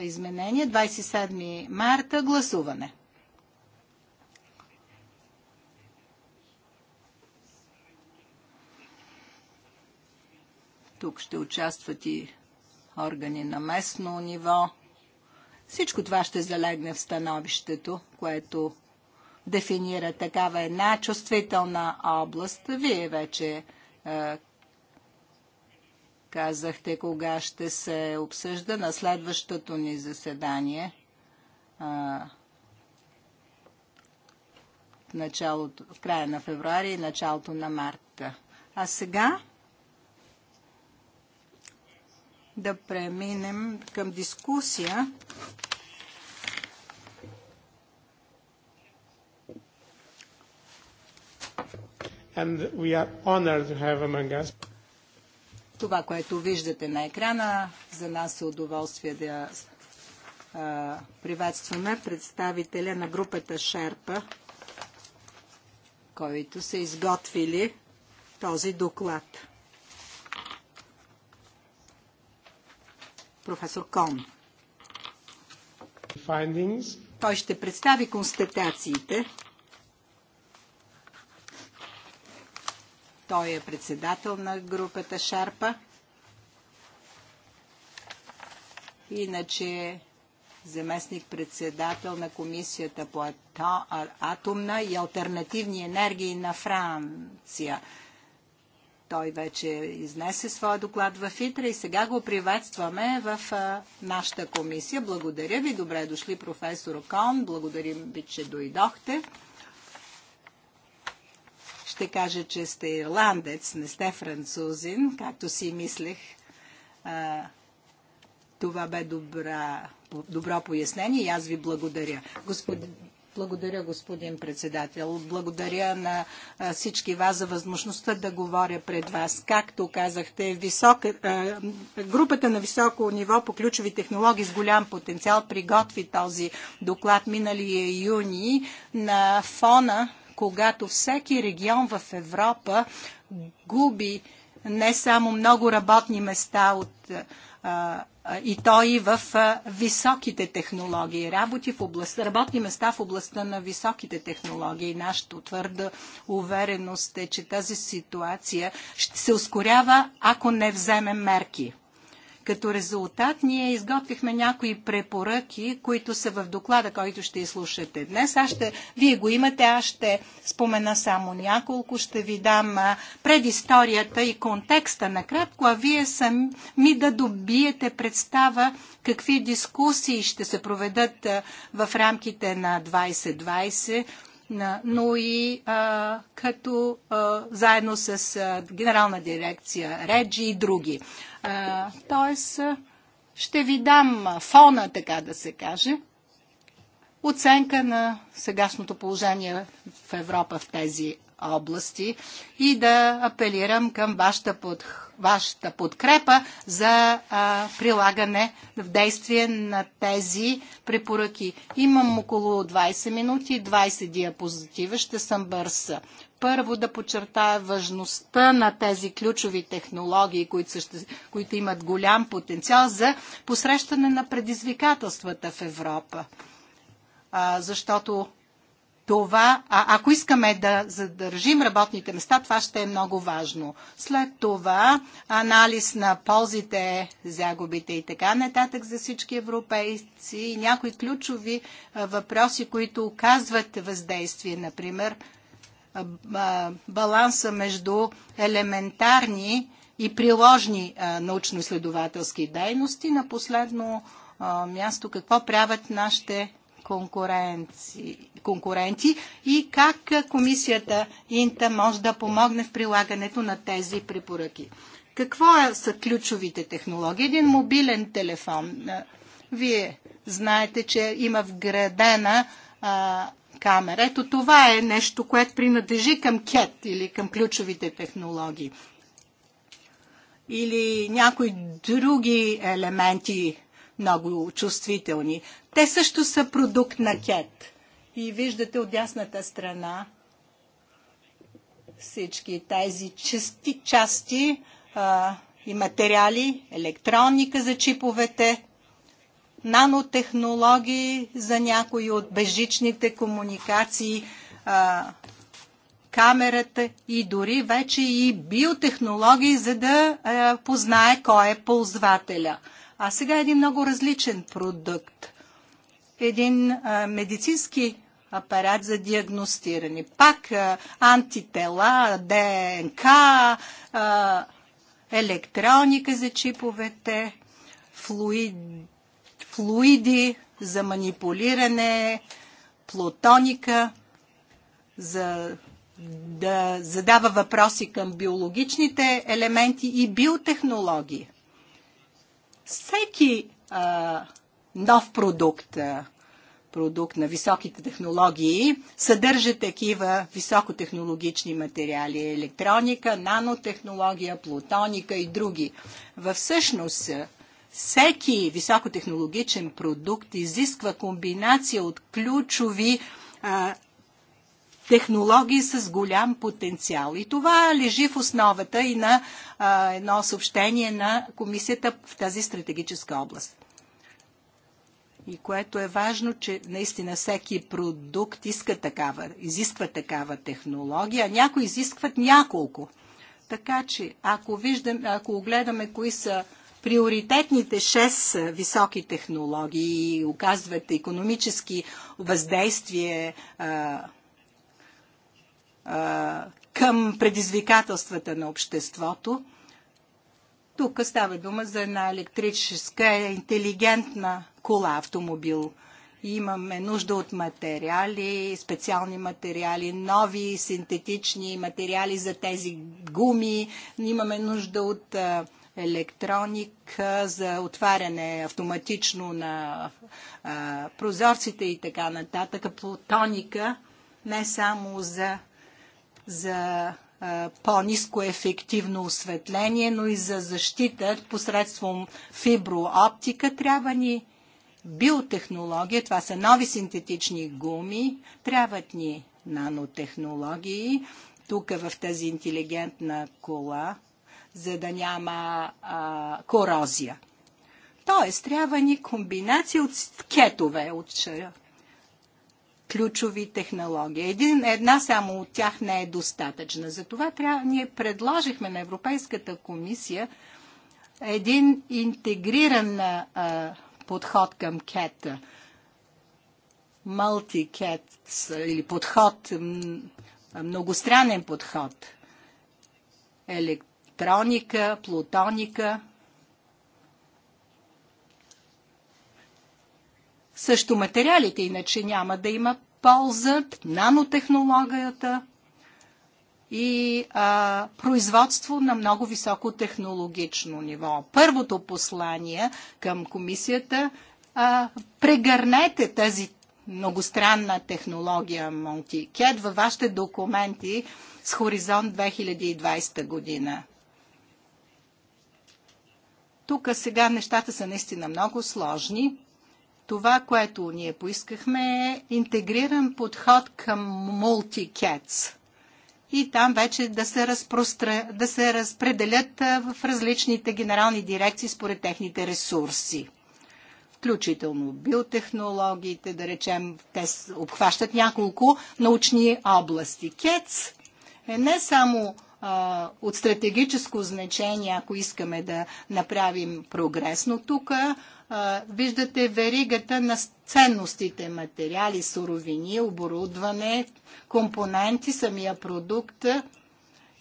изменение, 27 марта гласуване. Тук ще участват и органи на местно ниво. Всичко това ще залегне в становището, което дефинира такава една чувствителна област. Вие вече е, казахте кога ще се обсъжда на следващото ни заседание. Е, в, началото, в края на февруари и началото на марта. А сега да преминем към дискусия and we are honored to have among us. Това, което виждате на екрана, за нас е удоволствие да приветстваме представителя на групата Шерпа, които са изготвили този доклад. Професор Кон. Той ще представи констатациите Той е председател на групата Шарпа. Иначе е заместник-председател на комисията по атомна и альтернативни енергии на Франция. Той вече изнесе своя доклад в ИТРА и сега го приветстваме в нашата комисия. Благодаря ви, добре дошли професор Окон, благодарим ви, че дойдохте ще кажа, че сте ирландец, не сте французин, както си мислех. А, това бе добра, добро пояснение и аз ви благодаря. Господи, благодаря, господин председател. Благодаря на всички вас за възможността да говоря пред вас. Както казахте, висока, групата на високо ниво по ключови технологии с голям потенциал приготви този доклад миналия юни на фона когато всеки регион в Европа губи не само много работни места от, а, и то и в а, високите технологии. Работи в област, работни места в областта на високите технологии. Нашата твърда увереност е, че тази ситуация ще се ускорява, ако не вземем мерки. Като резултат ние изготвихме някои препоръки, които са в доклада, който ще изслушате днес. Аз ще, вие го имате, аз ще спомена само няколко, ще ви дам предисторията и контекста накратко, а вие сами да добиете представа какви дискусии ще се проведат в рамките на 2020 но и а, като а, заедно с а, генерална дирекция Реджи и други. А, тоест, ще ви дам фона, така да се каже, оценка на сегашното положение в Европа в тези области и да апелирам към вашата подхода вашата подкрепа за а, прилагане в действие на тези препоръки. Имам около 20 минути, 20 диапозитива, ще съм бърза. Първо да подчертая важността на тези ключови технологии, които, съще... които имат голям потенциал за посрещане на предизвикателствата в Европа. А, защото това, а, ако искаме да задържим работните места, това ще е много важно. След това анализ на ползите, загубите и така нататък за всички европейци и някои ключови въпроси, които оказват въздействие, например баланса между елементарни и приложни научно-изследователски дейности. На последно място какво правят нашите конкуренти и как комисията Инта може да помогне в прилагането на тези препоръки. Какво е- са ключовите технологии? Един мобилен телефон. Вие знаете, че има вградена а, камера. Ето това е нещо, което принадлежи към кет или към ключовите технологии. Или някои други елементи много чувствителни. Те също са продукт на кет. И виждате от дясната страна всички тези части, части а, и материали, електроника за чиповете, нанотехнологии за някои от бежичните комуникации, а, камерата и дори вече и биотехнологии, за да а, познае кой е ползвателя. А сега е един много различен продукт. Един а, медицински апарат за диагностиране. Пак а, антитела, ДНК, а, електроника за чиповете, флуид, флуиди за манипулиране, плутоника за да задава въпроси към биологичните елементи и биотехнологии. Всеки а, нов продукт, а, продукт на високите технологии, съдържа такива високотехнологични материали електроника, нанотехнология, плутоника и други. Във всъщност, всеки високотехнологичен продукт изисква комбинация от ключови а, технологии с голям потенциал. И това лежи в основата и на а, едно съобщение на комисията в тази стратегическа област. И което е важно, че наистина всеки продукт иска такава, изисква такава технология, а някои изискват няколко. Така че, ако, виждам, ако огледаме кои са приоритетните 6 високи технологии, оказват економически въздействие, а, към предизвикателствата на обществото. Тук става дума за една електрическа, интелигентна кола, автомобил. Имаме нужда от материали, специални материали, нови синтетични материали за тези гуми. Имаме нужда от електроника за отваряне автоматично на прозорците и така нататък, плутоника, не само за за по-низко ефективно осветление, но и за защита посредством фиброоптика трябва ни биотехнология, това са нови синтетични гуми, трябват ни нанотехнологии, тук в тази интелигентна кола, за да няма а, корозия. Тоест, трябва ни комбинация от кетове, от ключови технологии. Един, една само от тях не е достатъчна. Затова трябва, ние предложихме на Европейската комисия един интегриран а, подход към кета. Multicat или подход, многостранен подход. Електроника, плутоника – Също материалите, иначе няма да има полза, нанотехнологията и а, производство на много високо технологично ниво. Първото послание към комисията а, прегърнете тази многостранна технология Монтикет във вашите документи с хоризонт 2020 година. Тук сега нещата са наистина много сложни това, което ние поискахме е интегриран подход към мултикетс. И там вече да се, разпростра... да се разпределят в различните генерални дирекции според техните ресурси. Включително биотехнологиите, да речем, те обхващат няколко научни области. КЕЦ е не само от стратегическо значение, ако искаме да направим прогрес. Но тук виждате веригата на ценностите, материали, суровини, оборудване, компоненти, самия продукт,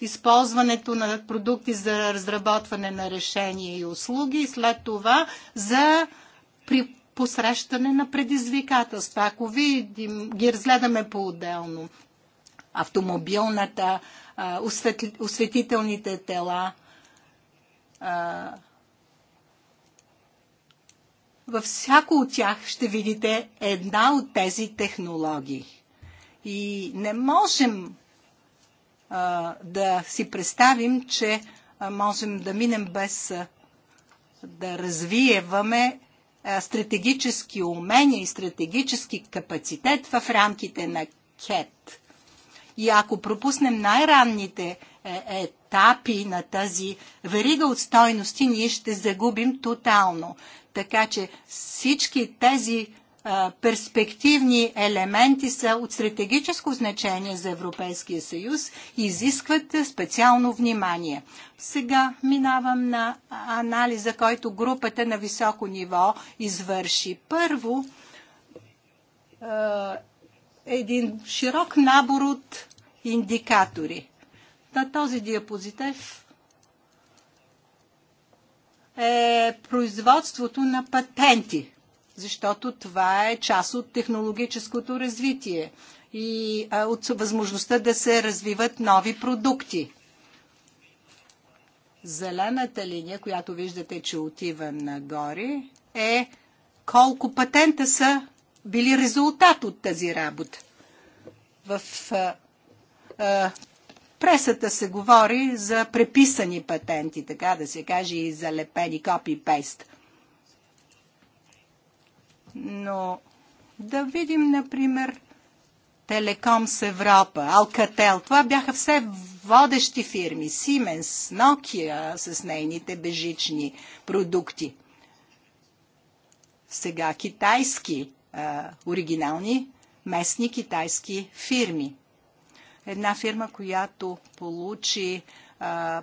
използването на продукти за разработване на решения и услуги и след това за при посрещане на предизвикателства. Ако видим, ги разгледаме по-отделно, автомобилната, осветителните тела, във всяко от тях ще видите една от тези технологии. И не можем а, да си представим, че а, можем да минем без а, да развиеваме а, стратегически умения и стратегически капацитет в рамките на КЕТ. И ако пропуснем най-ранните е, е, етапи на тази верига от стойности ние ще загубим тотално. Така че всички тези е, перспективни елементи са от стратегическо значение за Европейския съюз и изискват специално внимание. Сега минавам на анализа, който групата на високо ниво извърши. Първо, един широк набор от индикатори. На този диапозитив е производството на патенти, защото това е част от технологическото развитие и от възможността да се развиват нови продукти. Зелената линия, която виждате, че отива нагоре, е колко патента са били резултат от тази работа. В а, пресата се говори за преписани патенти, така да се каже, и за лепени копи-пейст. Но да видим, например, Телеком с Европа, Алкател. Това бяха все водещи фирми. Сименс, Nokia с нейните бежични продукти. Сега китайски, а, оригинални местни китайски фирми една фирма, която получи а,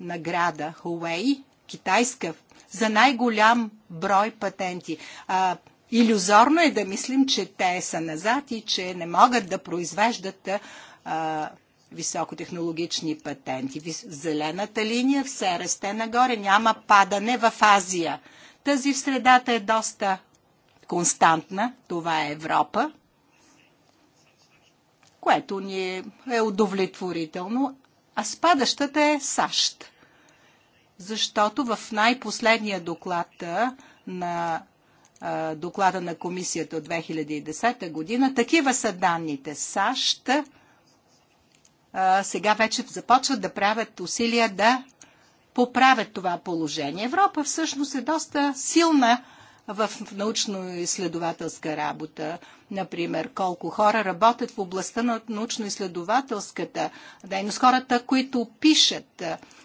награда Huawei, китайска, за най-голям брой патенти. А, иллюзорно е да мислим, че те са назад и че не могат да произвеждат а, високотехнологични патенти. Зелената линия все расте нагоре, няма падане в Азия. Тази в средата е доста константна, това е Европа което ни е, е удовлетворително, а спадащата е САЩ. Защото в най-последния доклад на доклада на комисията от 2010 година. Такива са данните. САЩ сега вече започват да правят усилия да поправят това положение. Европа всъщност е доста силна в научно-изследователска работа. Например, колко хора работят в областта на научно-изследователската дейност. Хората, които пишат.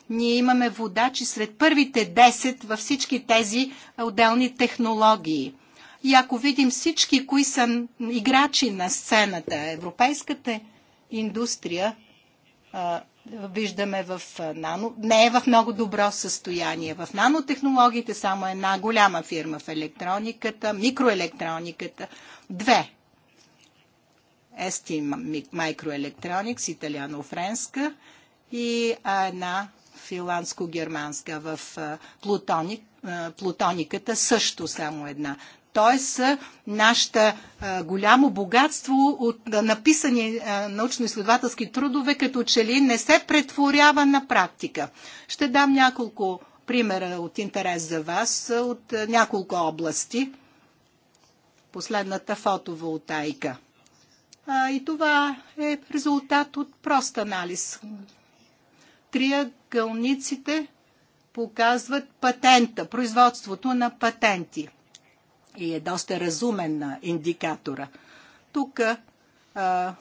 Ние имаме водачи сред първите 10 във всички тези отделни технологии. И ако видим всички, кои са играчи на сцената, европейската индустрия, виждаме в нано, не е в много добро състояние. В нанотехнологиите само една голяма фирма в електрониката, микроелектрониката, две. ST Microelectronics, италиано-френска и една филандско германска в плутоник, плутониката също само една. Тоест, нашата голямо богатство от написани научно-изследователски трудове, като че ли не се претворява на практика. Ще дам няколко примера от интерес за вас от няколко области. Последната фотоволтайка. А, и това е резултат от прост анализ. Триъгълниците показват патента, производството на патенти и е доста разумен индикатора. Тук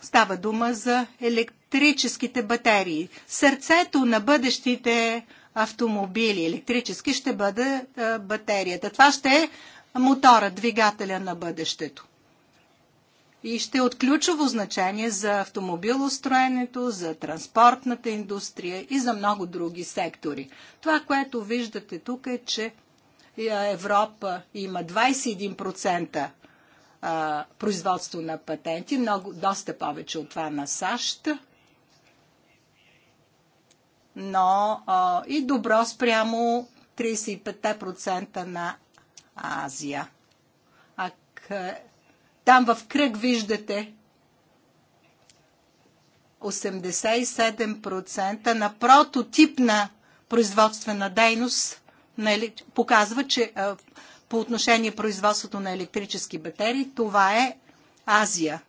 става дума за електрическите батерии. Сърцето на бъдещите автомобили електрически ще бъде батерията. Това ще е мотора, двигателя на бъдещето. И ще е от ключово значение за автомобилостроенето, за транспортната индустрия и за много други сектори. Това, което виждате тук е, че е, Европа има 21% производство на патенти, много, доста повече от това на САЩ, но а, и добро спрямо 35% на Азия. А къ... там в кръг виждате 87% на прототипна производствена дейност на, показва, че а, по отношение производството на електрически батерии, това е Азия.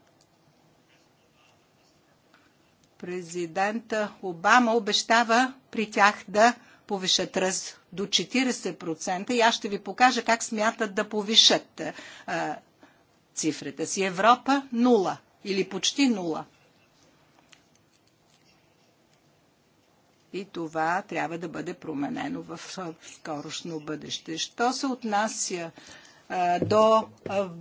Президент Обама обещава при тях да повишат раз до 40% и аз ще ви покажа как смятат да повишат а, цифрите си. Европа – нула или почти нула. и това трябва да бъде променено в скорошно бъдеще. Що се отнася до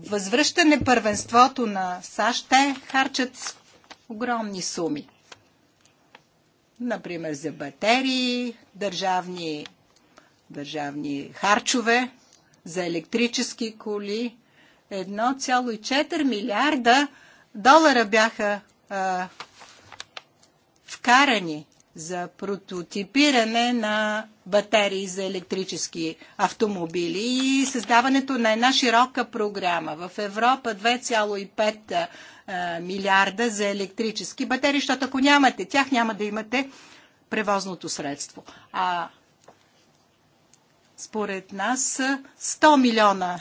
възвръщане първенството на САЩ, те харчат огромни суми. Например, за батерии, държавни, държавни харчове, за електрически коли. 1,4 милиарда долара бяха а, вкарани за прототипиране на батерии за електрически автомобили и създаването на една широка програма. В Европа 2,5 милиарда за електрически батерии, защото ако нямате тях, няма да имате превозното средство. А според нас 100 милиона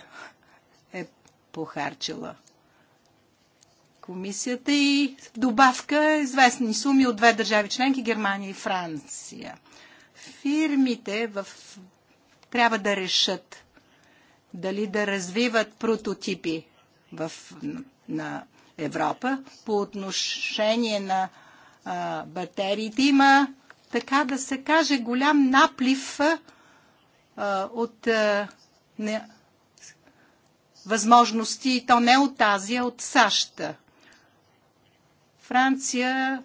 е похарчила комисията и добавка известни суми от две държави членки Германия и Франция. Фирмите в... трябва да решат дали да развиват прототипи в... на Европа по отношение на а, батериите. Има, така да се каже, голям наплив а, от а, не, възможности, то не от Азия, от САЩ. Франция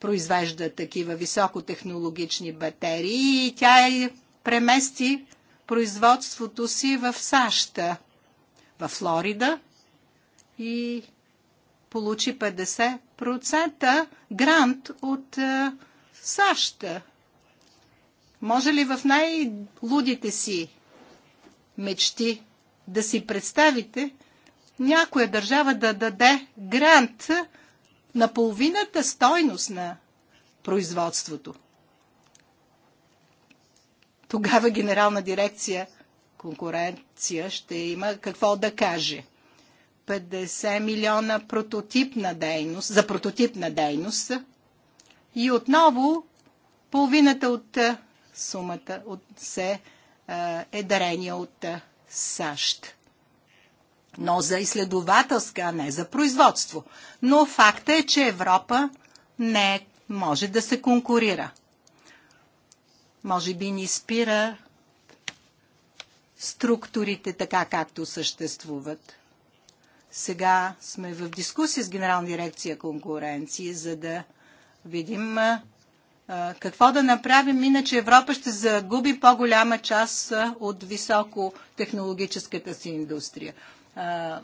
произвежда такива високотехнологични батерии и тя премести производството си в САЩ, в Флорида и получи 50% грант от е, САЩ. Може ли в най-лудите си мечти да си представите някоя държава да даде грант на половината стойност на производството. Тогава генерална дирекция конкуренция ще има какво да каже. 50 милиона прототипна дейност, за прототипна дейност и отново половината от сумата от, се е дарение от САЩ но за изследователска, а не за производство. Но факта е, че Европа не може да се конкурира. Може би ни спира структурите така, както съществуват. Сега сме в дискусия с Генерална дирекция конкуренции, за да видим какво да направим, иначе Европа ще загуби по-голяма част от високотехнологическата си индустрия. Uh,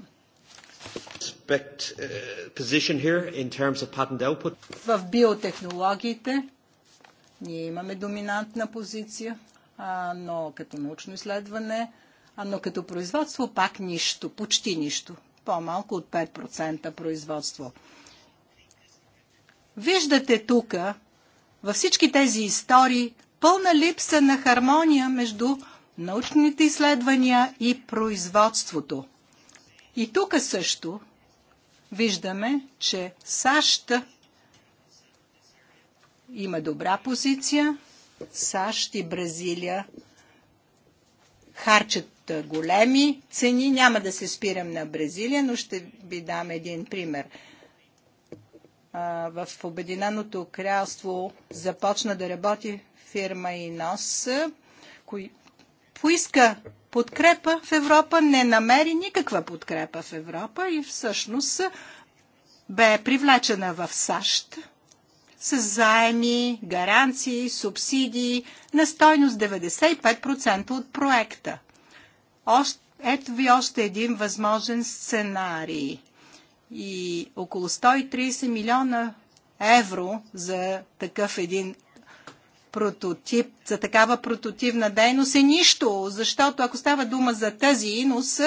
В биотехнологиите ние имаме доминантна позиция, но като научно изследване, но като производство пак нищо, почти нищо. По-малко от 5% производство. Виждате тук във всички тези истории пълна липса на хармония между научните изследвания и производството. И тук също виждаме, че САЩ има добра позиция. САЩ и Бразилия харчат големи цени. Няма да се спирам на Бразилия, но ще ви дам един пример. В Обединеното кралство започна да работи фирма ИНОС, поиска подкрепа в Европа, не намери никаква подкрепа в Европа и всъщност бе привлечена в САЩ с заеми, гаранции, субсидии на стойност 95% от проекта. ето ви още един възможен сценарий. И около 130 милиона евро за такъв един прототип, за такава прототивна дейност е нищо, защото ако става дума за тази инус,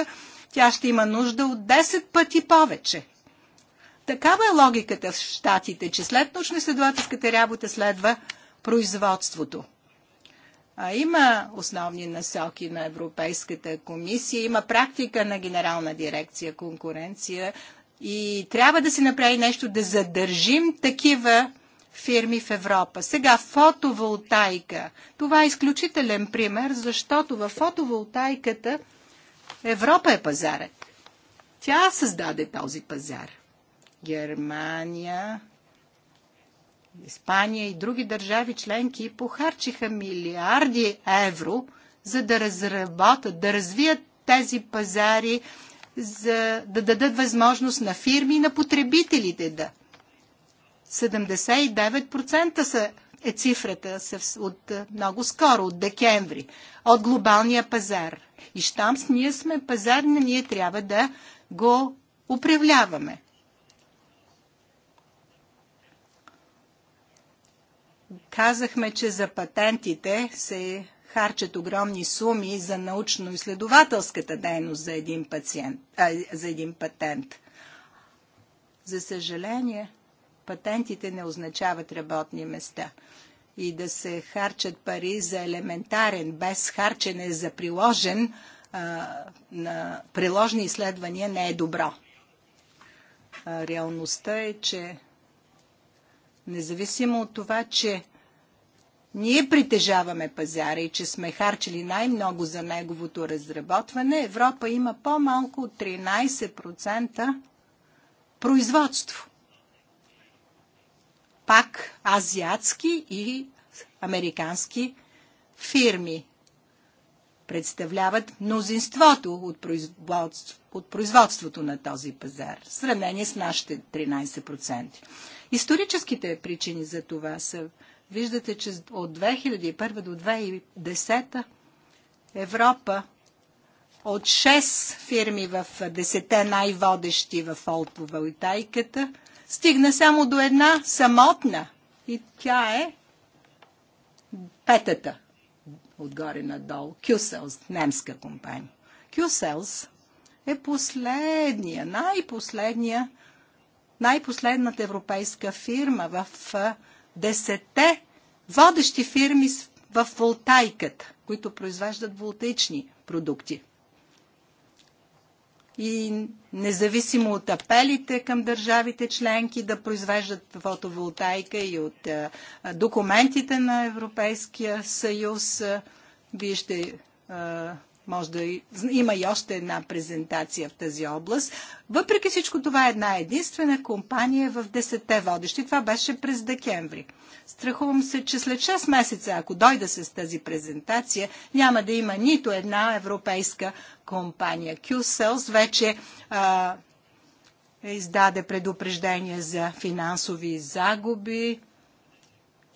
тя ще има нужда от 10 пъти повече. Такава е логиката в щатите, че след научно-изследователската работа следва производството. А има основни насоки на Европейската комисия, има практика на Генерална дирекция конкуренция и трябва да се направи нещо да задържим такива фирми в Европа. Сега фотоволтайка. Това е изключителен пример, защото в фотоволтайката Европа е пазарът. Тя създаде този пазар. Германия, Испания и други държави членки похарчиха милиарди евро, за да разработят, да развият тези пазари, за да дадат възможност на фирми и на потребителите да 79% са, е цифрата са от е, много скоро, от декември, от глобалния пазар. И с ние сме пазарни, ние трябва да го управляваме. Казахме, че за патентите се харчат огромни суми за научно-изследователската дейност за един, пациент, а, за един патент. За съжаление, патентите не означават работни места и да се харчат пари за елементарен, без харчене за приложен, а, на приложни изследвания не е добро. А, реалността е, че независимо от това, че ние притежаваме пазара и че сме харчили най-много за неговото разработване, Европа има по-малко от 13% производство пак азиатски и американски фирми. Представляват мнозинството от, производство, от производството на този пазар, в сравнение с нашите 13%. Историческите причини за това са, виждате, че от 2001 до 2010 Европа от 6 фирми в 10 най-водещи в фолтоволтайката – стигна само до една самотна. И тя е петата отгоре надолу. Кюселс, немска компания. Кюселс е последния, най-последния, най-последната европейска фирма в десете водещи фирми в волтайката, които произвеждат волтаични продукти и независимо от апелите към държавите членки да произвеждат фотоволтайка и от е, документите на Европейския съюз, е, вие ще е, може да има и още една презентация в тази област. Въпреки всичко това е една единствена компания в 10-те водещи. Това беше през декември. Страхувам се, че след 6 месеца, ако дойда с тази презентация, няма да има нито една европейска компания. QSELS вече а, издаде предупреждение за финансови загуби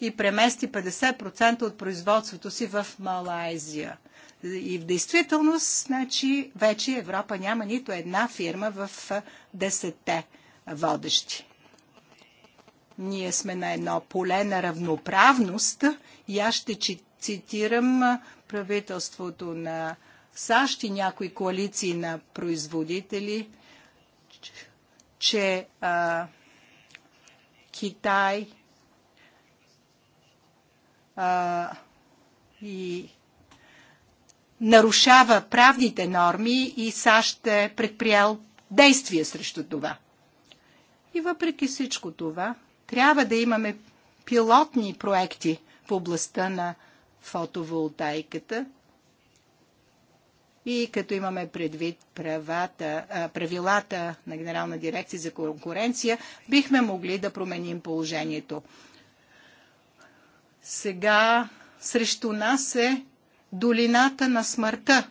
и премести 50% от производството си в Малайзия. И в действителност, значи, вече Европа няма нито една фирма в десетте водещи. Ние сме на едно поле на равноправност и аз ще цитирам правителството на САЩ и някои коалиции на производители, че а, Китай а, и нарушава правните норми и САЩ е предприял действия срещу това. И въпреки всичко това, трябва да имаме пилотни проекти в областта на фотоволтайката. И като имаме предвид правата, правилата на Генерална дирекция за конкуренция, бихме могли да променим положението. Сега срещу нас е долината на смъртта,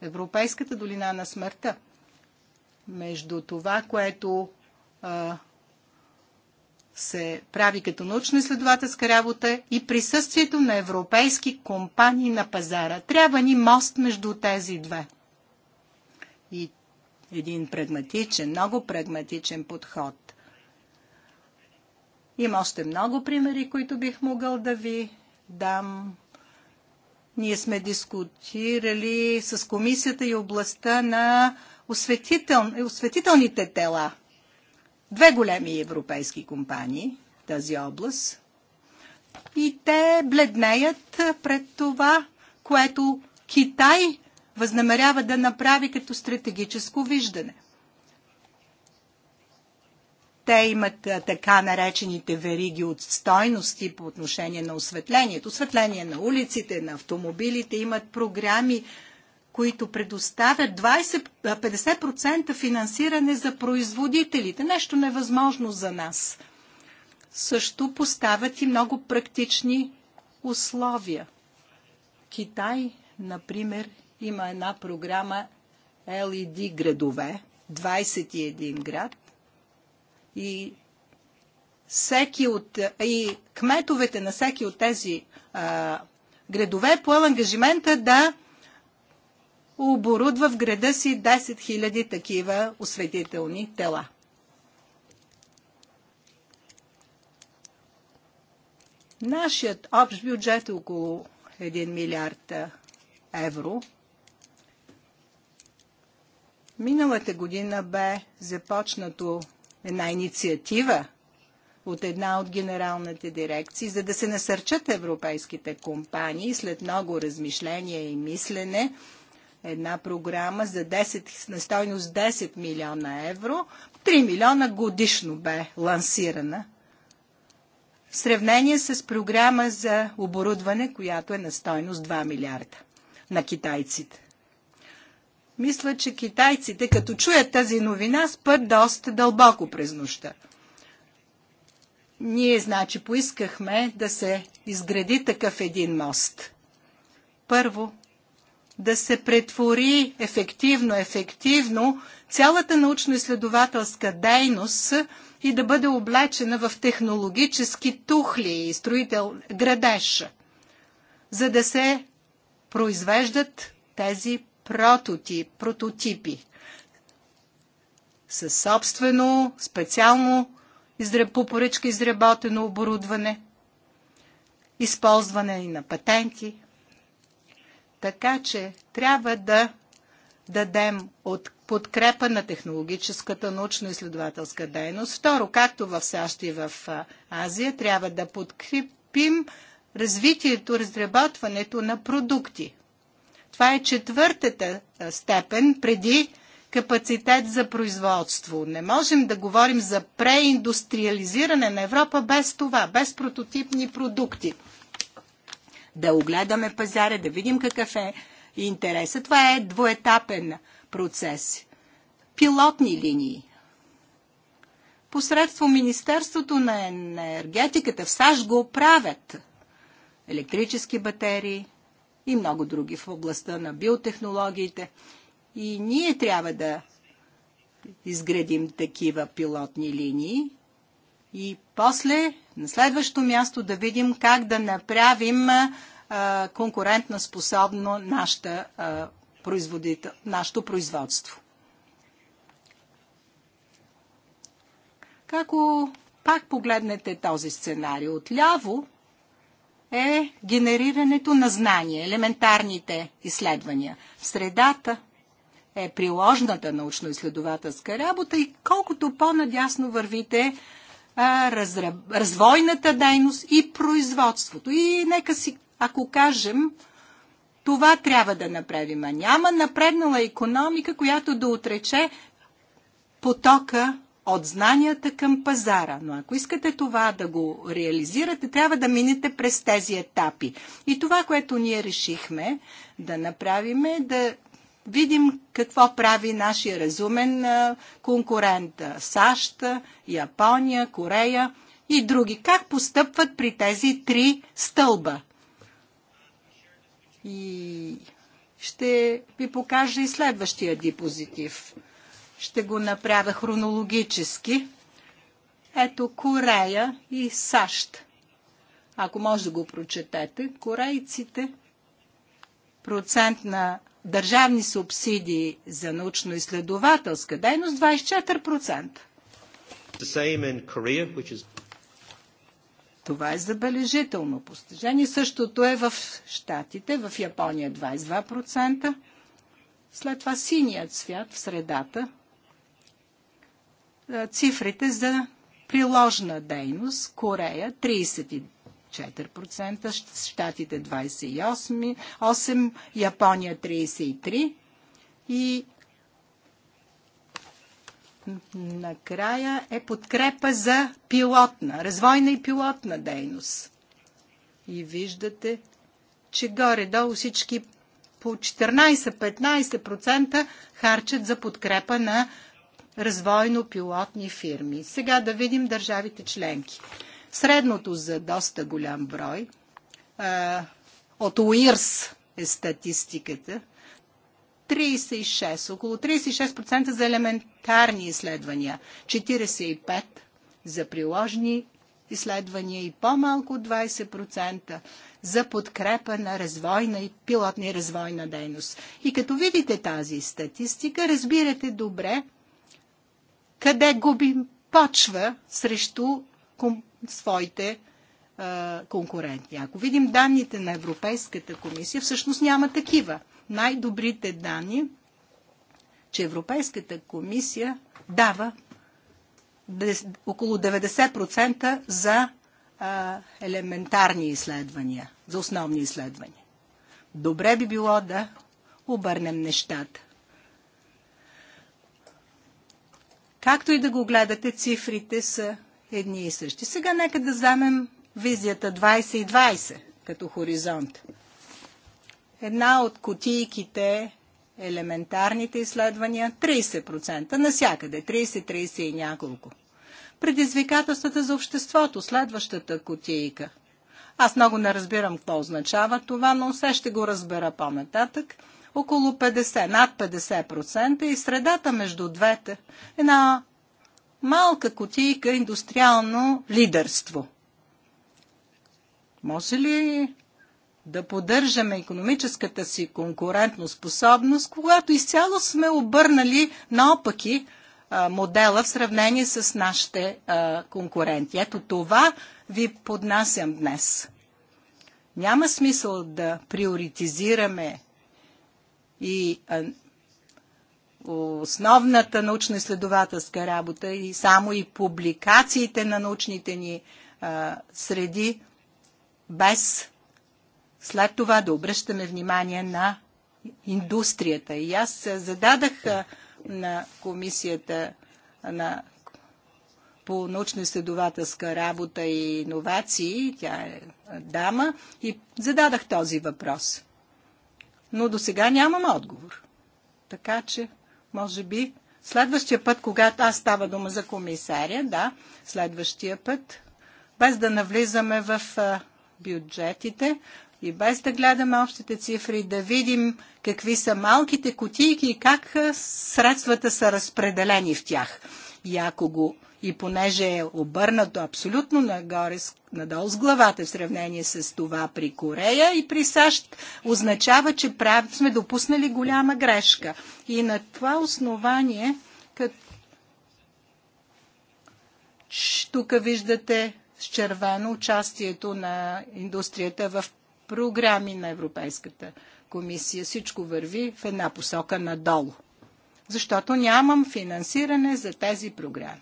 Европейската долина на смъртта, между това, което а, се прави като научно-изследователска работа и присъствието на европейски компании на пазара. Трябва ни мост между тези две. И един прагматичен, много прагматичен подход. Има още много примери, които бих могъл да ви дам ние сме дискутирали с комисията и областта на осветител... осветителните тела. Две големи европейски компании в тази област. И те бледнеят пред това, което Китай възнамерява да направи като стратегическо виждане – те имат така наречените вериги от стойности по отношение на осветлението. Осветление на улиците, на автомобилите. Имат програми, които предоставят 20, 50% финансиране за производителите. Нещо невъзможно за нас. Също поставят и много практични условия. Китай, например, има една програма LED градове, 21 град, и, всеки от, и кметовете на всеки от тези а, градове поел ангажимента да оборудва в града си 10 000 такива осветителни тела. Нашият общ бюджет е около 1 милиард евро. Миналата година бе започнато една инициатива от една от генералните дирекции, за да се насърчат европейските компании след много размишления и мислене една програма за 10, на стойност 10 милиона евро. 3 милиона годишно бе лансирана. В сравнение с програма за оборудване, която е на стойност 2 милиарда на китайците. Мисля, че китайците, като чуят тази новина, спът доста дълбоко през нощта. Ние, значи, поискахме да се изгради такъв един мост. Първо, да се претвори ефективно, ефективно цялата научно-изследователска дейност и да бъде облечена в технологически тухли и строител градеж, за да се произвеждат тези прототип, прототипи със собствено, специално по поръчка изработено оборудване, използване и на патенти. Така че трябва да дадем от подкрепа на технологическата научно-изследователска дейност. Второ, както в САЩ и в Азия, трябва да подкрепим развитието, разработването на продукти – това е четвъртата степен преди капацитет за производство. Не можем да говорим за преиндустриализиране на Европа без това, без прототипни продукти. Да огледаме пазара, да видим какъв е интересът. Това е двоетапен процес. Пилотни линии. Посредство Министерството на енергетиката в САЩ го правят. Електрически батерии – и много други в областта на биотехнологиите. И ние трябва да изградим такива пилотни линии и после на следващо място да видим как да направим а, конкурентно способно нашата, а, нашето производство. Како пак погледнете този сценарий отляво, е генерирането на знания, елементарните изследвания. средата е приложната научно-изследователска работа и колкото по-надясно вървите а, развойната дейност и производството. И нека си, ако кажем, това трябва да направим. А няма напреднала економика, която да отрече потока от знанията към пазара. Но ако искате това да го реализирате, трябва да минете през тези етапи. И това, което ние решихме да направим е да видим какво прави нашия разумен конкурент САЩ, Япония, Корея и други. Как постъпват при тези три стълба? И ще ви покажа и следващия диапозитив. Ще го направя хронологически. Ето Корея и САЩ. Ако може да го прочетете, корейците процент на държавни субсидии за научно-изследователска дейност 24%. Korea, is... Това е забележително постижение. Същото е в Штатите, в Япония 22%. След това синият свят в средата е, цифрите за приложна дейност. Корея 34%, Штатите 28%, 8%, Япония 33% и накрая е подкрепа за пилотна, развойна и пилотна дейност. И виждате, че горе-долу всички по 14-15% харчат за подкрепа на развойно-пилотни фирми. Сега да видим държавите членки. Средното за доста голям брой а, от УИРС е статистиката. 36, около 36% за елементарни изследвания, 45% за приложни изследвания и по-малко 20% за подкрепа на развойна и пилотна и развойна дейност. И като видите тази статистика, разбирате добре къде губим почва срещу своите а, конкуренти. Ако видим данните на Европейската комисия, всъщност няма такива. Най-добрите данни, че Европейската комисия дава около 90% за а, елементарни изследвания, за основни изследвания. Добре би било да обърнем нещата. Както и да го гледате, цифрите са едни и същи. Сега нека да вземем визията 2020 като хоризонт. Една от котийките елементарните изследвания 30%, насякъде 30-30 и няколко. Предизвикателствата за обществото, следващата котийка. Аз много не разбирам какво означава това, но все ще го разбера по-нататък – около 50, над 50% и средата между двете една малка котийка индустриално лидерство. Може ли да поддържаме економическата си конкурентно способност, когато изцяло сме обърнали наопаки модела в сравнение с нашите конкуренти. Ето това ви поднасям днес. Няма смисъл да приоритизираме и основната научно-изследователска работа и само и публикациите на научните ни а, среди, без след това да обръщаме внимание на индустрията. И аз зададах а, на комисията на, по научно-изследователска работа и иновации, тя е дама, и зададах този въпрос – но до сега нямам отговор. Така че, може би, следващия път, когато аз става дума за комисаря, да, следващия път, без да навлизаме в бюджетите и без да гледаме общите цифри, да видим какви са малките кутийки и как средствата са разпределени в тях. И ако го и понеже е обърнато абсолютно нагоре, надолу с главата в сравнение с това при Корея и при САЩ, означава, че прав... сме допуснали голяма грешка. И на това основание, като тук виждате с червено участието на индустрията в програми на Европейската комисия. Всичко върви в една посока надолу, защото нямам финансиране за тези програми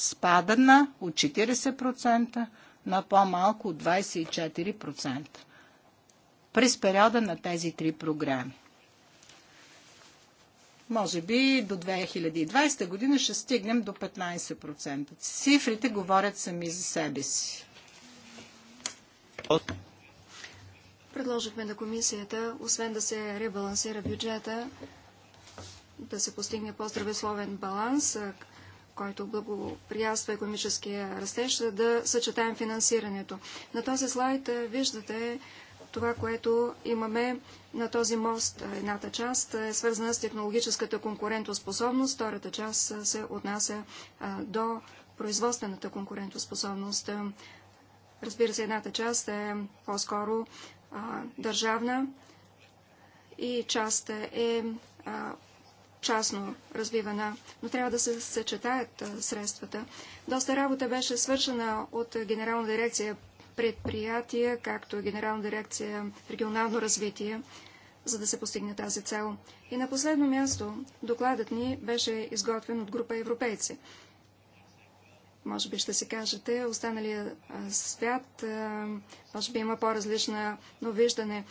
спадна от 40% на по-малко от 24% през периода на тези три програми. Може би до 2020 година ще стигнем до 15%. Цифрите говорят сами за себе си. Предложихме на комисията, освен да се ребалансира бюджета, да се постигне по-здравословен баланс, който благоприятства економическия растеж, за да съчетаем финансирането. На този слайд е, виждате това, което имаме на този мост. Едната част е свързана с технологическата конкурентоспособност, втората част е, се отнася до производствената конкурентоспособност. Разбира се, едната част е по-скоро държавна и част е частно развивана, но трябва да се съчетаят средствата. Доста работа беше свършена от Генерална дирекция предприятия, както и Генерална дирекция регионално развитие, за да се постигне тази цел. И на последно място докладът ни беше изготвен от група европейци. Може би ще се кажете, останалия свят, може би има по-различна виждане.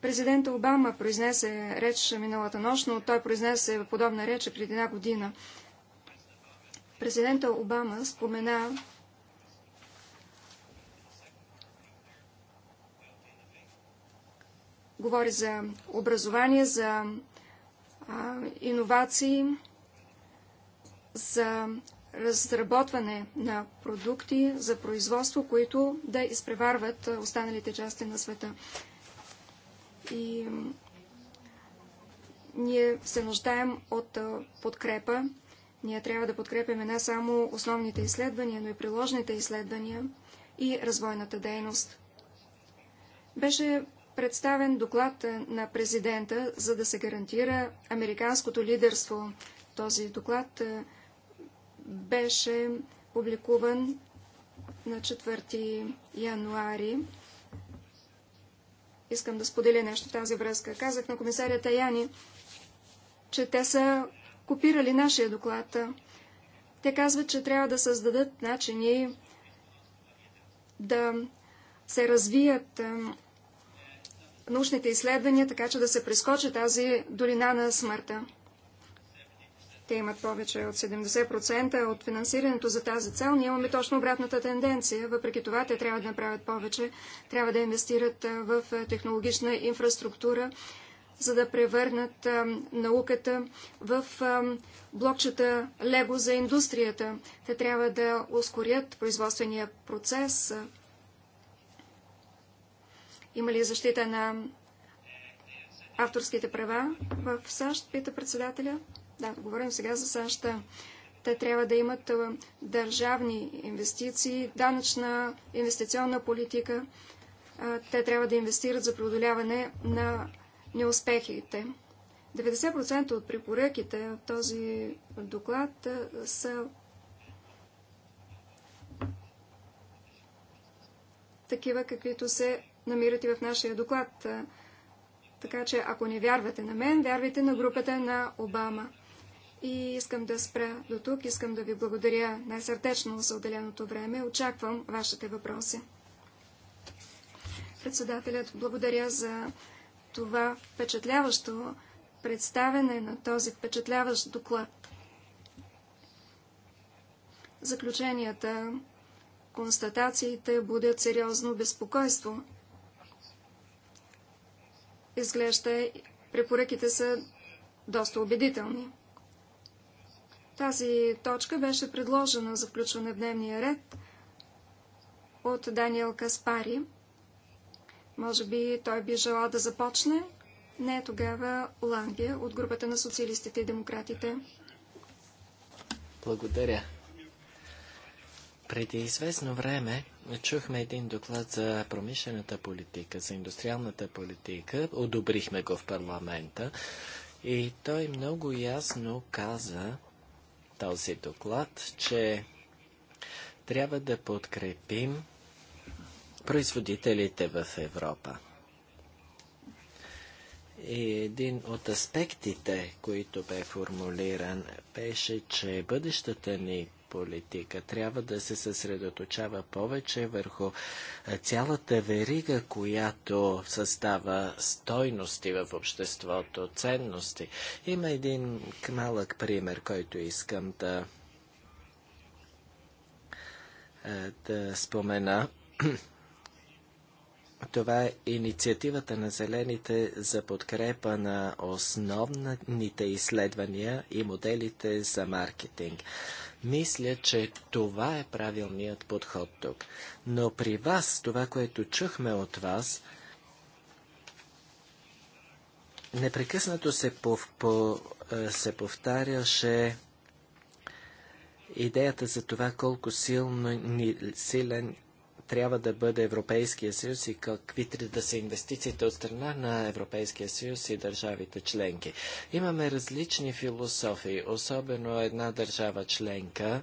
Президента Обама произнесе реч миналата нощ, но той произнесе подобна реч преди една година. Президента Обама спомена говори за образование, за а, иновации, за разработване на продукти за производство, които да изпреварват останалите части на света. И ние се нуждаем от подкрепа. Ние трябва да подкрепяме не само основните изследвания, но и приложните изследвания и развойната дейност. Беше представен доклад на президента, за да се гарантира американското лидерство. Този доклад беше публикуван на 4 януари Искам да споделя нещо в тази връзка. Казах на комисаря Таяни, че те са копирали нашия доклад. Те казват, че трябва да създадат начини да се развият е, научните изследвания, така че да се прескочи тази долина на смъртта те имат повече от 70% от финансирането за тази цел, ние имаме точно обратната тенденция. Въпреки това, те трябва да направят повече, трябва да инвестират в технологична инфраструктура, за да превърнат науката в блокчета лего за индустрията. Те трябва да ускорят производствения процес. Има ли защита на авторските права в САЩ, пита председателя? Да, говорим сега за САЩ. Те трябва да имат държавни инвестиции, данъчна инвестиционна политика. Те трябва да инвестират за преодоляване на неуспехите. 90% от препоръките в този доклад са такива, каквито се намират и в нашия доклад. Така че, ако не вярвате на мен, вярвайте на групата на Обама. И искам да спра до тук. Искам да ви благодаря най-сърдечно за отделеното време. Очаквам вашите въпроси. Председателят, благодаря за това впечатляващо представене на този впечатляващ доклад. Заключенията, констатациите будят сериозно безпокойство. Изглежда, препоръките са доста убедителни. Тази точка беше предложена за включване в дневния ред от Даниел Каспари. Може би той би желал да започне. Не тогава Лангия от групата на социалистите и демократите. Благодаря. Преди известно време чухме един доклад за промишлената политика, за индустриалната политика. Одобрихме го в парламента и той много ясно каза, този доклад, че трябва да подкрепим производителите в Европа. И един от аспектите, които бе формулиран, беше, че бъдещата ни политика. Трябва да се съсредоточава повече върху цялата верига, която състава стойности в обществото, ценности. Има един малък пример, който искам да, да спомена. *clears throat* Това е инициативата на зелените за подкрепа на основните изследвания и моделите за маркетинг. Мисля, че това е правилният подход тук. Но при вас, това, което чухме от вас, непрекъснато се, пов, по, е, се повтаряше идеята за това колко силно, ни, силен трябва да бъде Европейския съюз и какви да са инвестициите от страна на Европейския съюз и държавите членки. Имаме различни философии, особено една държава членка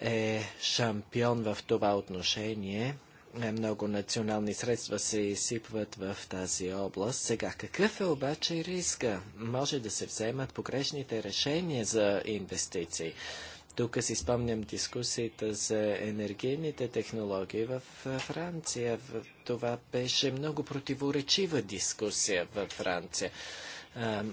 е шампион в това отношение. Е, много национални средства се изсипват в тази област. Сега, какъв е обаче риска? Може да се вземат погрешните решения за инвестиции. Тук си спомням дискусията за енергийните технологии в Франция. Това беше много противоречива дискусия в Франция.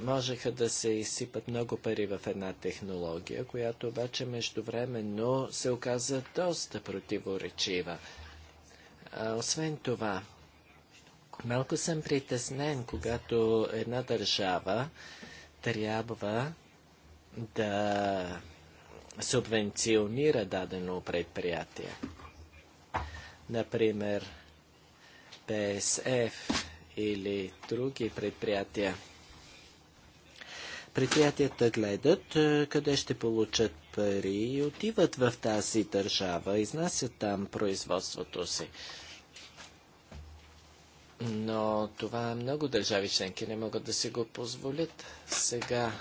можеха да се изсипат много пари в една технология, която обаче междувременно се оказа доста противоречива. освен това, малко съм притеснен, когато една държава трябва да субвенционира дадено предприятие. Например, ПСФ или други предприятия. Предприятията гледат е, къде ще получат пари и отиват в тази държава, изнасят там производството си. Но това много държави членки не могат да си го позволят. Сега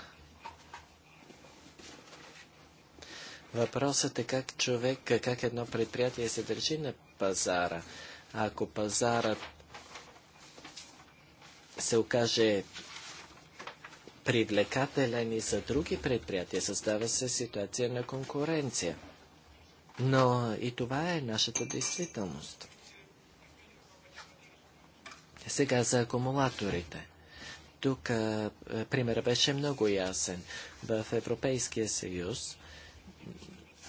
Въпросът е как човек, как едно предприятие се държи на пазара. Ако пазарът се окаже привлекателен и за други предприятия, създава се ситуация на конкуренция. Но и това е нашата действителност. Сега за акумулаторите. Тук примерът беше много ясен. В Европейския съюз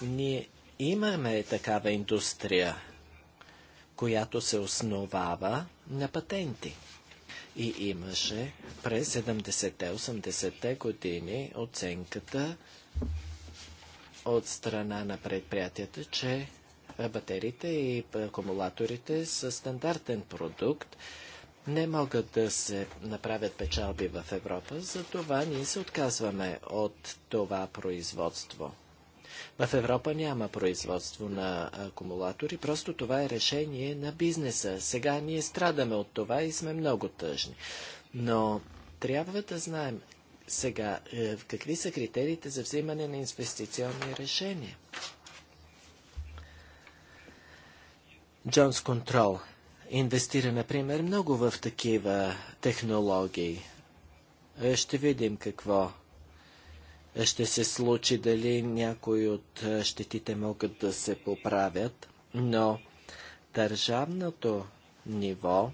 ние имаме такава индустрия, която се основава на патенти. И имаше през 70-те, 80-те години оценката от страна на предприятията, че батериите и акумулаторите са стандартен продукт, не могат да се направят печалби в Европа, затова ние се отказваме от това производство. В Европа няма производство на акумулатори, просто това е решение на бизнеса. Сега ние страдаме от това и сме много тъжни. Но трябва да знаем сега е, какви са критериите за взимане на инвестиционни решения. Джонс Контрол инвестира, например, много в такива технологии. Е, ще видим какво ще се случи, дали някои от е, щетите могат да се поправят, но държавното ниво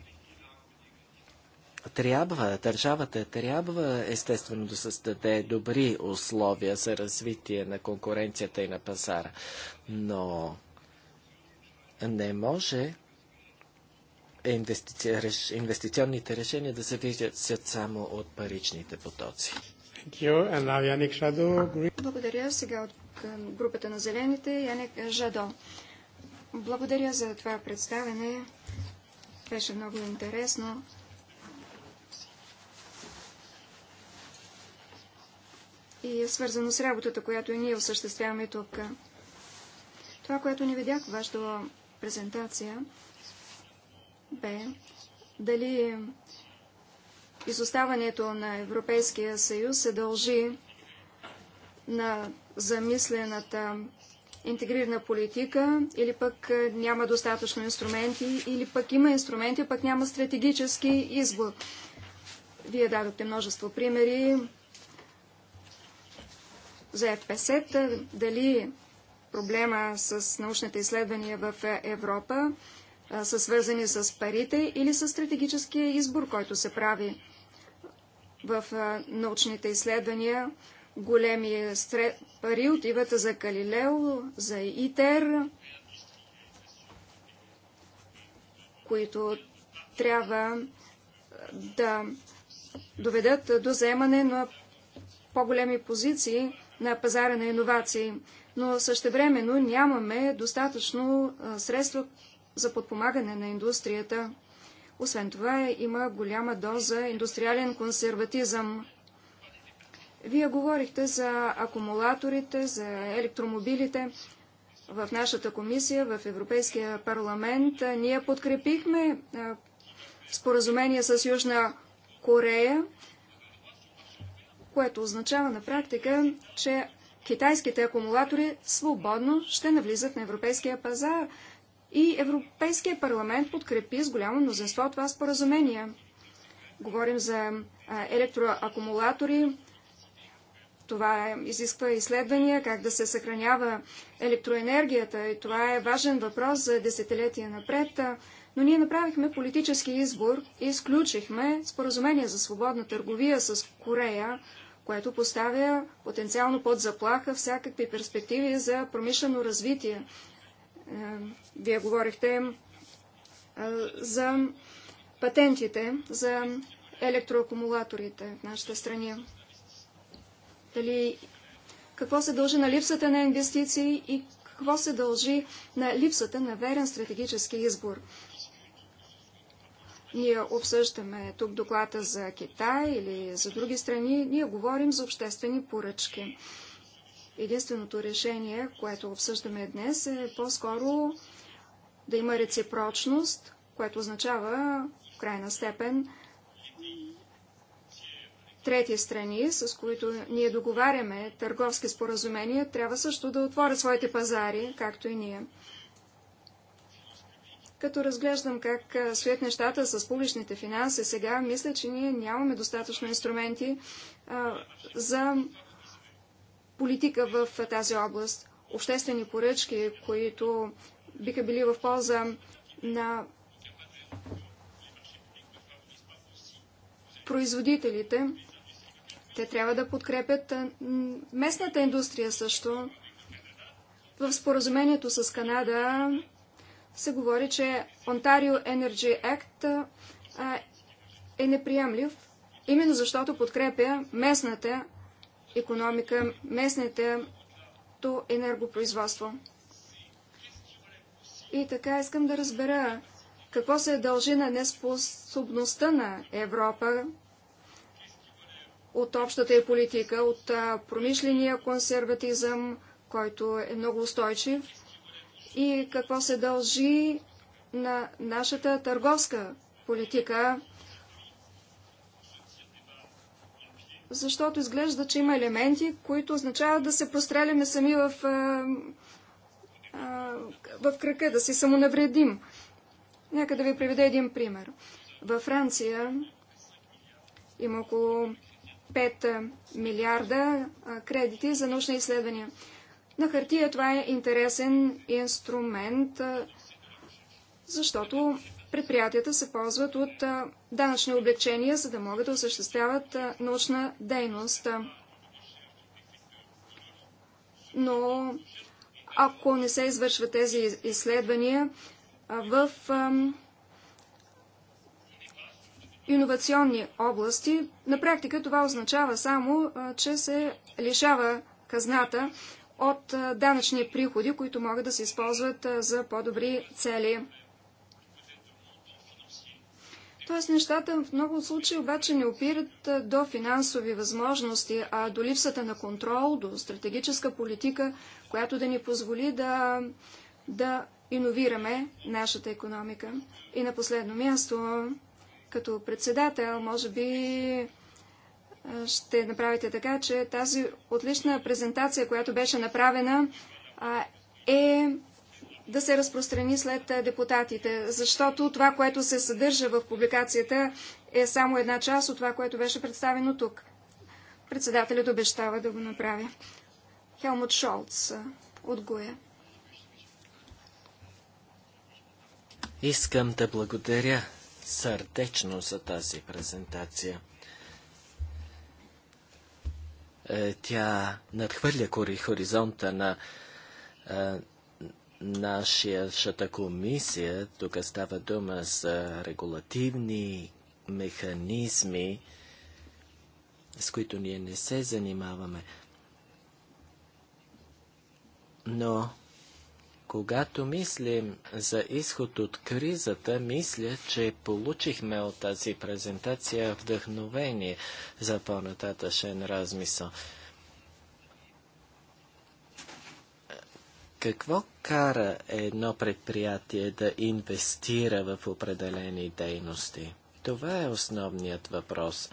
трябва, държавата трябва естествено да създаде добри условия за развитие на конкуренцията и на пазара, но не може инвестиционните решения да се виждат само от паричните потоци. Благодаря сега от групата на зелените Яник Жадо. Благодаря за това представене. Беше много интересно. И е свързано с работата, която и ние осъществяваме тук. Това, което не видях в вашата презентация, бе дали изоставането на Европейския съюз се дължи на замислената интегрирана политика, или пък е, няма достатъчно инструменти, или пък има инструменти, пък няма стратегически избор. Вие дадохте множество примери за фпс е, дали проблема с научните изследвания в Европа е, са свързани с парите или с стратегическия избор, който се прави в научните изследвания. Големи пари отиват за Калилео, за ИТЕР, които трябва да доведат до заемане на по-големи позиции на пазара на иновации, но същевременно нямаме достатъчно средства за подпомагане на индустрията. Освен това има голяма доза индустриален консерватизъм. Вие говорихте за акумулаторите, за електромобилите. В нашата комисия, в Европейския парламент, ние подкрепихме споразумение с Южна Корея, което означава на практика, че китайските акумулатори свободно ще навлизат на европейския пазар, и Европейския парламент подкрепи с голямо мнозинство това споразумение. Говорим за електроакумулатори. Това е, изисква изследвания как да се съхранява електроенергията и това е важен въпрос за десетилетия напред. Но ние направихме политически избор и изключихме споразумение за свободна търговия с Корея, което поставя потенциално под заплаха всякакви перспективи за промишлено развитие е, вие говорихте е, за патентите, за електроакумулаторите в нашата страни. Дали какво се дължи на липсата на инвестиции и какво се дължи на липсата на верен стратегически избор. Ние обсъждаме тук доклада за Китай или за други страни. Ние говорим за обществени поръчки. Единственото решение, което обсъждаме днес, е по-скоро да има реципрочност, което означава в крайна степен трети страни, с които ние договаряме търговски споразумения, трябва също да отворят своите пазари, както и ние. Като разглеждам как стоят нещата с публичните финанси сега, мисля, че ние нямаме достатъчно инструменти а, за политика в тази област. Обществени поръчки, които биха били в полза на производителите. Те трябва да подкрепят местната индустрия също. В споразумението с Канада се говори, че Ontario Energy Act е неприемлив, именно защото подкрепя местната економика, то енергопроизводство. И така искам да разбера какво се дължи на неспособността на Европа от общата и политика, от промишления консерватизъм, който е много устойчив, и какво се дължи на нашата търговска политика, защото изглежда, че има елементи, които означават да се простреляме сами в, а, в кръка, да си самонавредим. Нека да ви приведа един пример. Във Франция има около 5 милиарда кредити за научни изследвания. На хартия това е интересен инструмент, защото предприятията се ползват от данъчни облегчения, за да могат да осъществяват научна дейност. Но ако не се извършват тези изследвания в иновационни области, на практика това означава само, че се лишава казната от данъчни приходи, които могат да се използват за по-добри цели. Тоест нещата в много случаи обаче не опират до финансови възможности, а до липсата на контрол, до стратегическа политика, която да ни позволи да, да иновираме нашата економика. И на последно място, като председател, може би ще направите така, че тази отлична презентация, която беше направена, е да се разпространи след депутатите, защото това, което се съдържа в публикацията, е само една част от това, което беше представено тук. Председателят обещава да го направя. Хелмут Шолц от Гуя. Искам да благодаря сърдечно за тази презентация. Е, тя надхвърля хоризонта на нашата комисия, тук става дума за регулативни механизми, с които ние не се занимаваме. Но когато мислим за изход от кризата, мисля, че получихме от тази презентация вдъхновение за по нататъшен размисъл. Какво кара едно предприятие да инвестира в определени дейности? Това е основният въпрос.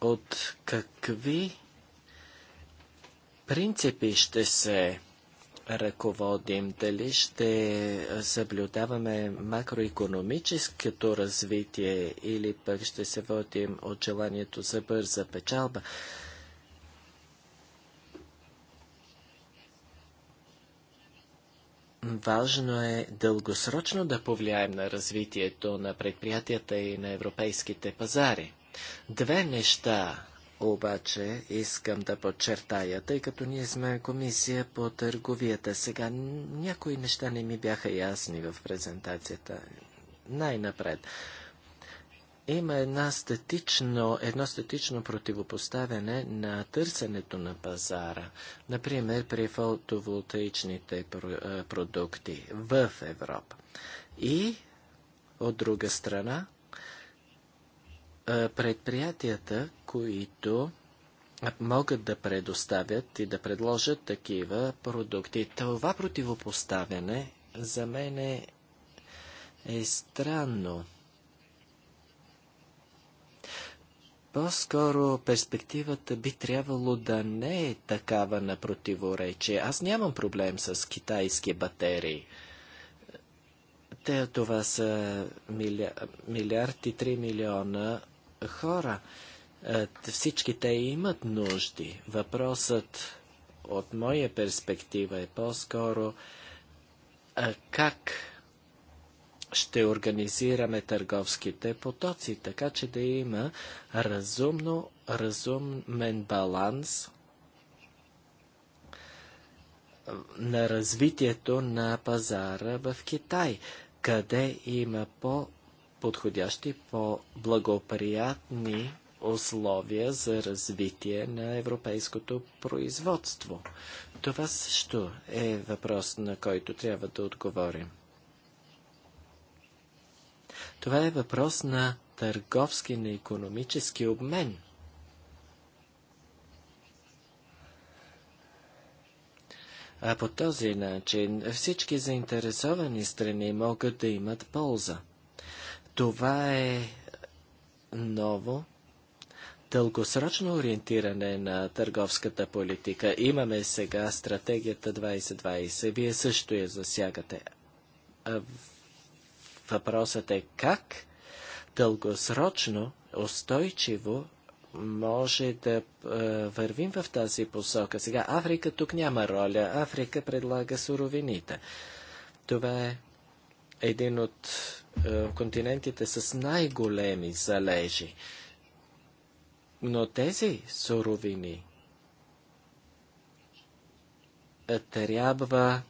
От какви принципи ще се ръководим, дали ще съблюдаваме макроекономическото развитие или пък ще се водим от желанието за бърза печалба. Важно е дългосрочно да повлияем на развитието на предприятията и на европейските пазари. Две неща обаче искам да подчертая, тъй като ние сме комисия по търговията. Сега някои неща не ми бяха ясни в презентацията. Най-напред има една статично, едно статично противопоставяне на търсенето на пазара, например при фотоволтаичните продукти в Европа. И от друга страна, предприятията, които могат да предоставят и да предложат такива продукти. Това противопоставяне за мен е, е странно. По-скоро перспективата би трябвало да не е такава на противоречие. Аз нямам проблем с китайски батерии. Те това са милиар... милиард и 3 милиона хора. Е, всички те имат нужди. Въпросът от моя перспектива е по-скоро е, как ще организираме търговските потоци, така че да има разумно, разумен баланс на развитието на пазара в Китай, къде има по-подходящи, по-благоприятни условия за развитие на европейското производство. Това също е въпрос, на който трябва да отговорим. Това е въпрос на търговски, на економически обмен. А по този начин всички заинтересовани страни могат да имат полза. Това е ново, дългосрочно ориентиране на търговската политика. Имаме сега стратегията 2020. Вие също я засягате. Въпросът е как дългосрочно, устойчиво може да е, вървим в тази посока. Сега Африка тук няма роля. Африка предлага суровините. Това е един от е, континентите с най-големи залежи. Но тези суровини е, трябва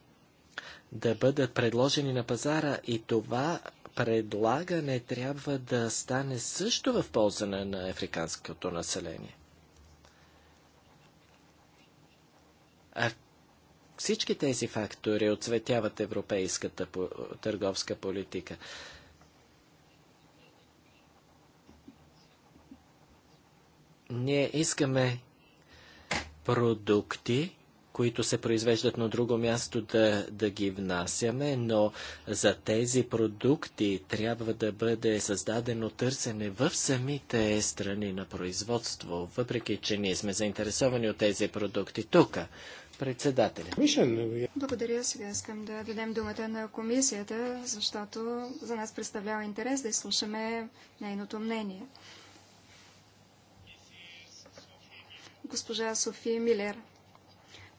да бъдат предложени на пазара и това предлагане трябва да стане също в полза на, на африканското население. А всички тези фактори отцветяват европейската по търговска политика. Ние искаме продукти, които се произвеждат на друго място, да, да ги внасяме, но за тези продукти трябва да бъде създадено търсене в самите страни на производство, въпреки че ние сме заинтересовани от тези продукти тук председателя. Благодаря. Сега искам да дадем думата на комисията, защото за нас представлява интерес да изслушаме нейното мнение. Госпожа София Милер.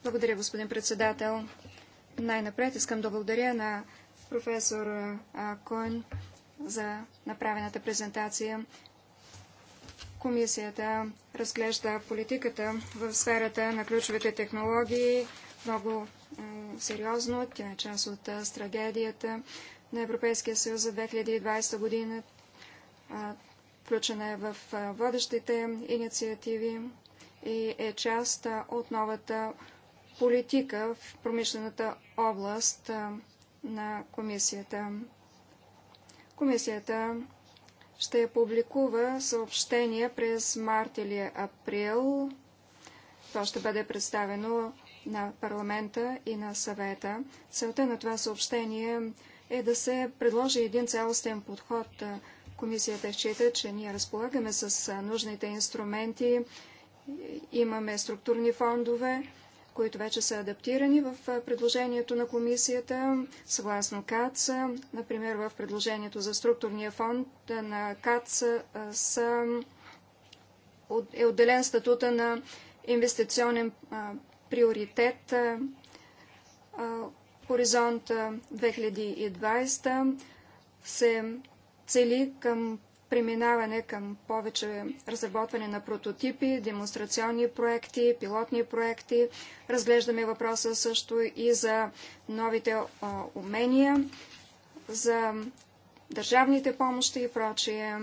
Благодаря, господин председател. Най-напред искам да благодаря на професор Койн за направената презентация. Комисията разглежда политиката в сферата на ключовите технологии много сериозно. Тя е част от страгедията на Европейския съюз за 2020 година. Включена е в водещите инициативи и е част от новата политика в промишлената област на комисията. Комисията ще публикува съобщение през март или април. То ще бъде представено на парламента и на съвета. Целта на това съобщение е да се предложи един цялостен подход. Комисията счита, че ние разполагаме с нужните инструменти, имаме структурни фондове, които вече са адаптирани в предложението на комисията, съгласно КАЦ. Например, в предложението за структурния фонд на КАЦ са, е отделен статута на инвестиционен приоритет Хоризонт 2020 се цели към преминаване към повече разработване на прототипи, демонстрационни проекти, пилотни проекти. Разглеждаме въпроса също и за новите умения, за държавните помощи и прочие.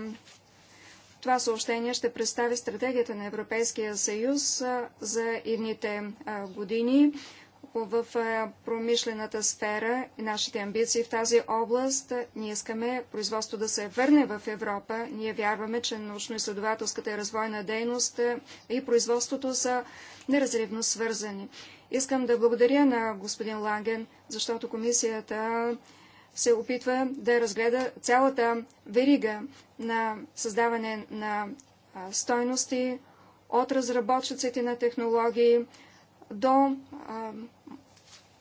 Това съобщение ще представи стратегията на Европейския съюз за едните години в промишлената сфера и нашите амбиции в тази област. Ние искаме производство да се върне в Европа. Ние вярваме, че научно-изследователската и развойна дейност и производството са неразривно свързани. Искам да благодаря на господин Ланген, защото комисията се опитва да разгледа цялата верига на създаване на стойности от разработчиците на технологии, до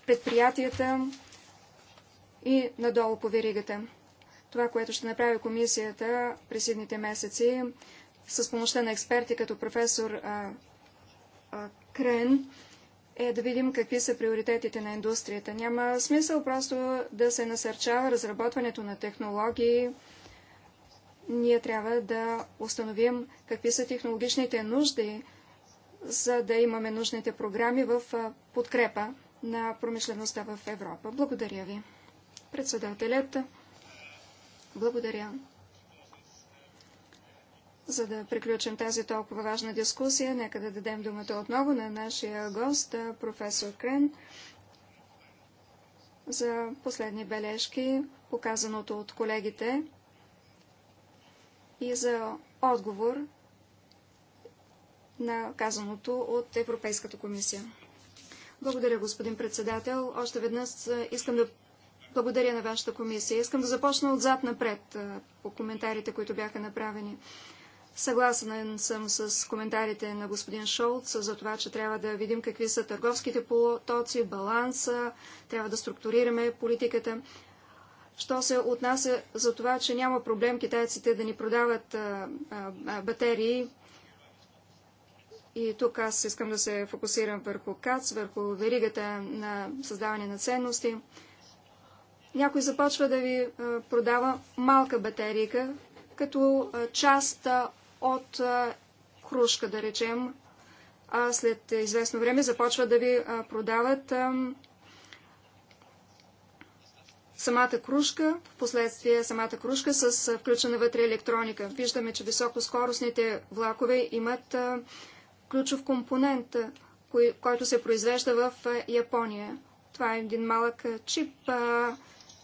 предприятията и надолу по веригата. Това, което ще направи комисията през едните месеци с помощта на експерти като професор Крен, е да видим какви са приоритетите на индустрията. Няма смисъл просто да се насърчава разработването на технологии. Ние трябва да установим какви са технологичните нужди за да имаме нужните програми в подкрепа на промишлеността в Европа. Благодаря ви. Председателят, благодаря. За да приключим тази толкова важна дискусия, нека да дадем думата отново на нашия гост, професор Крен, за последни бележки, показаното от колегите и за отговор на казаното от Европейската комисия. Благодаря, господин председател. Още веднъж е, искам да благодаря на вашата комисия. Искам да започна отзад напред е, по коментарите, които бяха направени. Съгласен съм с коментарите на господин Шолц за това, че трябва да видим какви са търговските потоци, баланса, трябва да структурираме политиката. Що се отнася за това, че няма проблем китайците да ни продават е, батерии, и тук аз искам да се фокусирам върху КАЦ, върху веригата на създаване на ценности. Някой започва да ви продава малка батерийка, като част от кружка, да речем. А след известно време започва да ви продават самата кружка, в последствие самата кружка с включена вътре електроника. Виждаме, че високоскоростните влакове имат ключов компонент, кой, който се произвежда в Япония. Това е един малък чип,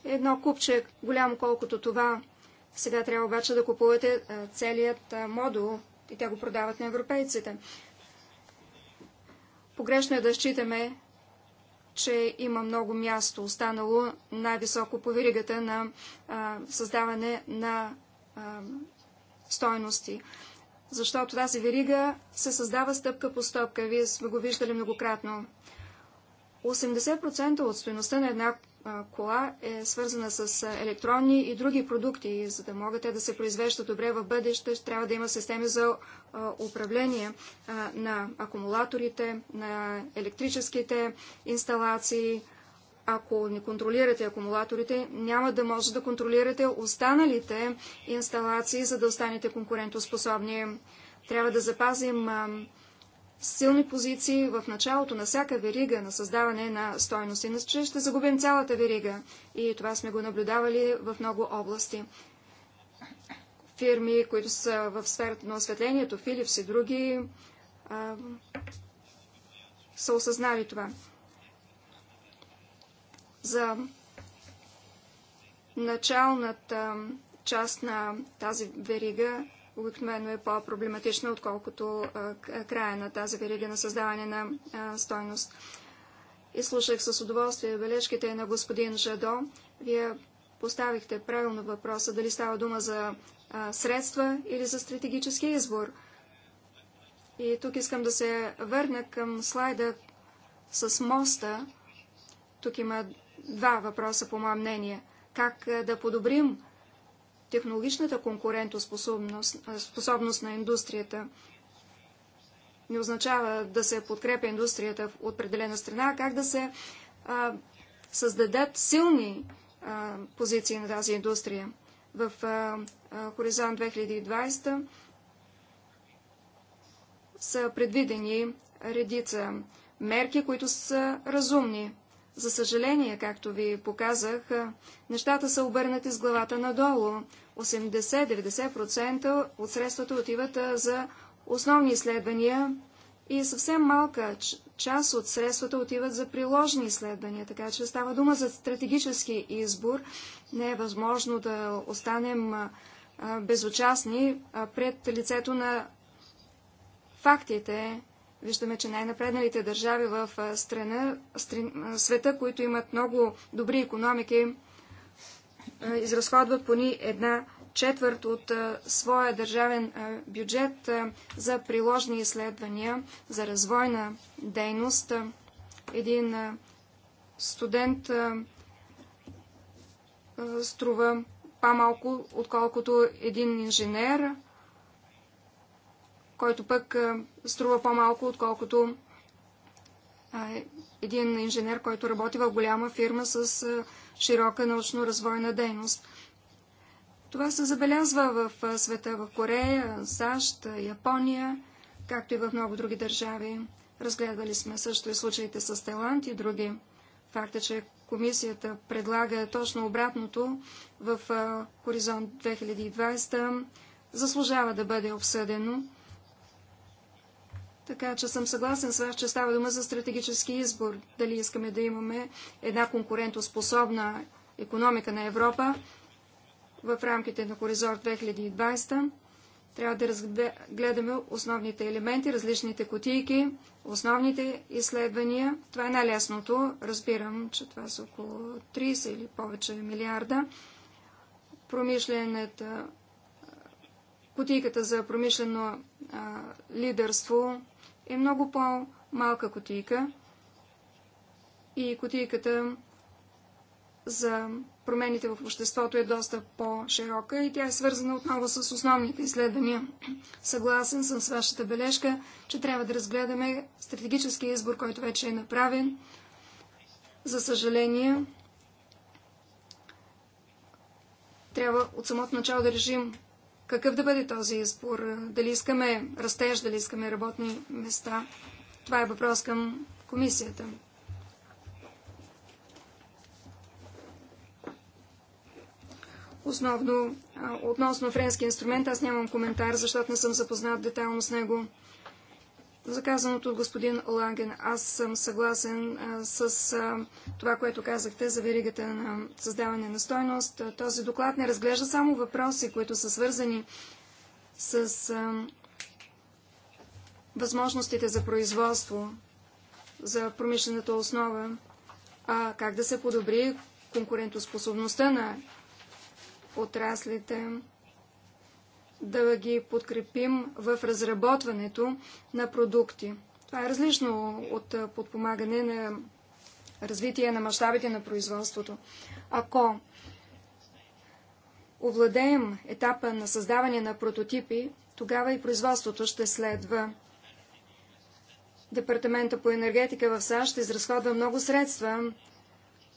едно купче, голямо колкото това. Сега трябва обаче да купувате целият модул и те го продават на европейците. Погрешно е да считаме, че има много място останало най-високо по веригата на а, създаване на а, стойности защото тази верига се създава стъпка по стъпка. Вие сме го виждали многократно. 80% от стоеността на една кола е свързана с електронни и други продукти. За да могат те да се произвеждат добре в бъдеще, трябва да има системи за управление на акумулаторите, на електрическите инсталации, ако не контролирате акумулаторите, няма да може да контролирате останалите инсталации, за да останете конкурентоспособни. Трябва да запазим силни позиции в началото на всяка верига на създаване на стойност. Иначе ще загубим цялата верига. И това сме го наблюдавали в много области. Фирми, които са в сферата на осветлението, Philips и други, са осъзнали това за началната част на тази верига обикновено е по-проблематична, отколкото края на тази верига на създаване на стойност. И слушах с удоволствие бележките на господин Жадо. Вие поставихте правилно въпроса дали става дума за средства или за стратегически избор. И тук искам да се върна към слайда с моста. Тук има два въпроса, по мое мнение. Как е, да подобрим технологичната конкурентоспособност е, на индустрията? Не означава да се подкрепя индустрията в определена страна, а как да се а, създадат силни а, позиции на тази индустрия. В а, а, Хоризонт 2020 са предвидени редица мерки, които са разумни. За съжаление, както ви показах, нещата са обърнати с главата надолу. 80-90% от средствата отиват за основни изследвания и съвсем малка част от средствата отиват за приложни изследвания, така че става дума за стратегически избор. Не е възможно да останем безучастни пред лицето на фактите, Виждаме, че най-напредналите държави в страна, света, които имат много добри економики, изразходват пони една четвърт от своя държавен бюджет за приложни изследвания, за развойна дейност. Един студент струва по-малко, отколкото един инженер който пък струва по-малко, отколкото един инженер, който работи в голяма фирма с широка научно-развойна дейност. Това се забелязва в света, в Корея, САЩ, Япония, както и в много други държави. Разгледали сме също и случаите с Тайланд и други. Факта, че комисията предлага точно обратното в Хоризонт 2020, заслужава да бъде обсъдено. Така че съм съгласен с вас, че става дума за стратегически избор. Дали искаме да имаме една конкурентоспособна економика на Европа в рамките на Хоризонт 2020. Трябва да разгледаме основните елементи, различните котийки, основните изследвания. Това е най-лесното. Разбирам, че това са около 30 или повече милиарда. Промишлената Кутийката за промишлено а, лидерство е много по-малка котийка и кутийката за промените в обществото е доста по-широка и тя е свързана отново с основните изследвания. Съгласен съм с вашата бележка, че трябва да разгледаме стратегическия избор, който вече е направен. За съжаление, трябва от самото начало да решим какъв да бъде този избор, дали искаме растеж, дали искаме работни места. Това е въпрос към комисията. Основно, относно френски инструмент, аз нямам коментар, защото не съм запознат детайлно с него. Заказаното от господин Ланген, аз съм съгласен а, с а, това, което казахте за веригата на създаване на стойност. Този доклад не разглежда само въпроси, които са свързани с а, възможностите за производство, за промишлената основа, а как да се подобри конкурентоспособността на отраслите да ги подкрепим в разработването на продукти. Това е различно от подпомагане на развитие на мащабите на производството. Ако овладеем етапа на създаване на прототипи, тогава и производството ще следва. Департамента по енергетика в САЩ изразходва много средства,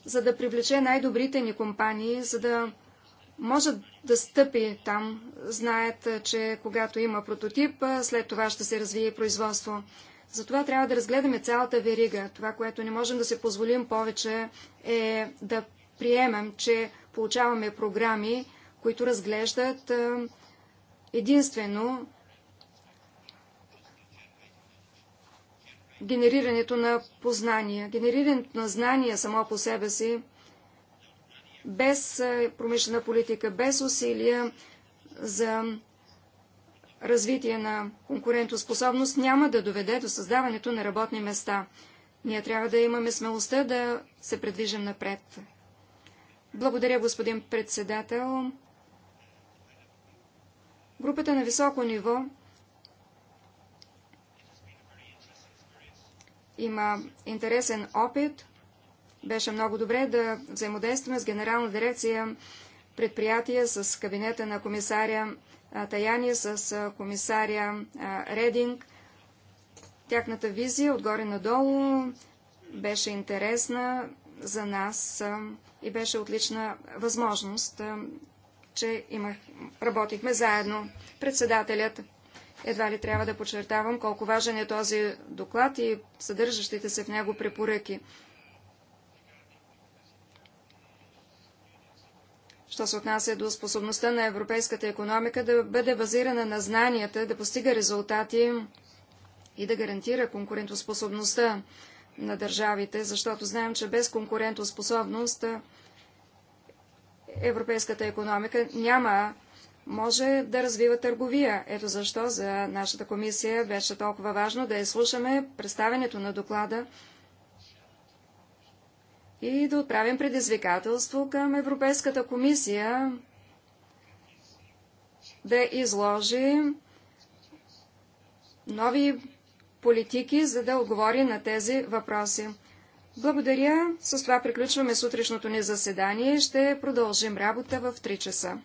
за да привлече най-добрите ни компании, за да може да стъпи там. Знаят, че когато има прототип, след това ще се развие производство. Затова трябва да разгледаме цялата верига. Това, което не можем да се позволим повече, е да приемем, че получаваме програми, които разглеждат единствено генерирането на познания. Генерирането на знания само по себе си без е, промишлена политика, без усилия за развитие на конкурентоспособност няма да доведе до създаването на работни места. Ние трябва да имаме смелостта да се предвижим напред. Благодаря, господин председател. Групата на високо ниво има интересен опит. Беше много добре да взаимодействаме с Генерална дирекция предприятия, с кабинета на комисаря Таяни, с комисаря Рединг. Тяхната визия отгоре надолу беше интересна за нас и беше отлична възможност, че имах, работихме заедно. Председателят едва ли трябва да подчертавам колко важен е този доклад и съдържащите се в него препоръки. що се отнася до способността на европейската економика да бъде базирана на знанията, да постига резултати и да гарантира конкурентоспособността на държавите, защото знаем, че без конкурентоспособност европейската економика няма може да развива търговия. Ето защо за нашата комисия беше толкова важно да изслушаме представенето на доклада и да отправим предизвикателство към Европейската комисия да изложи нови политики, за да отговори на тези въпроси. Благодаря. С това приключваме сутрешното ни заседание. Ще продължим работа в 3 часа.